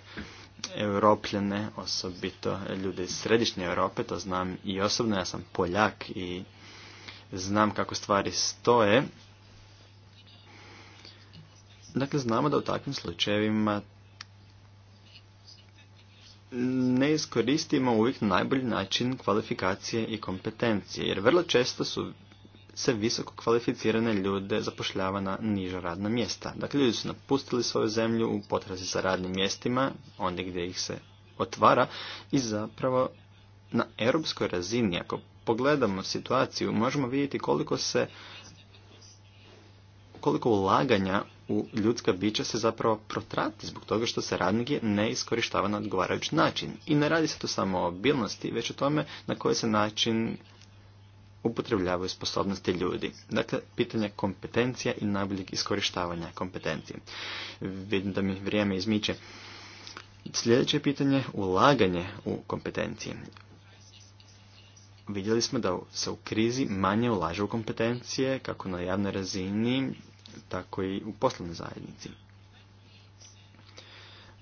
Europljane, osobito ljude iz središnje Europe, to znam i osobno, ja sam Poljak i znam kako stvari stoje. Dakle, znamo da u takvim slučajevima ne iskoristimo uvijek najbolji način kvalifikacije i kompetencije, jer vrlo često su se visoko kvalificirane ljude zapošljava na niža radna mjesta. Dakle, ljudi su napustili svoju zemlju u potrazi za radnim mjestima, ondje gdje ih se otvara i zapravo na europskoj razini, ako pogledamo situaciju, možemo vidjeti koliko se koliko ulaganja u ljudska bića se zapravo protrati zbog toga što se radnik ne iskorištava na odgovarajući način. I ne radi se to samo o obilnosti, već o tome na koji se način upotrebljavaju sposobnosti ljudi. Dakle, pitanje kompetencija i najboljeg iskorištavanja kompetencije. Vidim da mi vrijeme izmiče. Sljedeće pitanje ulaganje u kompetencije. Vidjeli smo da se u krizi manje ulaže u kompetencije, kako na javnoj razini, tako i u poslovnoj zajednici.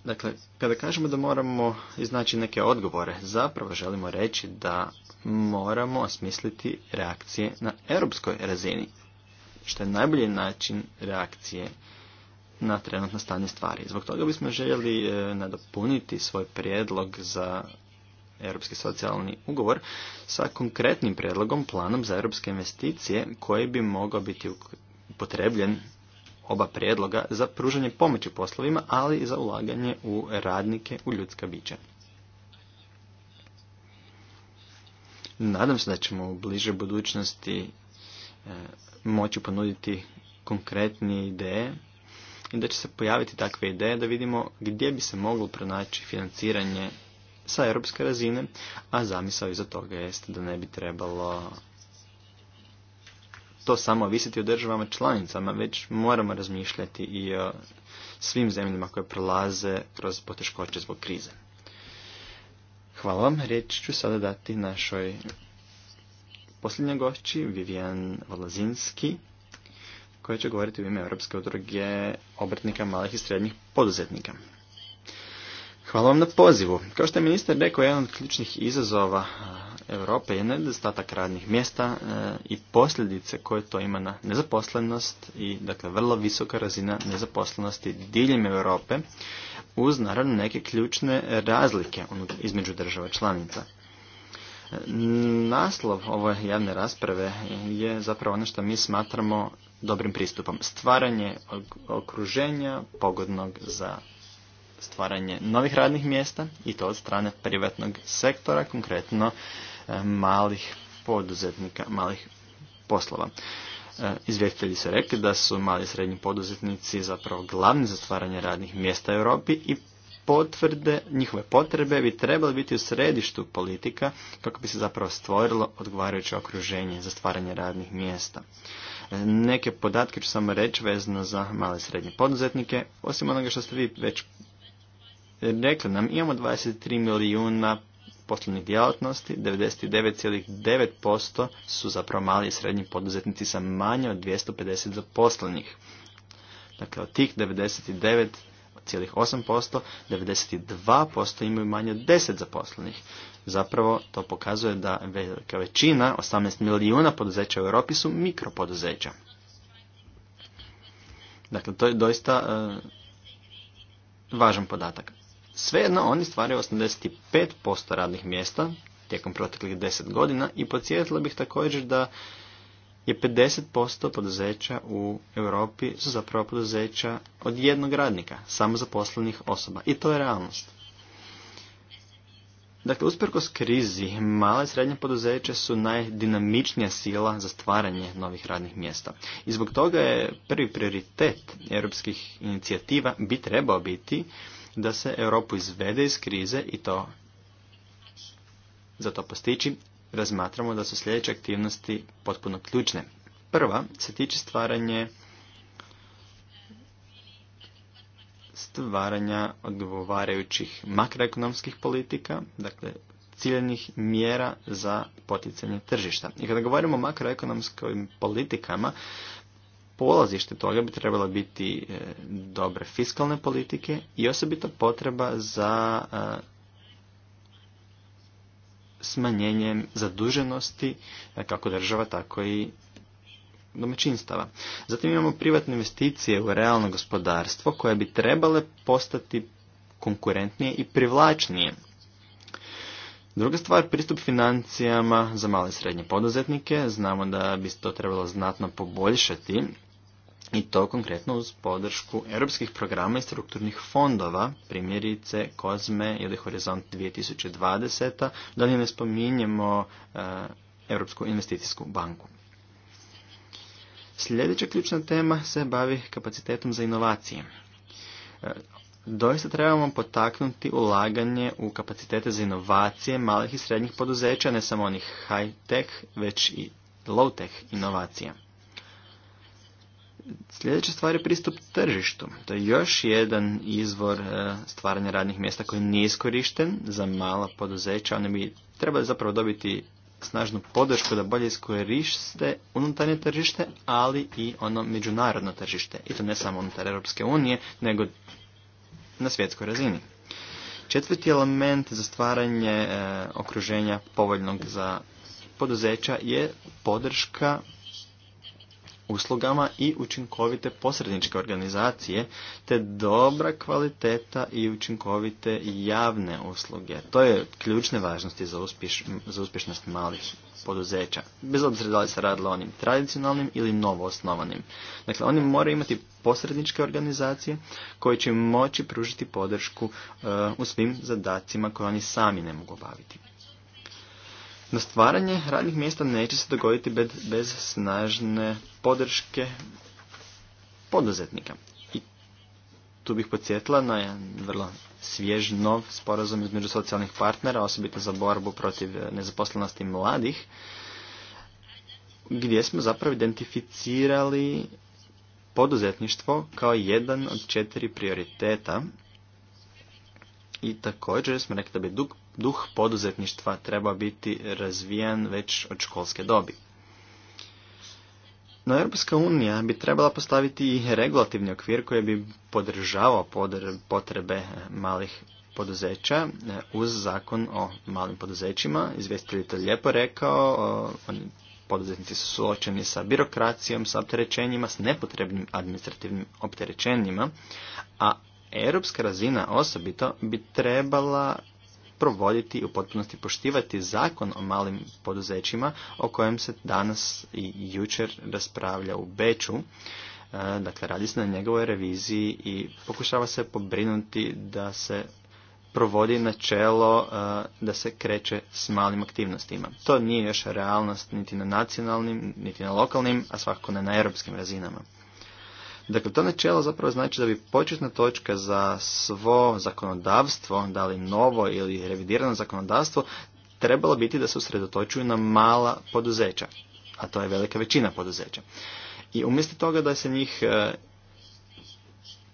Dakle, kada kažemo da moramo iznaći neke odgovore, zapravo želimo reći da moramo osmisliti reakcije na europskoj razini, što je najbolji način reakcije na trenutno stanje stvari. Zbog toga bismo željeli e, nadopuniti svoj prijedlog za Europski socijalni ugovor sa konkretnim prijedlogom planom za europske investicije koji bi mogao biti upotrebljen oba prijedloga za pružanje pomoći poslovima, ali i za ulaganje u radnike, u ljudska bića. Nadam se da ćemo u bliže budućnosti e, moći ponuditi konkretne ideje i da će se pojaviti takve ideje da vidimo gdje bi se moglo pronaći financiranje sa europske razine, a zamisao iza toga jeste da ne bi trebalo to samo visiti o državama članicama, već moramo razmišljati i o svim zemljama koje prolaze kroz poteškoće zbog krize. Hvala vam. Riječ ću sada dati našoj posljednjoj gošći, Vivian Valazinski, koja će govoriti u ime Europske udruge obrtnika malih i srednjih poduzetnika. Hvala vam na pozivu. Kao što je ministar rekao, jedan od ključnih izazova Europe je nedostatak radnih mjesta e, i posljedice koje to ima na nezaposlenost i dakle vrlo visoka razina nezaposlenosti diljem Europe uz naravno neke ključne razlike između država članica. E, naslov ove javne rasprave je zapravo ono što mi smatramo dobrim pristupom. Stvaranje okruženja pogodnog za stvaranje novih radnih mjesta i to od strane privatnog sektora, konkretno e, malih poduzetnika, malih poslova. E, izvjestitelji su rekli da su mali i srednji poduzetnici zapravo glavni za stvaranje radnih mjesta u Europi i potvrde, njihove potrebe bi trebali biti u središtu politika kako bi se zapravo stvorilo odgovarajuće okruženje za stvaranje radnih mjesta. E, neke podatke ću samo reći vezano za male i srednje poduzetnike. Osim onoga što ste vi već rekli nam, imamo 23 milijuna poslovnih djelatnosti, 99,9% su zapravo mali i srednji poduzetnici sa manje od 250 zaposlenih. Dakle, od tih 99,8%, 92% imaju manje od 10 zaposlenih. Zapravo, to pokazuje da velika većina, 18 milijuna poduzeća u Europi su mikropoduzeća. Dakle, to je doista e, važan podatak. Svejedno, oni stvaraju 85% radnih mjesta tijekom proteklih 10 godina i podsjetila bih također da je 50% poduzeća u Europi su zapravo poduzeća od jednog radnika, samozaposlenih osoba. I to je realnost. Dakle, usprkos krizi, male i srednja poduzeća su najdinamičnija sila za stvaranje novih radnih mjesta. I zbog toga je prvi prioritet europskih inicijativa bi trebao biti da se Europu izvede iz krize i to za to postići razmatramo da su sljedeće aktivnosti potpuno ključne. Prva se tiče stvaranje stvaranja odgovarajućih makroekonomskih politika, dakle ciljenih mjera za poticanje tržišta. I kada govorimo o makroekonomskim politikama, polazište toga bi trebala biti e, dobre fiskalne politike i osobito potreba za e, smanjenjem zaduženosti e, kako država, tako i domaćinstava. Zatim imamo privatne investicije u realno gospodarstvo koje bi trebale postati konkurentnije i privlačnije. Druga stvar, pristup financijama za male i srednje poduzetnike. Znamo da bi se to trebalo znatno poboljšati i to konkretno uz podršku europskih programa i strukturnih fondova, primjerice Kozme ili Horizont 2020, da li ne spominjemo e, Europsku investicijsku banku. Sljedeća ključna tema se bavi kapacitetom za inovacije. E, doista trebamo potaknuti ulaganje u kapacitete za inovacije malih i srednjih poduzeća, ne samo onih high-tech, već i low-tech inovacija. Sljedeća stvar je pristup tržištu. To je još jedan izvor e, stvaranja radnih mjesta koji nije iskorišten za mala poduzeća. Oni bi trebali zapravo dobiti snažnu podršku da bolje iskoriste unutarnje tržište, ali i ono međunarodno tržište. I to ne samo unutar Europske unije, nego na svjetskoj razini. Četvrti element za stvaranje e, okruženja povoljnog za poduzeća je podrška uslugama i učinkovite posredničke organizacije, te dobra kvaliteta i učinkovite javne usluge. To je ključne važnosti za, za uspješnost malih poduzeća, bez obzira da li se radilo onim tradicionalnim ili novo osnovanim. Dakle, oni moraju imati posredničke organizacije koje će moći pružiti podršku e, u svim zadacima koje oni sami ne mogu obaviti. No stvaranje radnih mjesta neće se dogoditi bez, bez snažne podrške poduzetnika. I tu bih podsjetila na jedan vrlo svjež nov sporazum između socijalnih partnera, osobito za borbu protiv nezaposlenosti mladih, gdje smo zapravo identificirali poduzetništvo kao jedan od četiri prioriteta i također smo rekli da bi duh, duh poduzetništva treba biti razvijan već od školske dobi. No, Europska unija bi trebala postaviti i regulativni okvir koji bi podržavao potrebe eh, malih poduzeća eh, uz zakon o malim poduzećima. Izvjestitelj to lijepo rekao, poduzetnici su suočeni sa birokracijom, sa opterećenjima, s nepotrebnim administrativnim opterećenjima, a Europska razina osobito bi trebala provoditi i u potpunosti poštivati zakon o malim poduzećima o kojem se danas i jučer raspravlja u Beču. E, dakle, radi se na njegovoj reviziji i pokušava se pobrinuti da se provodi načelo e, da se kreće s malim aktivnostima. To nije još realnost niti na nacionalnim, niti na lokalnim, a svakako ne na europskim razinama. Dakle, to načelo zapravo znači da bi početna točka za svo zakonodavstvo, da li novo ili revidirano zakonodavstvo, trebalo biti da se usredotočuju na mala poduzeća, a to je velika većina poduzeća. I umjesto toga da se njih e,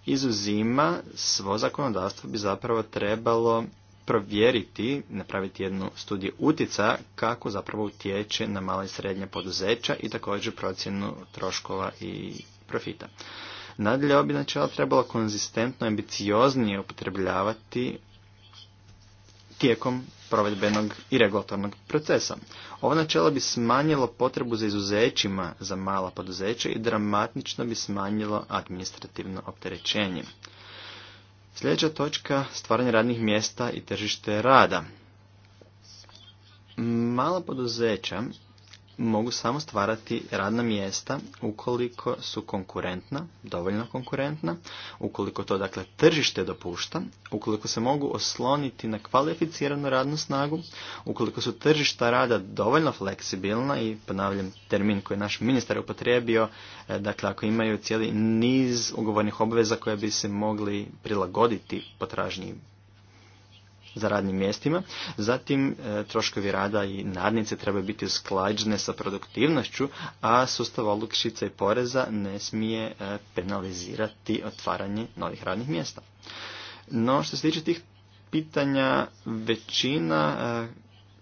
izuzima, svo zakonodavstvo bi zapravo trebalo provjeriti, napraviti jednu studiju utica kako zapravo utječe na mala i srednja poduzeća i također procjenu troškova i profita. Nadalje, obi načela trebalo konzistentno i ambicioznije upotrebljavati tijekom provedbenog i regulatornog procesa. Ovo načelo bi smanjilo potrebu za izuzećima za mala poduzeća i dramatično bi smanjilo administrativno opterećenje. Sljedeća točka, stvaranje radnih mjesta i tržište rada. Mala poduzeća mogu samo stvarati radna mjesta ukoliko su konkurentna, dovoljno konkurentna, ukoliko to dakle tržište dopušta, ukoliko se mogu osloniti na kvalificiranu radnu snagu, ukoliko su tržišta rada dovoljno fleksibilna i ponavljam termin koji je naš ministar upotrijebio, e, dakle ako imaju cijeli niz ugovornih obveza koje bi se mogli prilagoditi potražnji za radnim mjestima. Zatim e, troškovi rada i nadnice trebaju biti usklađene sa produktivnošću, a sustav olukšica i poreza ne smije e, penalizirati otvaranje novih radnih mjesta. No što se tiče tih pitanja, većina e,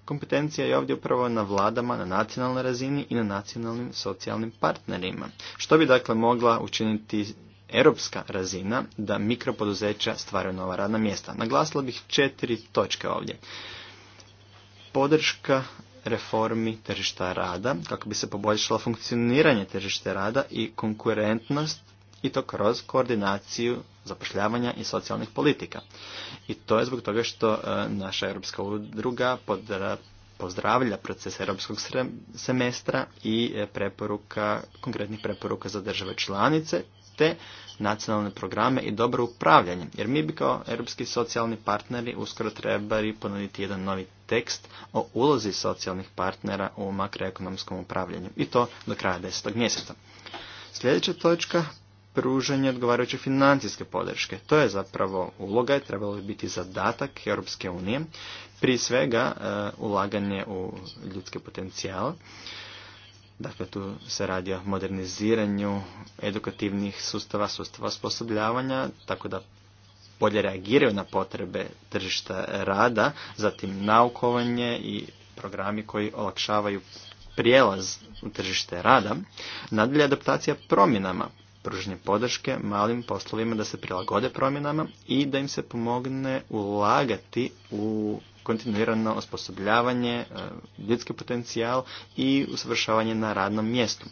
kompetencija je ovdje upravo na vladama, na nacionalnoj razini i na nacionalnim socijalnim partnerima. Što bi dakle mogla učiniti europska razina da mikropoduzeća stvaraju nova radna mjesta. Naglasila bih četiri točke ovdje. Podrška reformi tržišta rada kako bi se poboljšalo funkcioniranje tržišta rada i konkurentnost i to kroz koordinaciju zapošljavanja i socijalnih politika. I to je zbog toga što e, naša europska udruga pozdravlja proces europskog semestra i e, preporuka, konkretnih preporuka za države članice te nacionalne programe i dobro upravljanje. Jer mi bi kao europski socijalni partneri uskoro trebali ponuditi jedan novi tekst o ulozi socijalnih partnera u makroekonomskom upravljanju. I to do kraja desetog mjeseca. Sljedeća točka pružanje odgovarajuće financijske podrške. To je zapravo uloga i trebalo bi biti zadatak Europske unije. Prije svega e, ulaganje u ljudske potencijale. Dakle, tu se radi o moderniziranju edukativnih sustava, sustava osposobljavanja, tako da bolje reagiraju na potrebe tržišta rada, zatim naukovanje i programi koji olakšavaju prijelaz u tržište rada, nadalje adaptacija promjenama, pružnje podrške malim poslovima da se prilagode promjenama i da im se pomogne ulagati u kontinuirano osposobljavanje, e, ljudski potencijal i usavršavanje na radnom mjestu.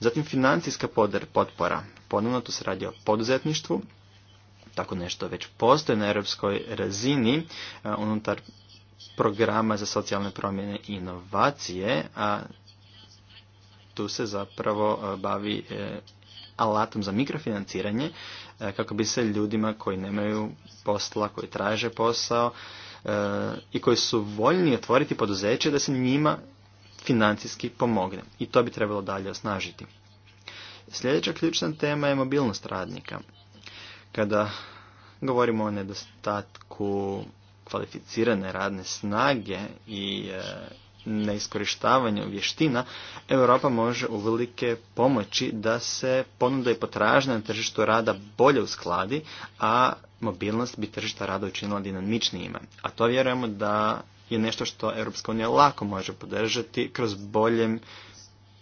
Zatim financijska potpora. Ponovno tu se radi o poduzetništvu, tako nešto već postoje na europskoj razini e, unutar programa za socijalne promjene i inovacije, a tu se zapravo e, bavi alatom za mikrofinanciranje kako bi se ljudima koji nemaju posla, koji traže posao, i koji su voljni otvoriti poduzeće da se njima financijski pomogne. I to bi trebalo dalje osnažiti. Sljedeća ključna tema je mobilnost radnika. Kada govorimo o nedostatku kvalificirane radne snage i e, neiskorištavanju vještina, Europa može uvelike pomoći da se ponuda i potražnja na tržištu rada bolje uskladi, a mobilnost bi tržišta rada učinila dinamičnijima. A to vjerujemo da je nešto što Europska unija lako može podržati kroz boljem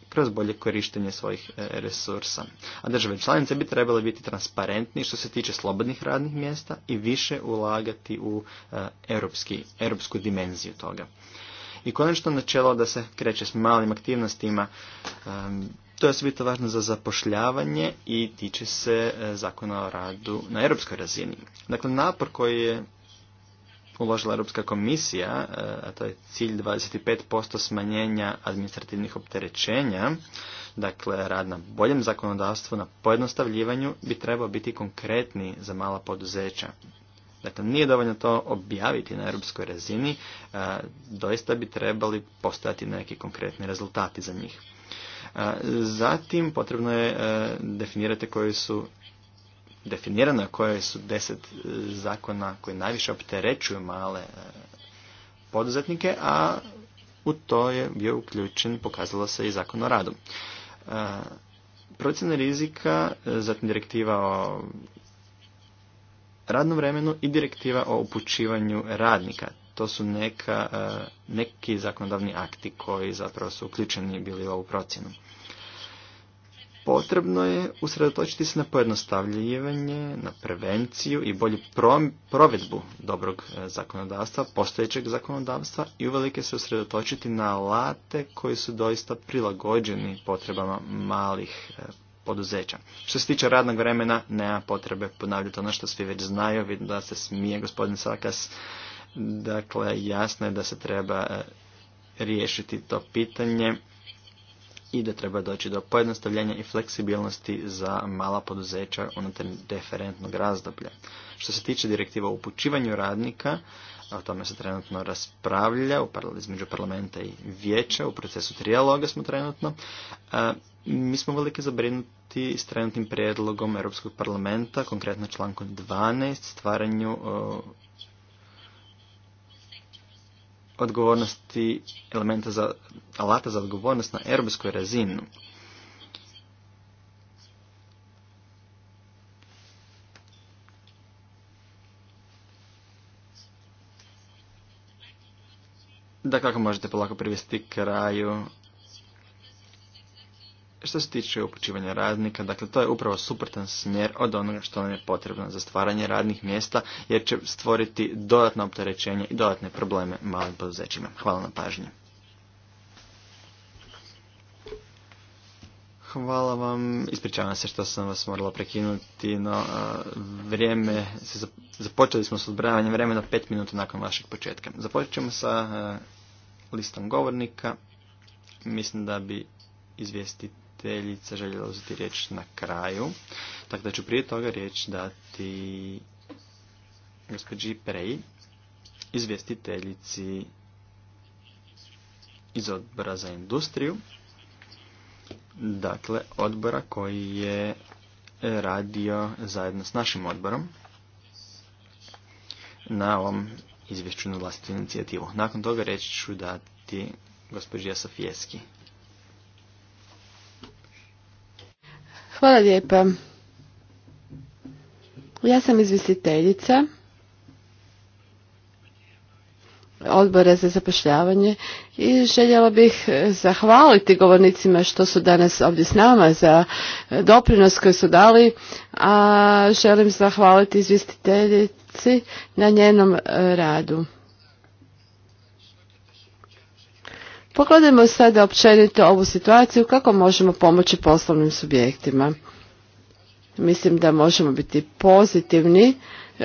kroz bolje korištenje svojih e, resursa. A države članice bi trebale biti transparentni što se tiče slobodnih radnih mjesta i više ulagati u e, europski, europsku dimenziju toga. I konačno načelo da se kreće s malim aktivnostima. To je osobito važno za zapošljavanje i tiče se e, zakona o radu na europskoj razini. Dakle, napor koji je uložila Europska komisija, e, a to je cilj 25% smanjenja administrativnih opterećenja, dakle rad na boljem zakonodavstvu, na pojednostavljivanju, bi trebao biti konkretni za mala poduzeća. Dakle, nije dovoljno to objaviti na europskoj razini, e, doista bi trebali postojati neki konkretni rezultati za njih. E, zatim potrebno je e, definirati koji su definirano koje su deset zakona koji najviše opterećuju male poduzetnike, a u to je bio uključen, pokazalo se i zakon o radu. Procjena rizika, zatim direktiva o radnom vremenu i direktiva o upućivanju radnika. To su neka, e, neki zakonodavni akti koji zapravo su uključeni bili u ovu procjenu. Potrebno je usredotočiti se na pojednostavljivanje, na prevenciju i bolju provedbu dobrog e, zakonodavstva, postojećeg zakonodavstva i uvelike se usredotočiti na alate koji su doista prilagođeni potrebama malih e, poduzeća. Što se tiče radnog vremena, nema potrebe ponavljati ono što svi već znaju, vidim da se smije gospodin Sakas. Dakle, jasno je da se treba e, riješiti to pitanje i da treba doći do pojednostavljenja i fleksibilnosti za mala poduzeća unutar referentnog razdoblja. Što se tiče direktiva o upućivanju radnika, o tome se trenutno raspravlja u između parlamenta i vijeća. U procesu trijaloga smo trenutno. E, mi smo velike zabrinuti s trenutnim prijedlogom Europskog parlamenta, konkretno člankom 12, stvaranju e, odgovornosti, elementa za, alata za odgovornost na europskoj razinu. da kako možete polako privesti kraju što se tiče upućivanja radnika, dakle to je upravo suprotan smjer od onoga što nam je potrebno za stvaranje radnih mjesta jer će stvoriti dodatno opterećenje i dodatne probleme malim poduzećima. Hvala na pažnji. Hvala vam. Ispričavam se što sam vas morala prekinuti, no vrijeme, započeli smo s odbrajanjem vremena pet minuta nakon vašeg početka. Započet ćemo sa listom govornika. Mislim da bi izvjestiteljica željela uzeti riječ na kraju. Tako da ću prije toga riječ dati gospođi Prej, izvjestiteljici iz odbora za industriju dakle, odbora koji je e, radio zajedno s našim odborom na ovom izvješću na vlastitu inicijativu. Nakon toga reći ću dati gospođi Fijeski. Hvala lijepa. Ja sam izvjestiteljica odbora za zapošljavanje i željela bih e, zahvaliti govornicima što su danas ovdje s nama za e, doprinos koji su dali, a želim zahvaliti izvjestiteljici na njenom e, radu. Pogledajmo sada općenito ovu situaciju kako možemo pomoći poslovnim subjektima. Mislim da možemo biti pozitivni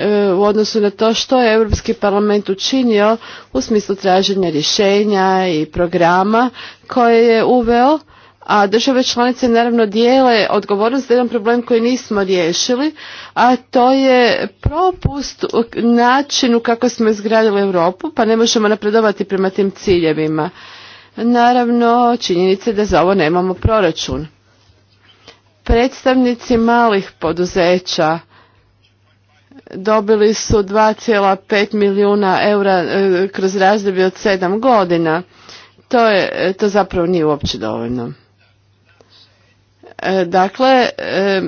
E, u odnosu na to što je Europski parlament učinio u smislu traženja rješenja i programa koje je uveo, a države članice naravno dijele odgovornost za jedan problem koji nismo riješili, a to je propust u načinu kako smo izgradili Europu, pa ne možemo napredovati prema tim ciljevima. Naravno, činjenica da za ovo nemamo proračun. Predstavnici malih poduzeća dobili su 2,5 milijuna eura e, kroz razdoblje od 7 godina. E, to zapravo nije uopće dovoljno. E, dakle, e,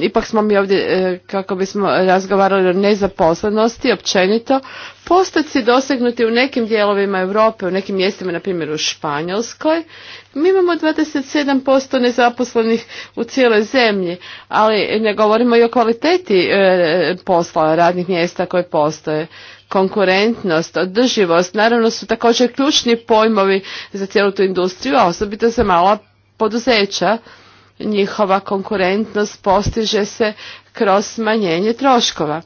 ipak smo mi ovdje e, kako bismo razgovarali o nezaposlenosti općenito. postaci dosegnuti u nekim dijelovima Europe, u nekim mjestima, na primjer u Španjolskoj, mi imamo 27% nezaposlenih u cijeloj zemlji, ali ne govorimo i o kvaliteti posla, radnih mjesta koje postoje konkurentnost, održivost, naravno su također ključni pojmovi za cijelu tu industriju, a osobito za mala poduzeća njihova konkurentnost postiže se kroz smanjenje troškova.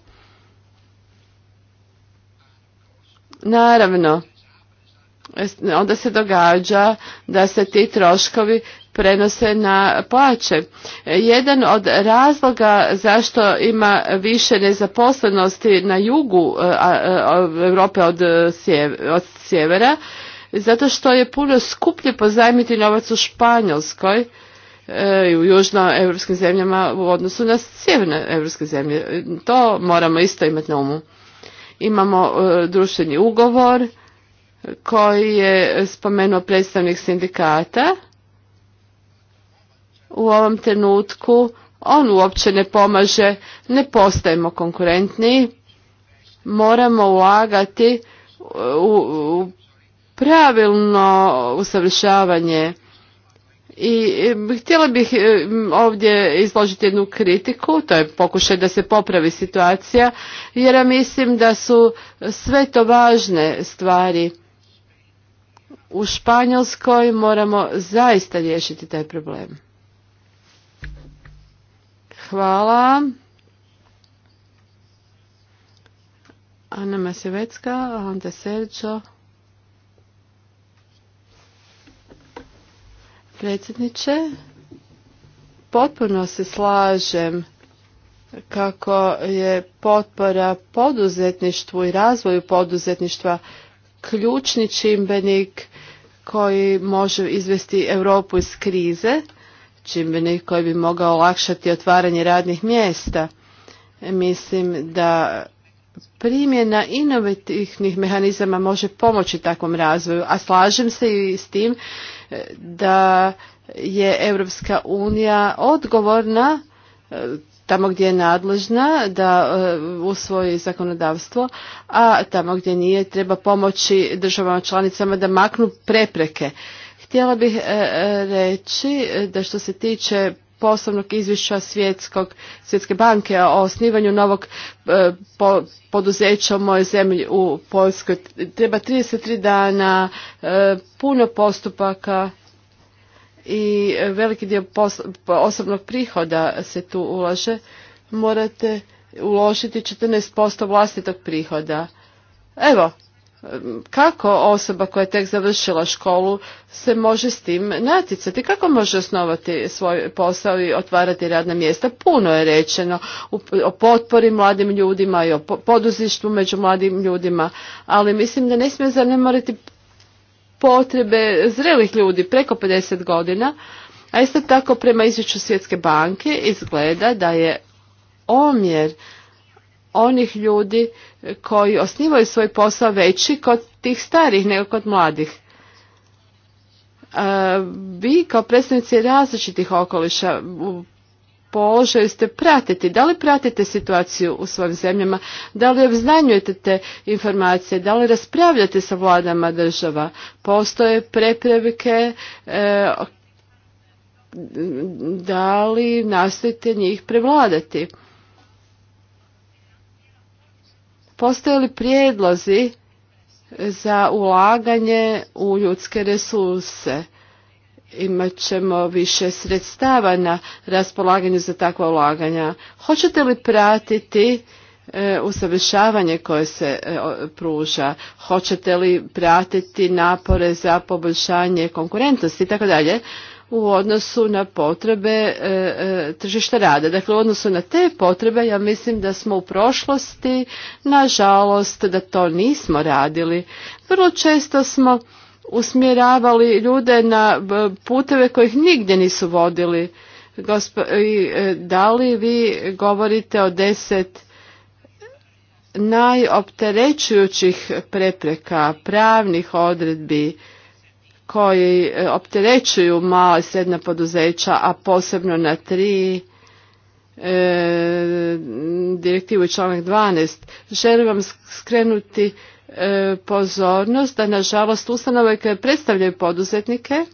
Naravno, onda se događa da se ti troškovi prenose na plaće. Jedan od razloga zašto ima više nezaposlenosti na jugu e, e, Europe e, od sjevera, zato što je puno skuplje pozajmiti novac u Španjolskoj i e, u južnoevropskim zemljama u odnosu na sjeverne europske zemlje. To moramo isto imati na umu. Imamo e, društveni ugovor koji je spomenuo predstavnik sindikata. U ovom trenutku on uopće ne pomaže, ne postajemo konkurentniji, moramo ulagati u pravilno usavršavanje i e, htjela bih e, ovdje izložiti jednu kritiku, to je pokušaj da se popravi situacija, jer ja mislim da su sve to važne stvari. U Španjolskoj moramo zaista riješiti taj problem. Hvala. Ana Masevecka, Ante predsjedniče. Potpuno se slažem kako je potpora poduzetništvu i razvoju poduzetništva ključni čimbenik koji može izvesti Europu iz krize, čimbenik koji bi mogao olakšati otvaranje radnih mjesta. Mislim da primjena inovativnih mehanizama može pomoći takvom razvoju, a slažem se i s tim da je Europska unija odgovorna e, tamo gdje je nadležna da e, usvoji zakonodavstvo, a tamo gdje nije treba pomoći državama članicama da maknu prepreke. Htjela bih e, reći da što se tiče poslovnog izvješća svjetskog, svjetske banke o osnivanju novog e, poduzeća u mojoj zemlji u Poljskoj. Treba 33 dana, e, puno postupaka i veliki dio osobnog prihoda se tu ulaže. Morate uložiti 14% vlastitog prihoda. Evo, kako osoba koja je tek završila školu se može s tim naticati kako može osnovati svoj posao i otvarati radna mjesta. Puno je rečeno o potpori mladim ljudima i o poduzištvu među mladim ljudima, ali mislim da ne smije zanemoriti potrebe zrelih ljudi preko 50 godina, a isto tako prema izvješću Svjetske banke izgleda da je omjer onih ljudi koji osnivaju svoj posao veći kod tih starih nego kod mladih. E, vi kao predstavnici različitih okoliša u položaju ste pratiti. Da li pratite situaciju u svojim zemljama? Da li obznanjujete te informacije? Da li raspravljate sa vladama država? Postoje prepreke, e, da li nastojite njih prevladati? Postoje li prijedlozi za ulaganje u ljudske resurse? Imat ćemo više sredstava na raspolaganju za takva ulaganja. Hoćete li pratiti e, usavršavanje koje se e, pruža? Hoćete li pratiti napore za poboljšanje konkurentnosti i tako u odnosu na potrebe e, e, tržišta rada. Dakle, u odnosu na te potrebe ja mislim da smo u prošlosti, nažalost, da to nismo radili. Vrlo često smo usmjeravali ljude na puteve kojih nigdje nisu vodili. E, da li vi govorite o deset najopterećujućih prepreka, pravnih odredbi, koji e, opterećuju mala i sredna poduzeća, a posebno na tri e, direktivu članak 12. Želim vam skrenuti e, pozornost da nažalost ustanove koje predstavljaju poduzetnike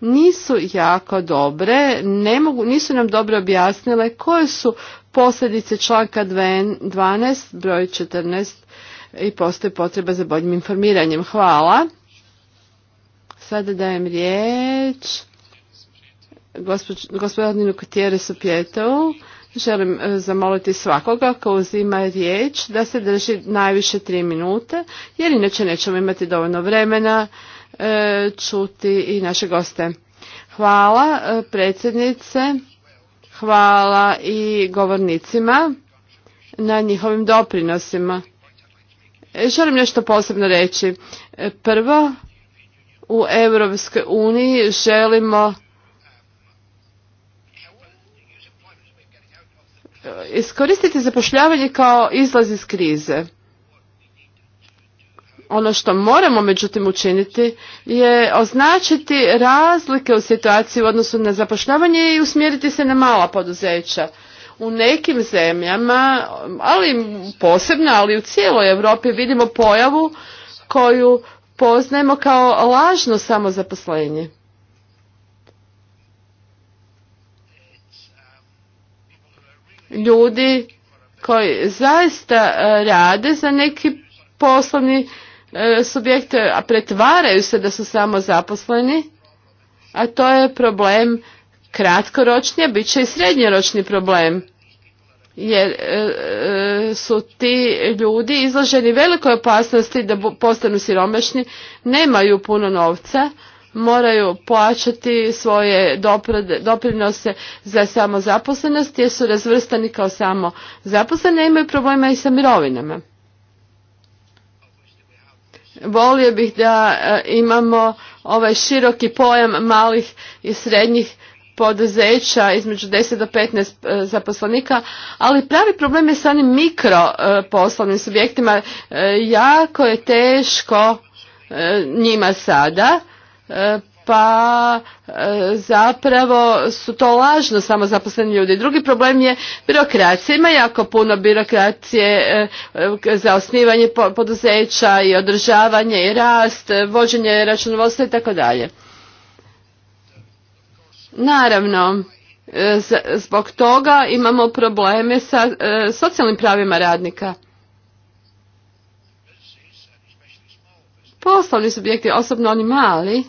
nisu jako dobre, nisu nam dobro objasnile koje su posljedice članka 12, broj 14 i postoji potreba za boljim informiranjem. Hvala. Sada dajem riječ gospodinu Kutjeresu Pjetovu. Želim e, zamoliti svakoga ko uzima riječ da se drži najviše tri minute, jer inače nećemo imati dovoljno vremena e, čuti i naše goste. Hvala e, predsjednice, hvala i govornicima na njihovim doprinosima. Želim nešto posebno reći. Prvo, u Europskoj uniji želimo e, iskoristiti zapošljavanje kao izlaz iz krize. Ono što moramo međutim učiniti je označiti razlike u situaciji u odnosu na zapošljavanje i usmjeriti se na mala poduzeća. U nekim zemljama, ali posebno, ali u cijeloj Europi vidimo pojavu koju poznajemo kao lažno samozaposlenje. Ljudi koji zaista e, rade za neki poslovni e, subjekt, a pretvaraju se da su samozaposleni, a to je problem kratkoročni, a bit će i srednjoročni problem jer e, e, su ti ljudi izloženi velikoj opasnosti da postanu siromašni, nemaju puno novca, moraju plaćati svoje doprinose za samozaposlenost jer su razvrstani kao samo zaposlene imaju problema i sa mirovinama. Volio bih da e, imamo ovaj široki pojam malih i srednjih poduzeća između 10 do 15 e, zaposlenika, ali pravi problem je sa onim mikro e, poslovnim subjektima. E, jako je teško njima sada, pa zapravo su to lažno samo zaposleni ljudi. Drugi problem je birokracija. Ima jako puno birokracije za osnivanje poduzeća i održavanje i rast, vođenje računovodstva i tako dalje. Naravno, e, zbog toga imamo probleme sa e, socijalnim pravima radnika. Poslovni subjekti, osobno oni mali,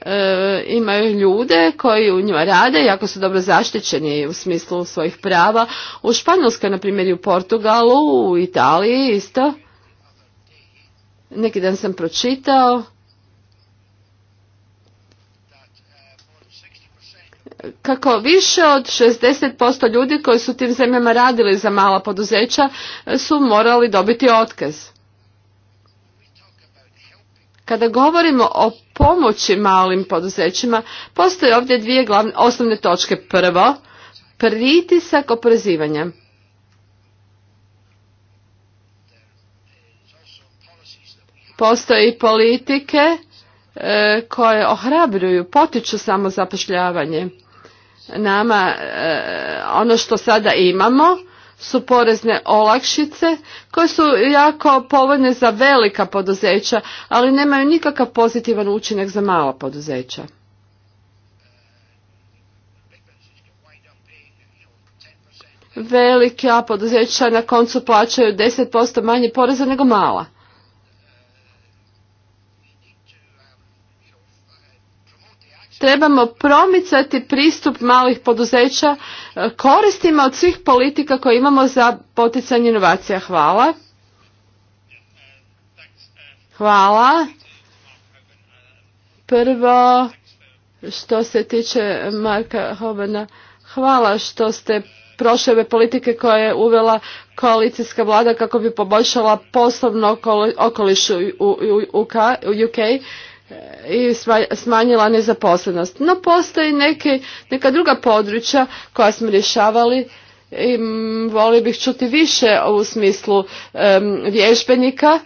e, imaju ljude koji u njima rade, jako su dobro zaštićeni u smislu svojih prava. U Španjolskoj, na primjer, i u Portugalu, u Italiji isto. Neki dan sam pročitao kako više od 60% ljudi koji su tim zemljama radili za mala poduzeća e, su morali dobiti otkaz. Kada govorimo o pomoći malim poduzećima, postoje ovdje dvije glavne, osnovne točke. Prvo, pritisak oporezivanja. Postoje i politike e, koje ohrabruju, potiču samozapošljavanje nama e, ono što sada imamo su porezne olakšice koje su jako povoljne za velika poduzeća, ali nemaju nikakav pozitivan učinak za mala poduzeća. Velika poduzeća na koncu plaćaju 10% manje poreza nego mala. trebamo promicati pristup malih poduzeća e, koristima od svih politika koje imamo za poticanje inovacija. Hvala. Hvala. Prvo, što se tiče Marka Hobana, hvala što ste prošle ove politike koje je uvela koalicijska vlada kako bi poboljšala poslovno okolišu u UK i smanjila nezaposlenost. No postoji neka druga područja koja smo rješavali i mm, volio bih čuti više u smislu um, vježbenika.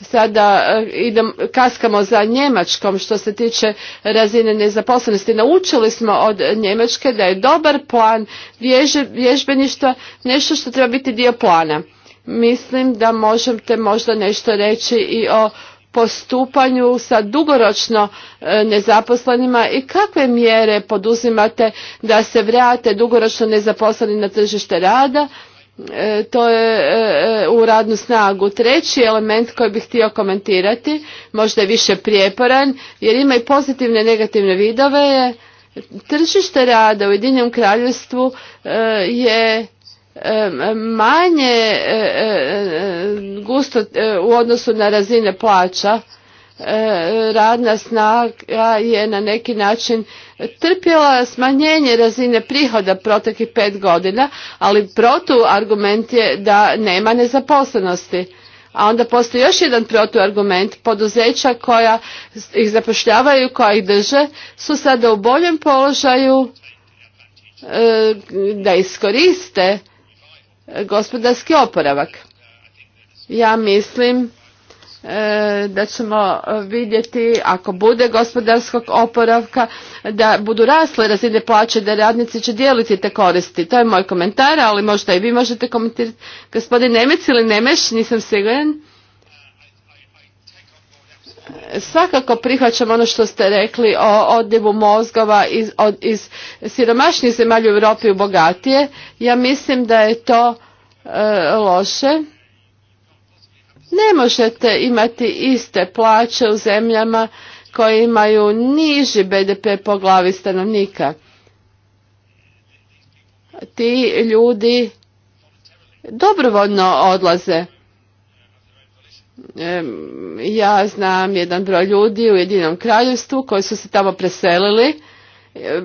Sada eh, idem, kaskamo za Njemačkom što se tiče razine nezaposlenosti. Naučili smo od Njemačke da je dobar plan vježe, vježbeništva nešto što treba biti dio plana. Mislim da možete možda nešto reći i o postupanju sa dugoročno e, nezaposlenima i kakve mjere poduzimate da se vrate dugoročno nezaposleni na tržište rada e, to je e, u radnu snagu. Treći element koji bih htio komentirati, možda je više prijeporan, jer ima i pozitivne i negativne vidove, tržište rada u Jedinjem kraljevstvu je manje e, e, e, gusto u odnosu na razine plaća radna snaga je na neki način trpjela smanjenje razine prihoda proteklih pet godina, ali protuargument je da nema nezaposlenosti. A onda postoji još jedan protuargument, poduzeća koja ih zapošljavaju, koja ih drže, su sada u boljem položaju da iskoriste gospodarski oporavak. Ja mislim e, da ćemo vidjeti ako bude gospodarskog oporavka da budu rasle razine plaće da radnici će dijeliti te koristi. To je moj komentar, ali možda i vi možete komentirati. Gospodin Nemec ili Nemeš, nisam siguran svakako prihvaćam ono što ste rekli o odljevu mozgova iz, od, siromašnijih zemalja u Europi u bogatije. Ja mislim da je to e, loše. Ne možete imati iste plaće u zemljama koje imaju niži BDP po glavi stanovnika. Ti ljudi dobrovodno odlaze ja znam jedan broj ljudi u Jedinom kraljevstvu koji su se tamo preselili.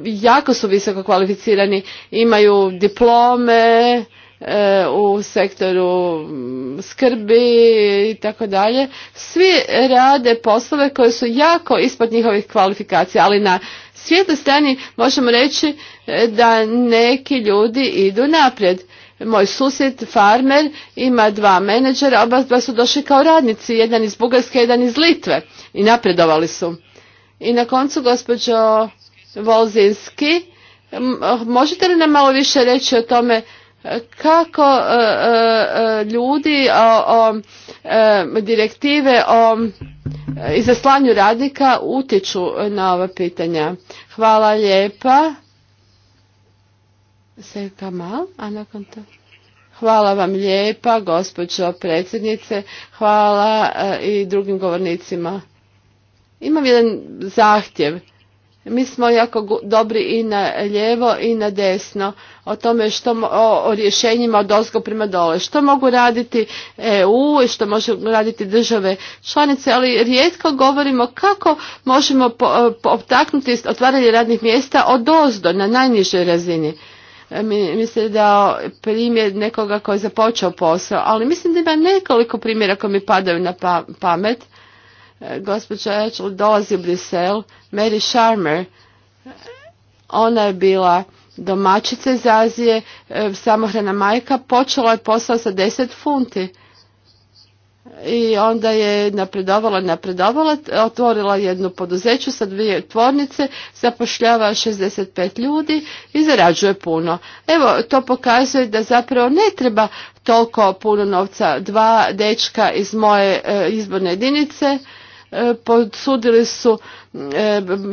Jako su visoko kvalificirani, imaju diplome e, u sektoru mm, skrbi i tako dalje. Svi rade poslove koje su jako ispod njihovih kvalifikacija, ali na svijetloj strani možemo reći e, da neki ljudi idu naprijed moj susjed, farmer, ima dva menadžera, oba dva su došli kao radnici, jedan iz Bugarske, jedan iz Litve i napredovali su. I na koncu, gospođo Volzinski, možete li nam malo više reći o tome e, kako e, e, ljudi o, direktive o izaslanju radnika utječu na ova pitanja. Hvala lijepa. Hvala vam lijepa, gospođo predsjednice. Hvala eh, i drugim govornicima. Imam jedan zahtjev. Mi smo jako dobri i na lijevo i na desno o tome što o, rješenjima od ozgo prema dole. Što mogu raditi EU i što može raditi države članice, ali rijetko govorimo kako možemo potaknuti eh, otvaranje radnih mjesta od ozdo na najnižoj razini. Mislim da primjer nekoga koji je započeo posao, ali mislim da ima nekoliko primjera koji mi padaju na pa, pamet. E, gospođa Echel dolazi u Brisel, Mary Sharmer, ona je bila domaćica iz Azije, e, samohrana majka, počela je posao sa 10 funti i onda je napredovala, napredovala, otvorila jednu poduzeće sa dvije tvornice, zapošljava 65 ljudi i zarađuje puno. Evo, to pokazuje da zapravo ne treba toliko puno novca. Dva dečka iz moje e, izborne jedinice e, podsudili su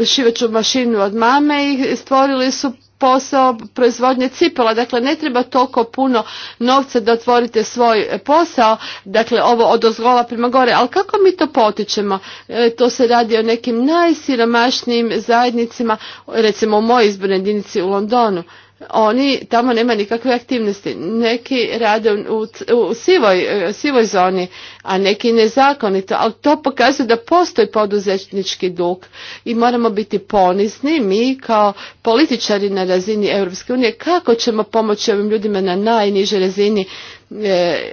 e, šiveću mašinu od mame i stvorili su posao proizvodnje cipela. Dakle, ne treba toliko puno novca da otvorite svoj posao, dakle ovo od ozgola prema gore, ali kako mi to potičemo? E, to se radi o nekim najsiromašnijim zajednicima, recimo u mojoj izbornoj jedinici u Londonu oni tamo nema nikakve aktivnosti. Neki rade u, u sivoj, e, sivoj zoni, a neki nezakonito, ali to pokazuje da postoji poduzetnički dug i moramo biti ponizni mi kao političari na razini Europske unije kako ćemo pomoći ovim ljudima na najnižoj razini e,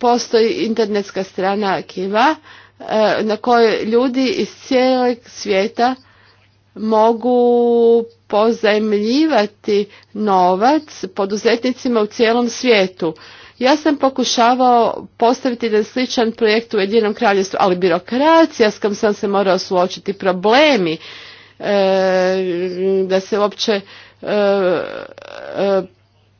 postoji internetska strana Kiva e, na kojoj ljudi iz cijelog svijeta mogu pozajmljivati novac poduzetnicima u cijelom svijetu. Ja sam pokušavao postaviti jedan sličan projekt u Jedinom kraljestvu, ali birokracija s kojom sam se morao suočiti, problemi e, da se uopće e, e,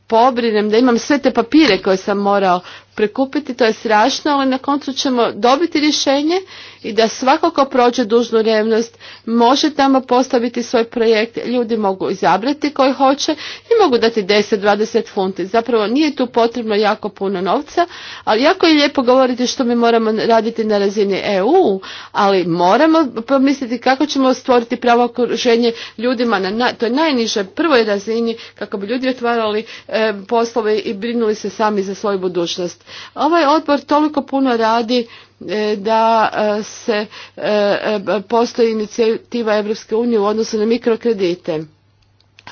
pobrinem, da imam sve te papire koje sam morao prekupiti, to je strašno, ali na koncu ćemo dobiti rješenje i da svako ko prođe dužnu revnost može tamo postaviti svoj projekt, ljudi mogu izabrati koji hoće i mogu dati 10-20 funti. Zapravo nije tu potrebno jako puno novca, ali jako je lijepo govoriti što mi moramo raditi na razini EU, ali moramo pomisliti kako ćemo stvoriti pravo okruženje ljudima na toj najnižoj prvoj razini kako bi ljudi otvarali eh, poslove i brinuli se sami za svoju budućnost. Ovaj odbor toliko puno radi e, da e, se e, postoji inicijativa Europske unije u odnosu na mikrokredite.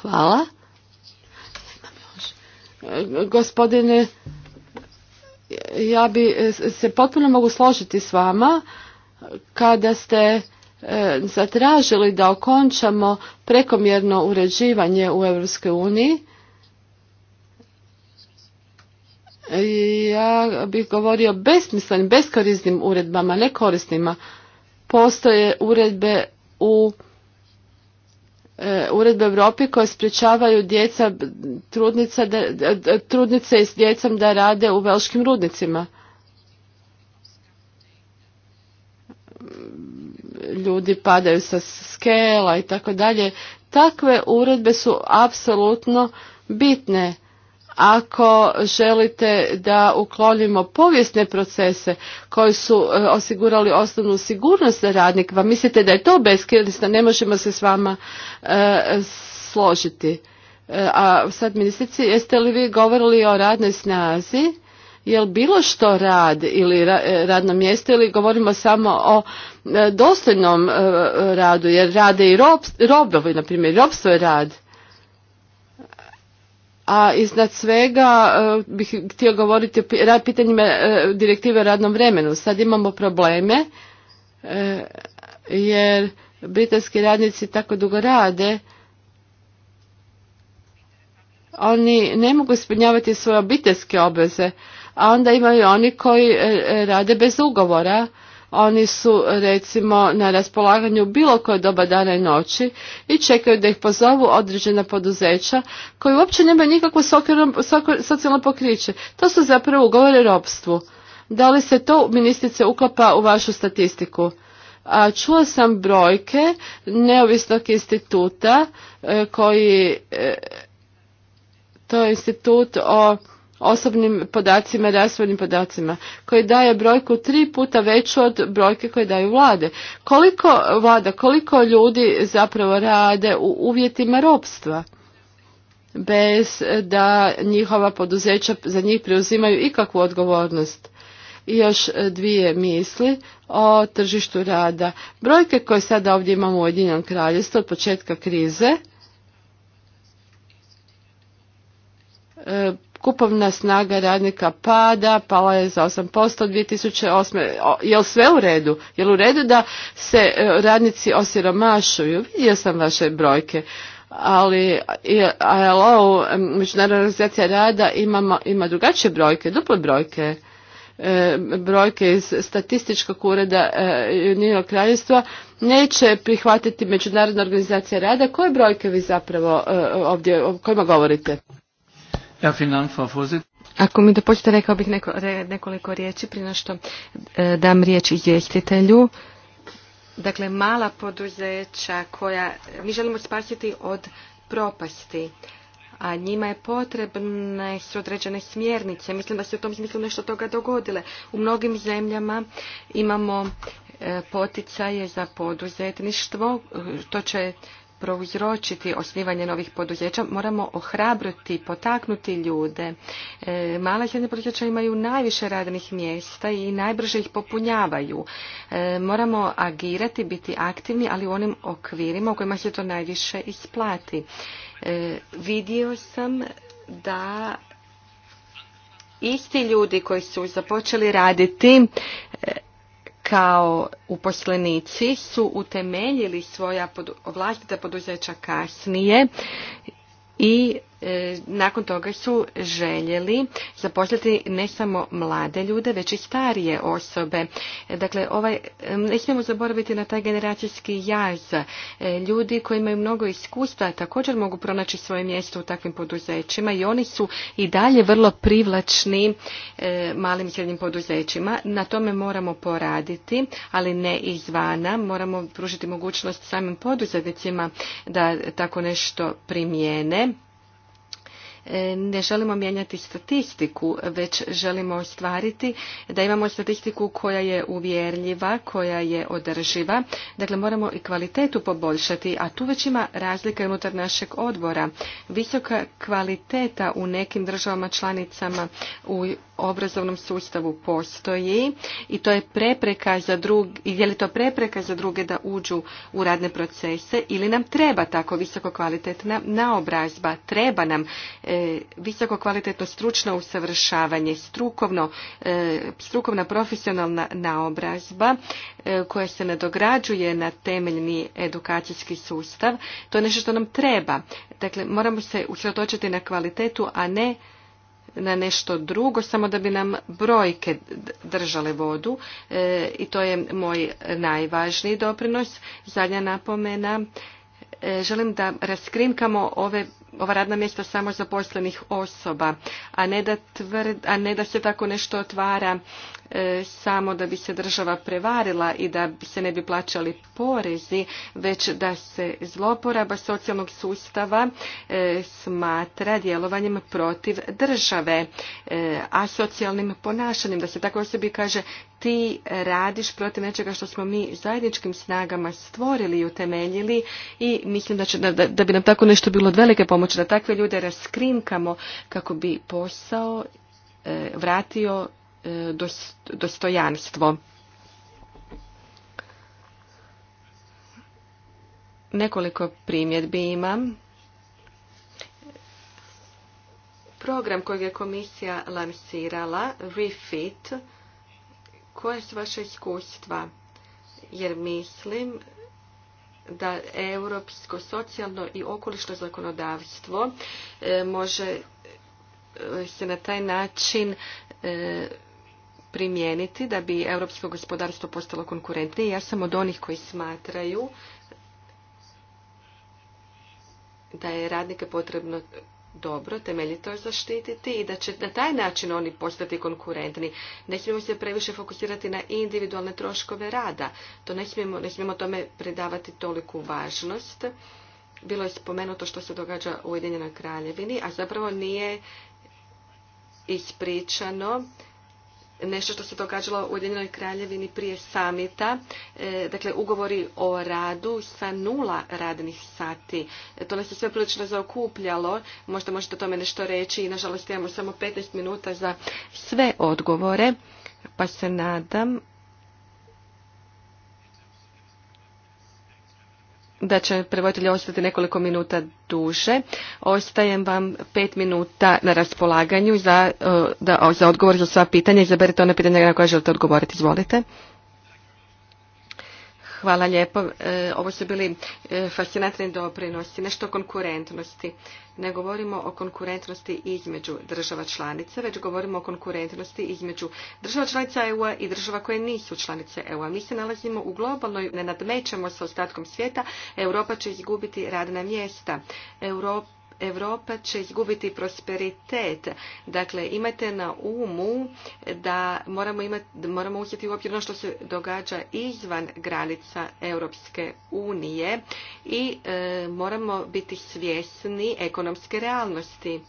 Hvala. Gospodine, ja bi se potpuno mogu složiti s vama kada ste zatražili da okončamo prekomjerno uređivanje u Europskoj uniji ja bih govorio besmislenim, beskorisnim uredbama, nekorisnima. Postoje uredbe u e, uredbe Europi koje sprječavaju djeca, e, e, trudnice s djecom da rade u velškim rudnicima. Ljudi padaju sa skela i tako dalje. Takve uredbe su apsolutno bitne ako želite da uklonimo povijesne procese koji su e, osigurali osnovnu sigurnost za radnika, pa mislite da je to beskrilisno, ne možemo se s vama e, složiti. E, a sad ministrici, jeste li vi govorili o radnoj snazi? li bilo što rad ili radno mjesto ili govorimo samo o dostojnom radu jer rade i robovi, na primjer, robstvo je rad a iznad svega e, bih htio govoriti o pitanjima e, direktive o radnom vremenu. Sad imamo probleme e, jer britanski radnici tako dugo rade oni ne mogu ispunjavati svoje obiteljske obveze, a onda imaju oni koji rade bez ugovora oni su recimo na raspolaganju bilo koje doba dana i noći i čekaju da ih pozovu određena poduzeća koji uopće nemaju nikakvo socijalno pokriće. To su zapravo ugovore robstvu. Da li se to ministrice uklapa u vašu statistiku? a čula sam brojke neovisnog instituta e, koji e, to je institut o osobnim podacima i podacima koji daje brojku tri puta veću od brojke koje daju vlade. Koliko vlada, koliko ljudi zapravo rade u uvjetima ropstva bez da njihova poduzeća za njih preuzimaju ikakvu odgovornost? I još dvije misli o tržištu rada. Brojke koje sada ovdje imamo u Ujedinjenom kraljestvu od početka krize kupovna snaga radnika pada, pala je za 8% 2008. Je li sve u redu? Je li u redu da se e, radnici osiromašuju? Vidio sam vaše brojke. Ali ILO, Međunarodna organizacija rada, ima, ima drugačije brojke, duple brojke. E, brojke iz statističkog ureda e, kraljevstva neće prihvatiti Međunarodna organizacija rada. Koje brojke vi zapravo e, ovdje o kojima govorite? Ako mi dopođete rekao bih neko, nekoliko riječi prije što e, dam riječ izvjestitelju. Dakle, mala poduzeća koja mi želimo spasiti od propasti, a njima je potrebne su određene smjernice. Mislim da se u tom smislu nešto toga dogodile. U mnogim zemljama imamo e, poticaje za poduzetništvo, e, to će prouzročiti osnivanje novih poduzeća, moramo ohrabruti, potaknuti ljude. E, mala i poduzeća imaju najviše radnih mjesta i najbrže ih popunjavaju. E, moramo agirati, biti aktivni, ali u onim okvirima u kojima se to najviše isplati. E, vidio sam da isti ljudi koji su započeli raditi kao uposlenici su utemeljili svoja vlastita poduzeća kasnije i E, nakon toga su željeli zaposliti ne samo mlade ljude, već i starije osobe. E, dakle, ovaj, ne smijemo zaboraviti na taj generacijski jaz. E, ljudi koji imaju mnogo iskustva također mogu pronaći svoje mjesto u takvim poduzećima i oni su i dalje vrlo privlačni malim i srednjim poduzećima. Na tome moramo poraditi, ali ne izvana. Moramo pružiti mogućnost samim poduzetnicima da tako nešto primijene E, ne želimo mijenjati statistiku, već želimo ostvariti da imamo statistiku koja je uvjerljiva, koja je održiva. Dakle, moramo i kvalitetu poboljšati, a tu već ima razlika unutar našeg odbora. Visoka kvaliteta u nekim državama članicama u obrazovnom sustavu postoji i to je prepreka za drug, je li to prepreka za druge da uđu u radne procese ili nam treba tako visoko kvalitetna naobrazba, treba nam e, visoko kvalitetno stručno usavršavanje, strukovno, e, strukovna profesionalna naobrazba e, koja se nadograđuje na temeljni edukacijski sustav, to je nešto što nam treba. Dakle, moramo se usredotočiti na kvalitetu, a ne na nešto drugo, samo da bi nam brojke držale vodu e, i to je moj najvažniji doprinos. Zadnja napomena, e, želim da raskrinkamo ove ova radna mjesta samo zaposlenih osoba, a ne da, a ne da se tako nešto otvara e, samo da bi se država prevarila i da se ne bi plaćali porezi, već da se zloporaba socijalnog sustava e, smatra djelovanjem protiv države, e, a socijalnim ponašanjem, da se tako osobi kaže ti radiš protiv nečega što smo mi zajedničkim snagama stvorili i utemeljili i mislim da, će, da, bi nam tako nešto bilo od velike pomoći, da takve ljude raskrinkamo kako bi posao e, vratio e, dostojanstvo. Nekoliko primjedbi imam. Program kojeg je komisija lansirala, REFIT, koje su vaše iskustva? Jer mislim da europsko socijalno i okolišno zakonodavstvo e, može e, se na taj način e, primijeniti da bi europsko gospodarstvo postalo konkurentnije. Ja sam od onih koji smatraju da je radnike potrebno dobro, temeljito zaštititi i da će na taj način oni postati konkurentni. Ne smijemo se previše fokusirati na individualne troškove rada. To ne smijemo, ne smijemo tome predavati toliku važnost. Bilo je spomenuto što se događa u Ujedinjenoj kraljevini, a zapravo nije ispričano nešto što se događalo u Ujedinjenoj kraljevini prije samita, e, dakle ugovori o radu sa nula radnih sati. E, to nas je sve prilično zaokupljalo, možda možete o tome nešto reći i nažalost imamo samo 15 minuta za sve odgovore, pa se nadam da će prevoditelji ostati nekoliko minuta duže. Ostajem vam pet minuta na raspolaganju za, e, da, za odgovor za sva pitanja. Izaberite ona pitanja na koja želite odgovoriti. Izvolite. Hvala lijepo. E, ovo su bili e, fascinantni doprinosi, nešto o konkurentnosti. Ne govorimo o konkurentnosti između država članica, već govorimo o konkurentnosti između država članica EU-a i država koje nisu članice EU-a. Mi se nalazimo u globalnoj, ne nadmećemo sa ostatkom svijeta, Europa će izgubiti radna mjesta. Europa Europa će izgubiti prosperitet. Dakle, imajte na umu da moramo, imati, moramo uzeti u ono što se događa izvan granica Europske unije i e, moramo biti svjesni ekonomske realnosti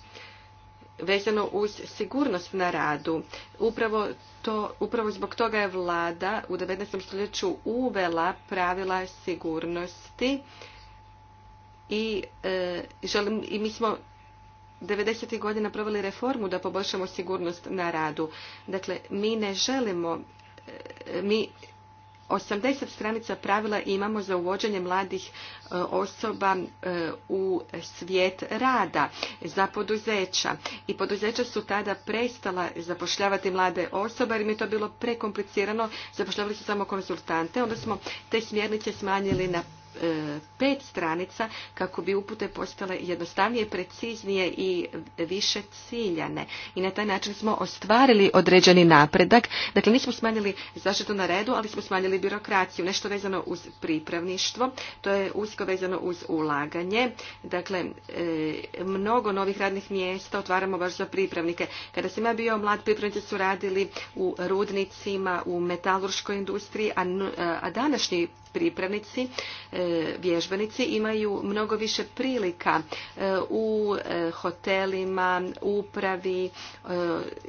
vezano uz sigurnost na radu. Upravo, to, upravo zbog toga je vlada u 19. stoljeću uvela pravila sigurnosti i e, želim i mi smo 90. godina proveli reformu da poboljšamo sigurnost na radu. Dakle, mi ne želimo, e, mi 80 stranica pravila imamo za uvođenje mladih e, osoba u svijet rada za poduzeća. I poduzeća su tada prestala zapošljavati mlade osobe jer mi je to bilo prekomplicirano. Zapošljavali su samo konsultante. Onda smo te smjernice smanjili na E, pet stranica kako bi upute postale jednostavnije, preciznije i više ciljane. I na taj način smo ostvarili određeni napredak. Dakle, nismo smanjili zaštitu na redu, ali smo smanjili birokraciju. Nešto vezano uz pripravništvo, to je usko vezano uz ulaganje. Dakle, e, mnogo novih radnih mjesta otvaramo baš za pripravnike. Kada sam ja bio mlad, pripravnici su radili u rudnicima, u metalurškoj industriji, a današnji pripravnici, e, vježbenici imaju mnogo više prilika e, u e, hotelima, upravi,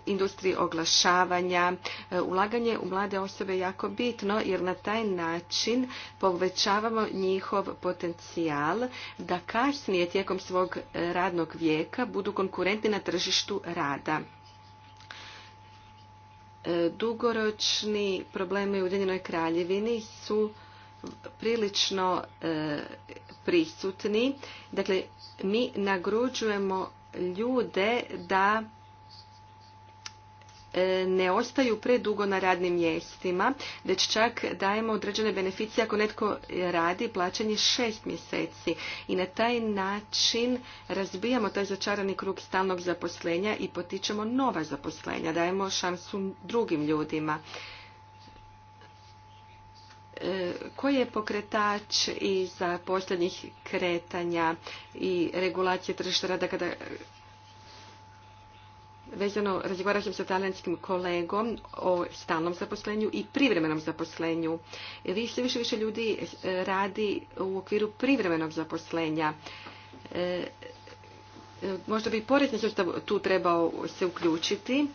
industriji oglašavanja. Ulaganje u mlade osobe je jako bitno jer na taj način povećavamo njihov potencijal da kasnije tijekom svog radnog vijeka budu konkurentni na tržištu rada dugoročni problemi u Ujedinjenoj kraljevini su prilično e, prisutni. Dakle, mi nagruđujemo ljude da e, ne ostaju predugo na radnim mjestima, već čak dajemo određene beneficije ako netko radi plaćanje šest mjeseci. I na taj način razbijamo taj začarani krug stalnog zaposlenja i potičemo nova zaposlenja, dajemo šansu drugim ljudima. E, koji je pokretač i za posljednjih kretanja i regulacije tržišta rada kada vezano razgovarao sa talijanskim kolegom o stalnom zaposlenju i privremenom zaposlenju. E, vi sve više više ljudi e, radi u okviru privremenog zaposlenja. Možda bi porezni sustav tu trebao se uključiti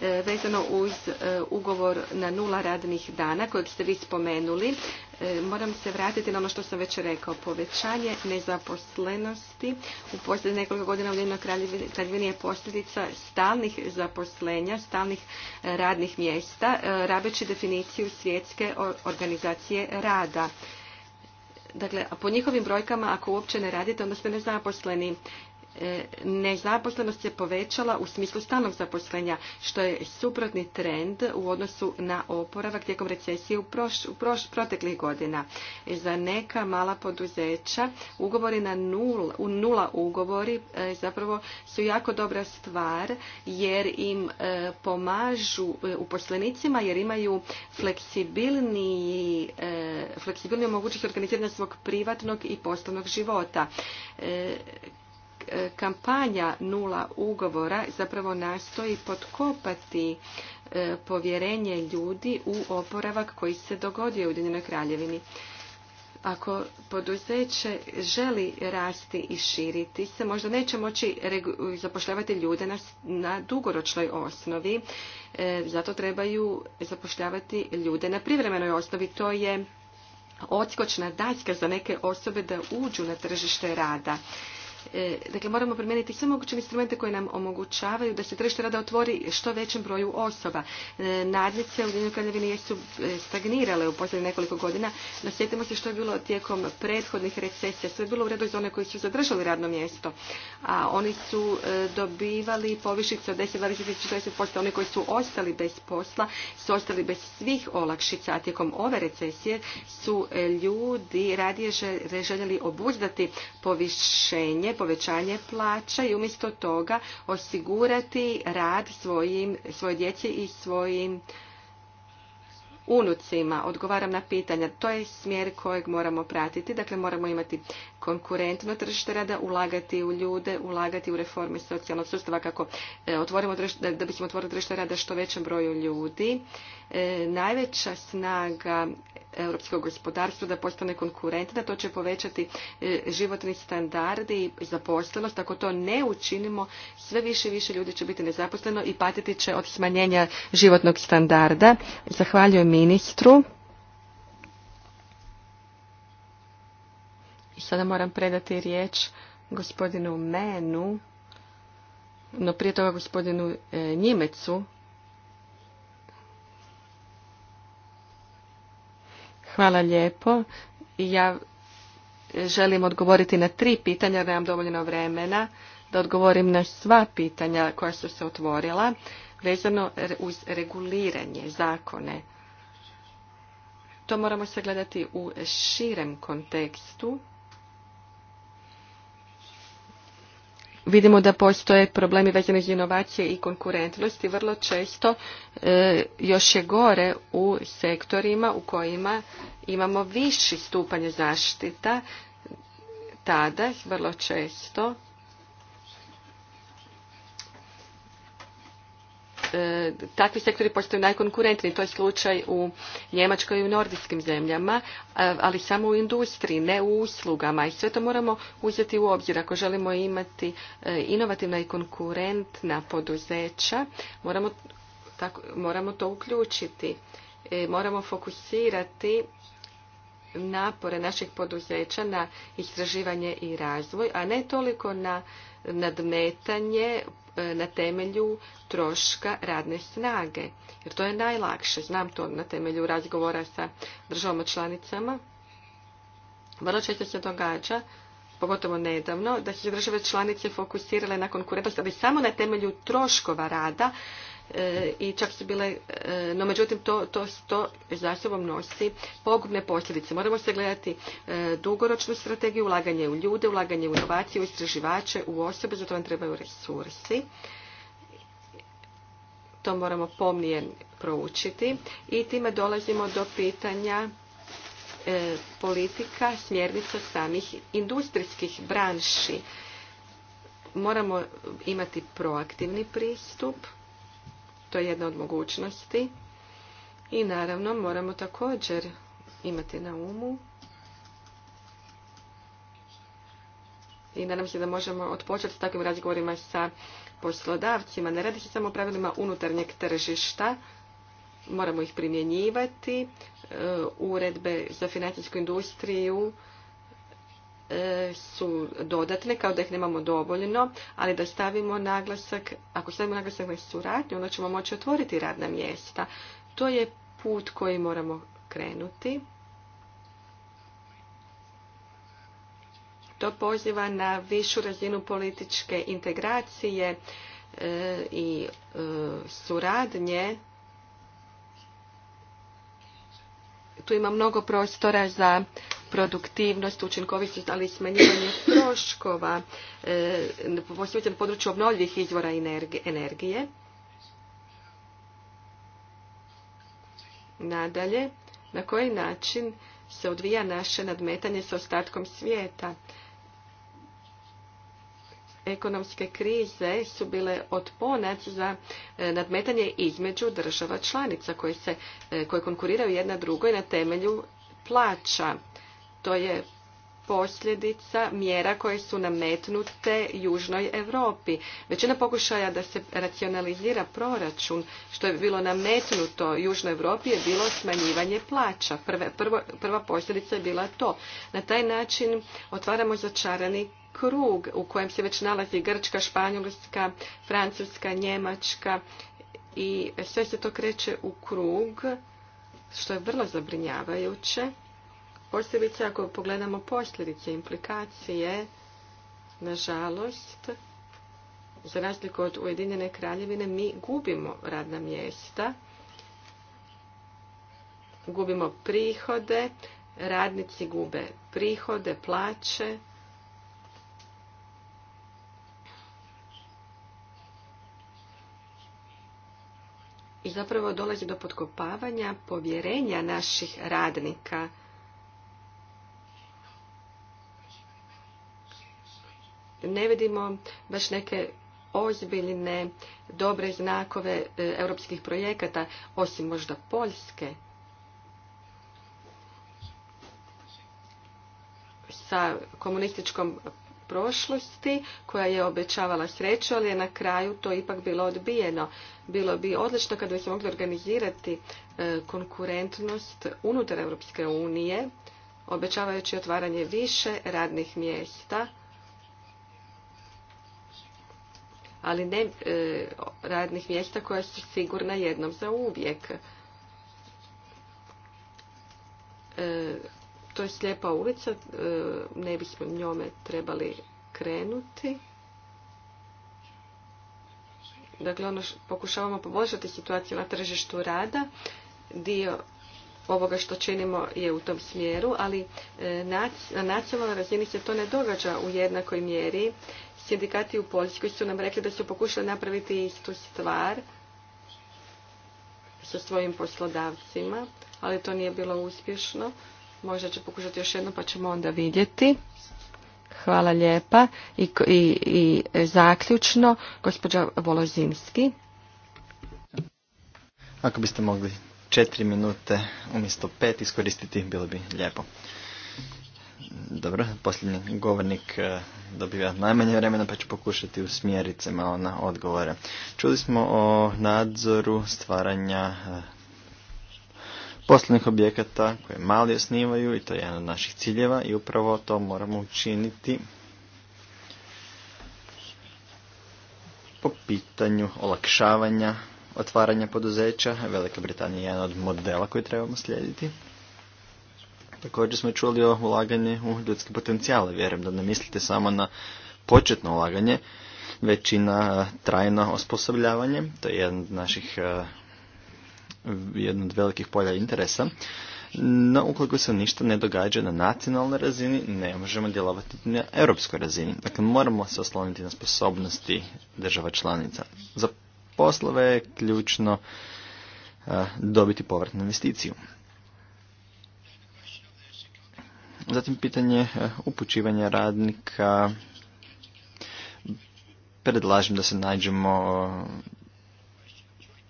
E, vezano uz e, ugovor na nula radnih dana kojeg ste vi spomenuli. E, moram se vratiti na ono što sam već rekao. Povećanje nezaposlenosti u posljednjih nekoliko godina u Ljenoj kraljevini je posljedica stalnih zaposlenja, stalnih radnih mjesta, rabeći definiciju svjetske organizacije rada. Dakle, po njihovim brojkama, ako uopće ne radite, onda ste nezaposleni. E, nezaposlenost se povećala u smislu stanog zaposlenja, što je suprotni trend u odnosu na oporavak tijekom recesije u, proteklih godina. E, za neka mala poduzeća ugovori na nul, u nula ugovori e, zapravo su jako dobra stvar jer im pomažu uposlenicima jer imaju fleksibilni fleksibilniju mogućnost organiziranja svog privatnog i poslovnog života. E, kampanja nula ugovora zapravo nastoji potkopati e, povjerenje ljudi u oporavak koji se dogodio u Ujedinjenoj kraljevini. Ako poduzeće želi rasti i širiti se, možda neće moći zapošljavati ljude na, dugoročnoj osnovi, e, zato trebaju zapošljavati ljude na privremenoj osnovi. To je odskočna daska za neke osobe da uđu na tržište rada. E, dakle, moramo primijeniti sve moguće instrumente koji nam omogućavaju da se tržište rada otvori što većem broju osoba. E, nadnice u Ujedinjenoj Kraljevini jesu e, stagnirale u posljednjih nekoliko godina, no sjetimo se što je bilo tijekom prethodnih recesija. Sve je bilo u redu za one koji su zadržali radno mjesto, a oni su dobivali povišice od 10, 20, 40%. Oni koji su ostali bez posla su ostali bez svih olakšica, a tijekom ove recesije su ljudi radije željeli obuzdati povišenje povećanje plaća i umjesto toga osigurati rad svojim, svoje djeci i svojim unucima, odgovaram na pitanja. To je smjer kojeg moramo pratiti. Dakle, moramo imati konkurentno tržište rada, ulagati u ljude, ulagati u reforme socijalnog sustava kako e, otvorimo tržište, da bismo otvorili tržište rada što većem broju ljudi. E, najveća snaga europskog gospodarstva da postane konkurentna, to će povećati e, životni standardi i zaposlenost. Ako to ne učinimo, sve više i više ljudi će biti nezaposleno i patiti će od smanjenja životnog standarda. Zahvaljujem ministru. I sada moram predati riječ gospodinu Menu, no prije toga gospodinu e, Njimecu. Hvala lijepo. Ja želim odgovoriti na tri pitanja jer nemam dovoljno vremena da odgovorim na sva pitanja koja su se otvorila vezano uz reguliranje zakone. To moramo sagledati u širem kontekstu. Vidimo da postoje problemi vezani inovacije i konkurentnosti. vrlo često e, još je gore u sektorima u kojima imamo viši stupanje zaštita. Tada vrlo često E, takvi sektori postaju najkonkurentniji. To je slučaj u Njemačkoj i u nordijskim zemljama, e, ali samo u industriji, ne u uslugama. I sve to moramo uzeti u obzir. Ako želimo imati e, inovativna i konkurentna poduzeća, moramo, to uključiti. moramo fokusirati napore naših poduzeća na istraživanje i razvoj, a ne toliko na nadmetanje e, na temelju troška radne snage. Jer to je najlakše, znam to na temelju razgovora sa državama članicama. Vrlo često se događa, pogotovo nedavno, da se države članice fokusirale na konkurentnost, ali samo na temelju troškova rada, E, i čak su bile, e, no međutim to, to, to za sobom nosi pogubne posljedice. Moramo se gledati e, dugoročnu strategiju, ulaganje u ljude, ulaganje u inovacije, u istraživače, u osobe, zato to trebaju resursi. To moramo pomnije proučiti i time dolazimo do pitanja politika, smjernica samih industrijskih branši. Moramo imati proaktivni pristup, to je jedna od mogućnosti. I naravno moramo također imati na umu i nadam se da možemo otpočeti s takvim razgovorima sa poslodavcima. Ne radi se samo o pravilima unutarnjeg tržišta, moramo ih primjenjivati. E, uredbe za financijsku industriju E, su dodatne, kao da ih nemamo dovoljno, ali da stavimo naglasak, ako stavimo naglasak na suradnju, onda ćemo moći otvoriti radna mjesta. To je put koji moramo krenuti. To poziva na višu razinu političke integracije e, i e, suradnje tu ima mnogo prostora za produktivnost, učinkovitost, ali i smanjivanje troškova, e, posebice na području obnovljivih izvora energije. Nadalje, na koji način se odvija naše nadmetanje sa ostatkom svijeta? ekonomske krize su bile otponac za e, nadmetanje između država članica koje, se, e, koje konkuriraju jedna drugoj na temelju plaća. To je posljedica mjera koje su nametnute Južnoj Europi. Većina pokušaja da se racionalizira proračun što je bilo nametnuto Južnoj Europi je bilo smanjivanje plaća. prva posljedica je bila to. Na taj način otvaramo začarani krug u kojem se već nalazi Grčka, Španjolska, Francuska, Njemačka i sve se to kreće u krug, što je vrlo zabrinjavajuće. Posebice ako pogledamo posljedice, implikacije, nažalost, za razliku od Ujedinjene kraljevine, mi gubimo radna mjesta, gubimo prihode, radnici gube prihode, plaće, I zapravo dolazi do potkopavanja povjerenja naših radnika. Ne vidimo baš neke ozbiljne, dobre znakove e, europskih projekata, osim možda Poljske. Sa komunističkom prošlosti koja je obećavala sreću, ali je na kraju to ipak bilo odbijeno. Bilo bi odlično kada bi se mogli organizirati e, konkurentnost unutar Europske unije, obećavajući otvaranje više radnih mjesta, ali ne e, radnih mjesta koja su sigurna jednom za uvijek. E, to je slijepa ulica, e, ne bismo njome trebali krenuti. Dakle, ono pokušavamo poboljšati situaciju na tržištu rada. Dio ovoga što činimo je u tom smjeru, ali e, na nacionalnoj razini se to ne događa u jednakoj mjeri. Sindikati u Poljskoj su nam rekli da su pokušali napraviti istu stvar sa svojim poslodavcima, ali to nije bilo uspješno. Možda će pokušati još jedno pa ćemo onda vidjeti. Hvala lijepa. I, i, zaključno, gospođa Volozinski. Ako biste mogli četiri minute umjesto pet iskoristiti, bilo bi lijepo. Dobro, posljednji govornik e, dobiva najmanje vremena pa ću pokušati usmjeriti se malo na odgovore. Čuli smo o nadzoru stvaranja e, poslovnih objekata koje mali osnivaju i to je jedan od naših ciljeva i upravo to moramo učiniti po pitanju olakšavanja otvaranja poduzeća. Velika Britanija je jedan od modela koji trebamo slijediti. Također smo čuli o ulaganju u ljudski potencijale. Vjerujem da ne mislite samo na početno ulaganje, već i na trajno osposobljavanje. To je jedan od naših eh, jedno od velikih polja interesa. No, ukoliko se ništa ne događa na nacionalnoj razini, ne možemo djelovati na europskoj razini. Dakle, moramo se osloniti na sposobnosti država članica. Za poslove je ključno dobiti povratnu investiciju. Zatim pitanje upućivanja radnika. Predlažem da se nađemo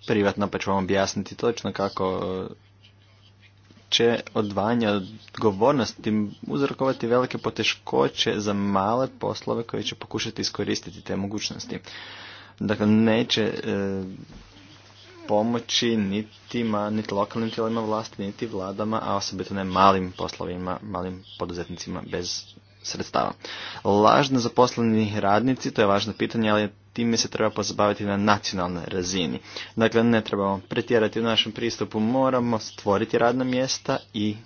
privatno pa ću vam objasniti točno kako e, će odvajanje odgovornosti uzrokovati velike poteškoće za male poslove koji će pokušati iskoristiti te mogućnosti. Dakle, neće e, pomoći niti, ma, niti lokalnim tijelima vlasti, niti vladama, a osobito ne malim poslovima, malim poduzetnicima bez sredstava. Lažno zaposleni radnici, to je važno pitanje, ali time se treba pozabaviti na nacionalnoj razini. Dakle, ne trebamo pretjerati u našem pristupu, moramo stvoriti radna mjesta i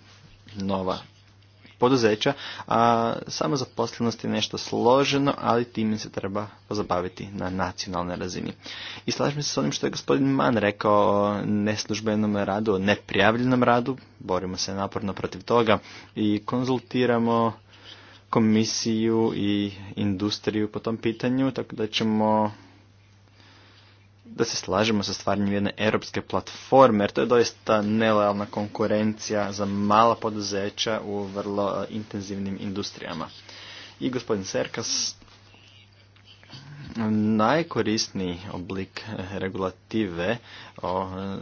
nova poduzeća, a samo zaposlenost je nešto složeno, ali time se treba pozabaviti na nacionalnoj razini. I slažem se s onim što je gospodin Man rekao o neslužbenom radu, o neprijavljenom radu, borimo se naporno protiv toga i konzultiramo komisiju i industriju po tom pitanju, tako da ćemo da se slažemo sa stvaranjem jedne europske platforme, jer to je doista nelojalna konkurencija za mala poduzeća u vrlo e, intenzivnim industrijama. I gospodin Serkas, najkorisniji oblik e, regulative o e,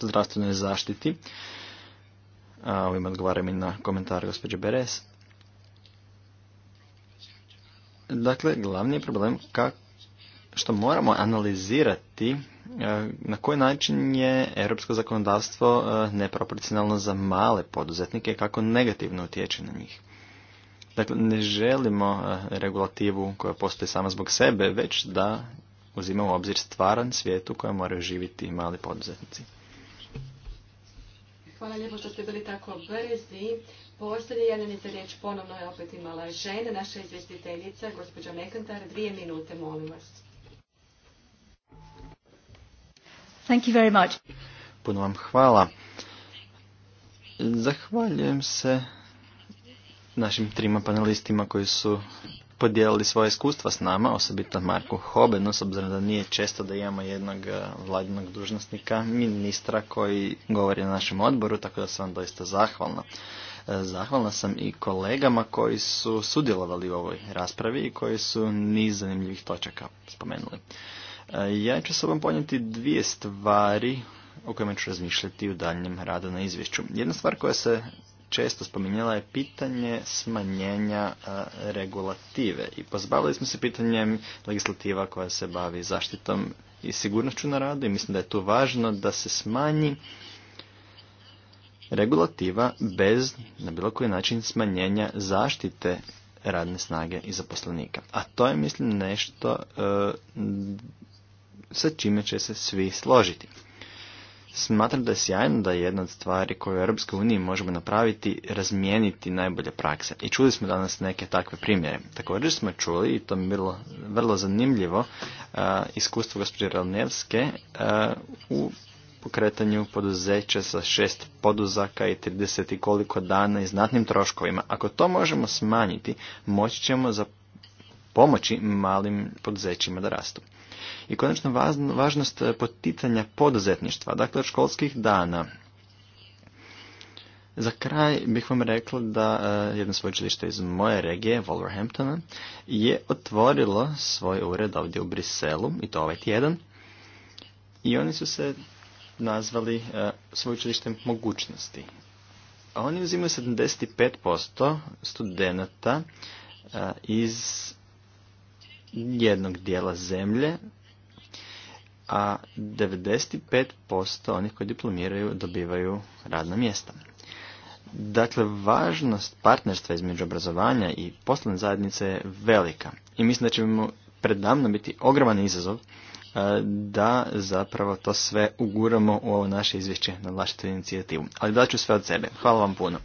zdravstvenoj zaštiti a ovim odgovaram i na komentar gospođe Beres. Dakle, glavni je problem kako što moramo analizirati e, na koji način je europsko zakonodavstvo e, neproporcionalno za male poduzetnike i kako negativno utječe na njih. Dakle, ne želimo e, regulativu koja postoji sama zbog sebe, već da uzimamo u obzir stvaran svijet u kojem moraju živjeti mali poduzetnici. Hvala lijepo što ste bili tako brzi. Posljednje jedan za riječ ponovno je opet imala žena, naša izvjestiteljica, gospođa Mekantar. Dvije minute, molim vas. Thank you very much. Puno vam hvala. Zahvaljujem se našim trima panelistima koji su podijelili svoje iskustva s nama, osobito Marku Hobenu, s obzirom da nije često da imamo jednog e, vladinog dužnosnika, ministra koji govori na našem odboru, tako da sam vam doista zahvalna. E, zahvalna sam i kolegama koji su sudjelovali u ovoj raspravi i koji su niz zanimljivih točaka spomenuli. E, ja ću sobom ponijeti dvije stvari o kojima ću razmišljati u daljnjem radu na izvješću. Jedna stvar koja se često spominjala je pitanje smanjenja regulative i pozbavili smo se pitanjem legislativa koja se bavi zaštitom i sigurnošću na radu i mislim da je tu važno da se smanji regulativa bez na bilo koji način smanjenja zaštite radne snage i zaposlenika. A to je mislim nešto e, sa čime će se svi složiti. Smatram da je sjajno da je jedna od stvari koju u Europskoj uniji možemo napraviti razmijeniti najbolje prakse. I čuli smo danas neke takve primjere. Također smo čuli, i to mi je bilo vrlo zanimljivo, e, iskustvo gospođe Ralnevske e, u pokretanju poduzeća sa šest poduzaka i 30 i koliko dana i znatnim troškovima. Ako to možemo smanjiti, moći ćemo za pomoći malim poduzećima da rastu. I konačno važnost e, poticanja poduzetništva, dakle školskih dana. Za kraj bih vam rekla da e, jedno sveučilište iz moje regije, Wolverhamptona, je otvorilo svoj ured ovdje u Briselu, i to ovaj tjedan, i oni su se nazvali e, sveučilištem mogućnosti. A oni uzimaju 75% studenata iz jednog dijela zemlje a 95% onih koji diplomiraju dobivaju radna mjesta. Dakle, važnost partnerstva između obrazovanja i poslovne zajednice je velika i mislim da ćemo predavno biti ogroman izazov e, da zapravo to sve uguramo u ovo naše izvješće na vlašitu inicijativu. Ali daću sve od sebe. Hvala vam puno.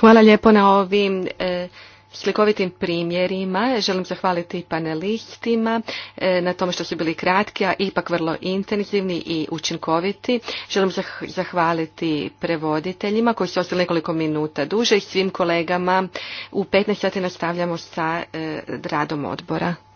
Hvala lijepo na ovim e, slikovitim primjerima. Želim zahvaliti panelistima e, na tome što su bili kratki, a ipak vrlo intenzivni i učinkoviti. Želim zahvaliti prevoditeljima koji su ostali nekoliko minuta duže i svim kolegama. U 15 sati nastavljamo sa e, radom odbora.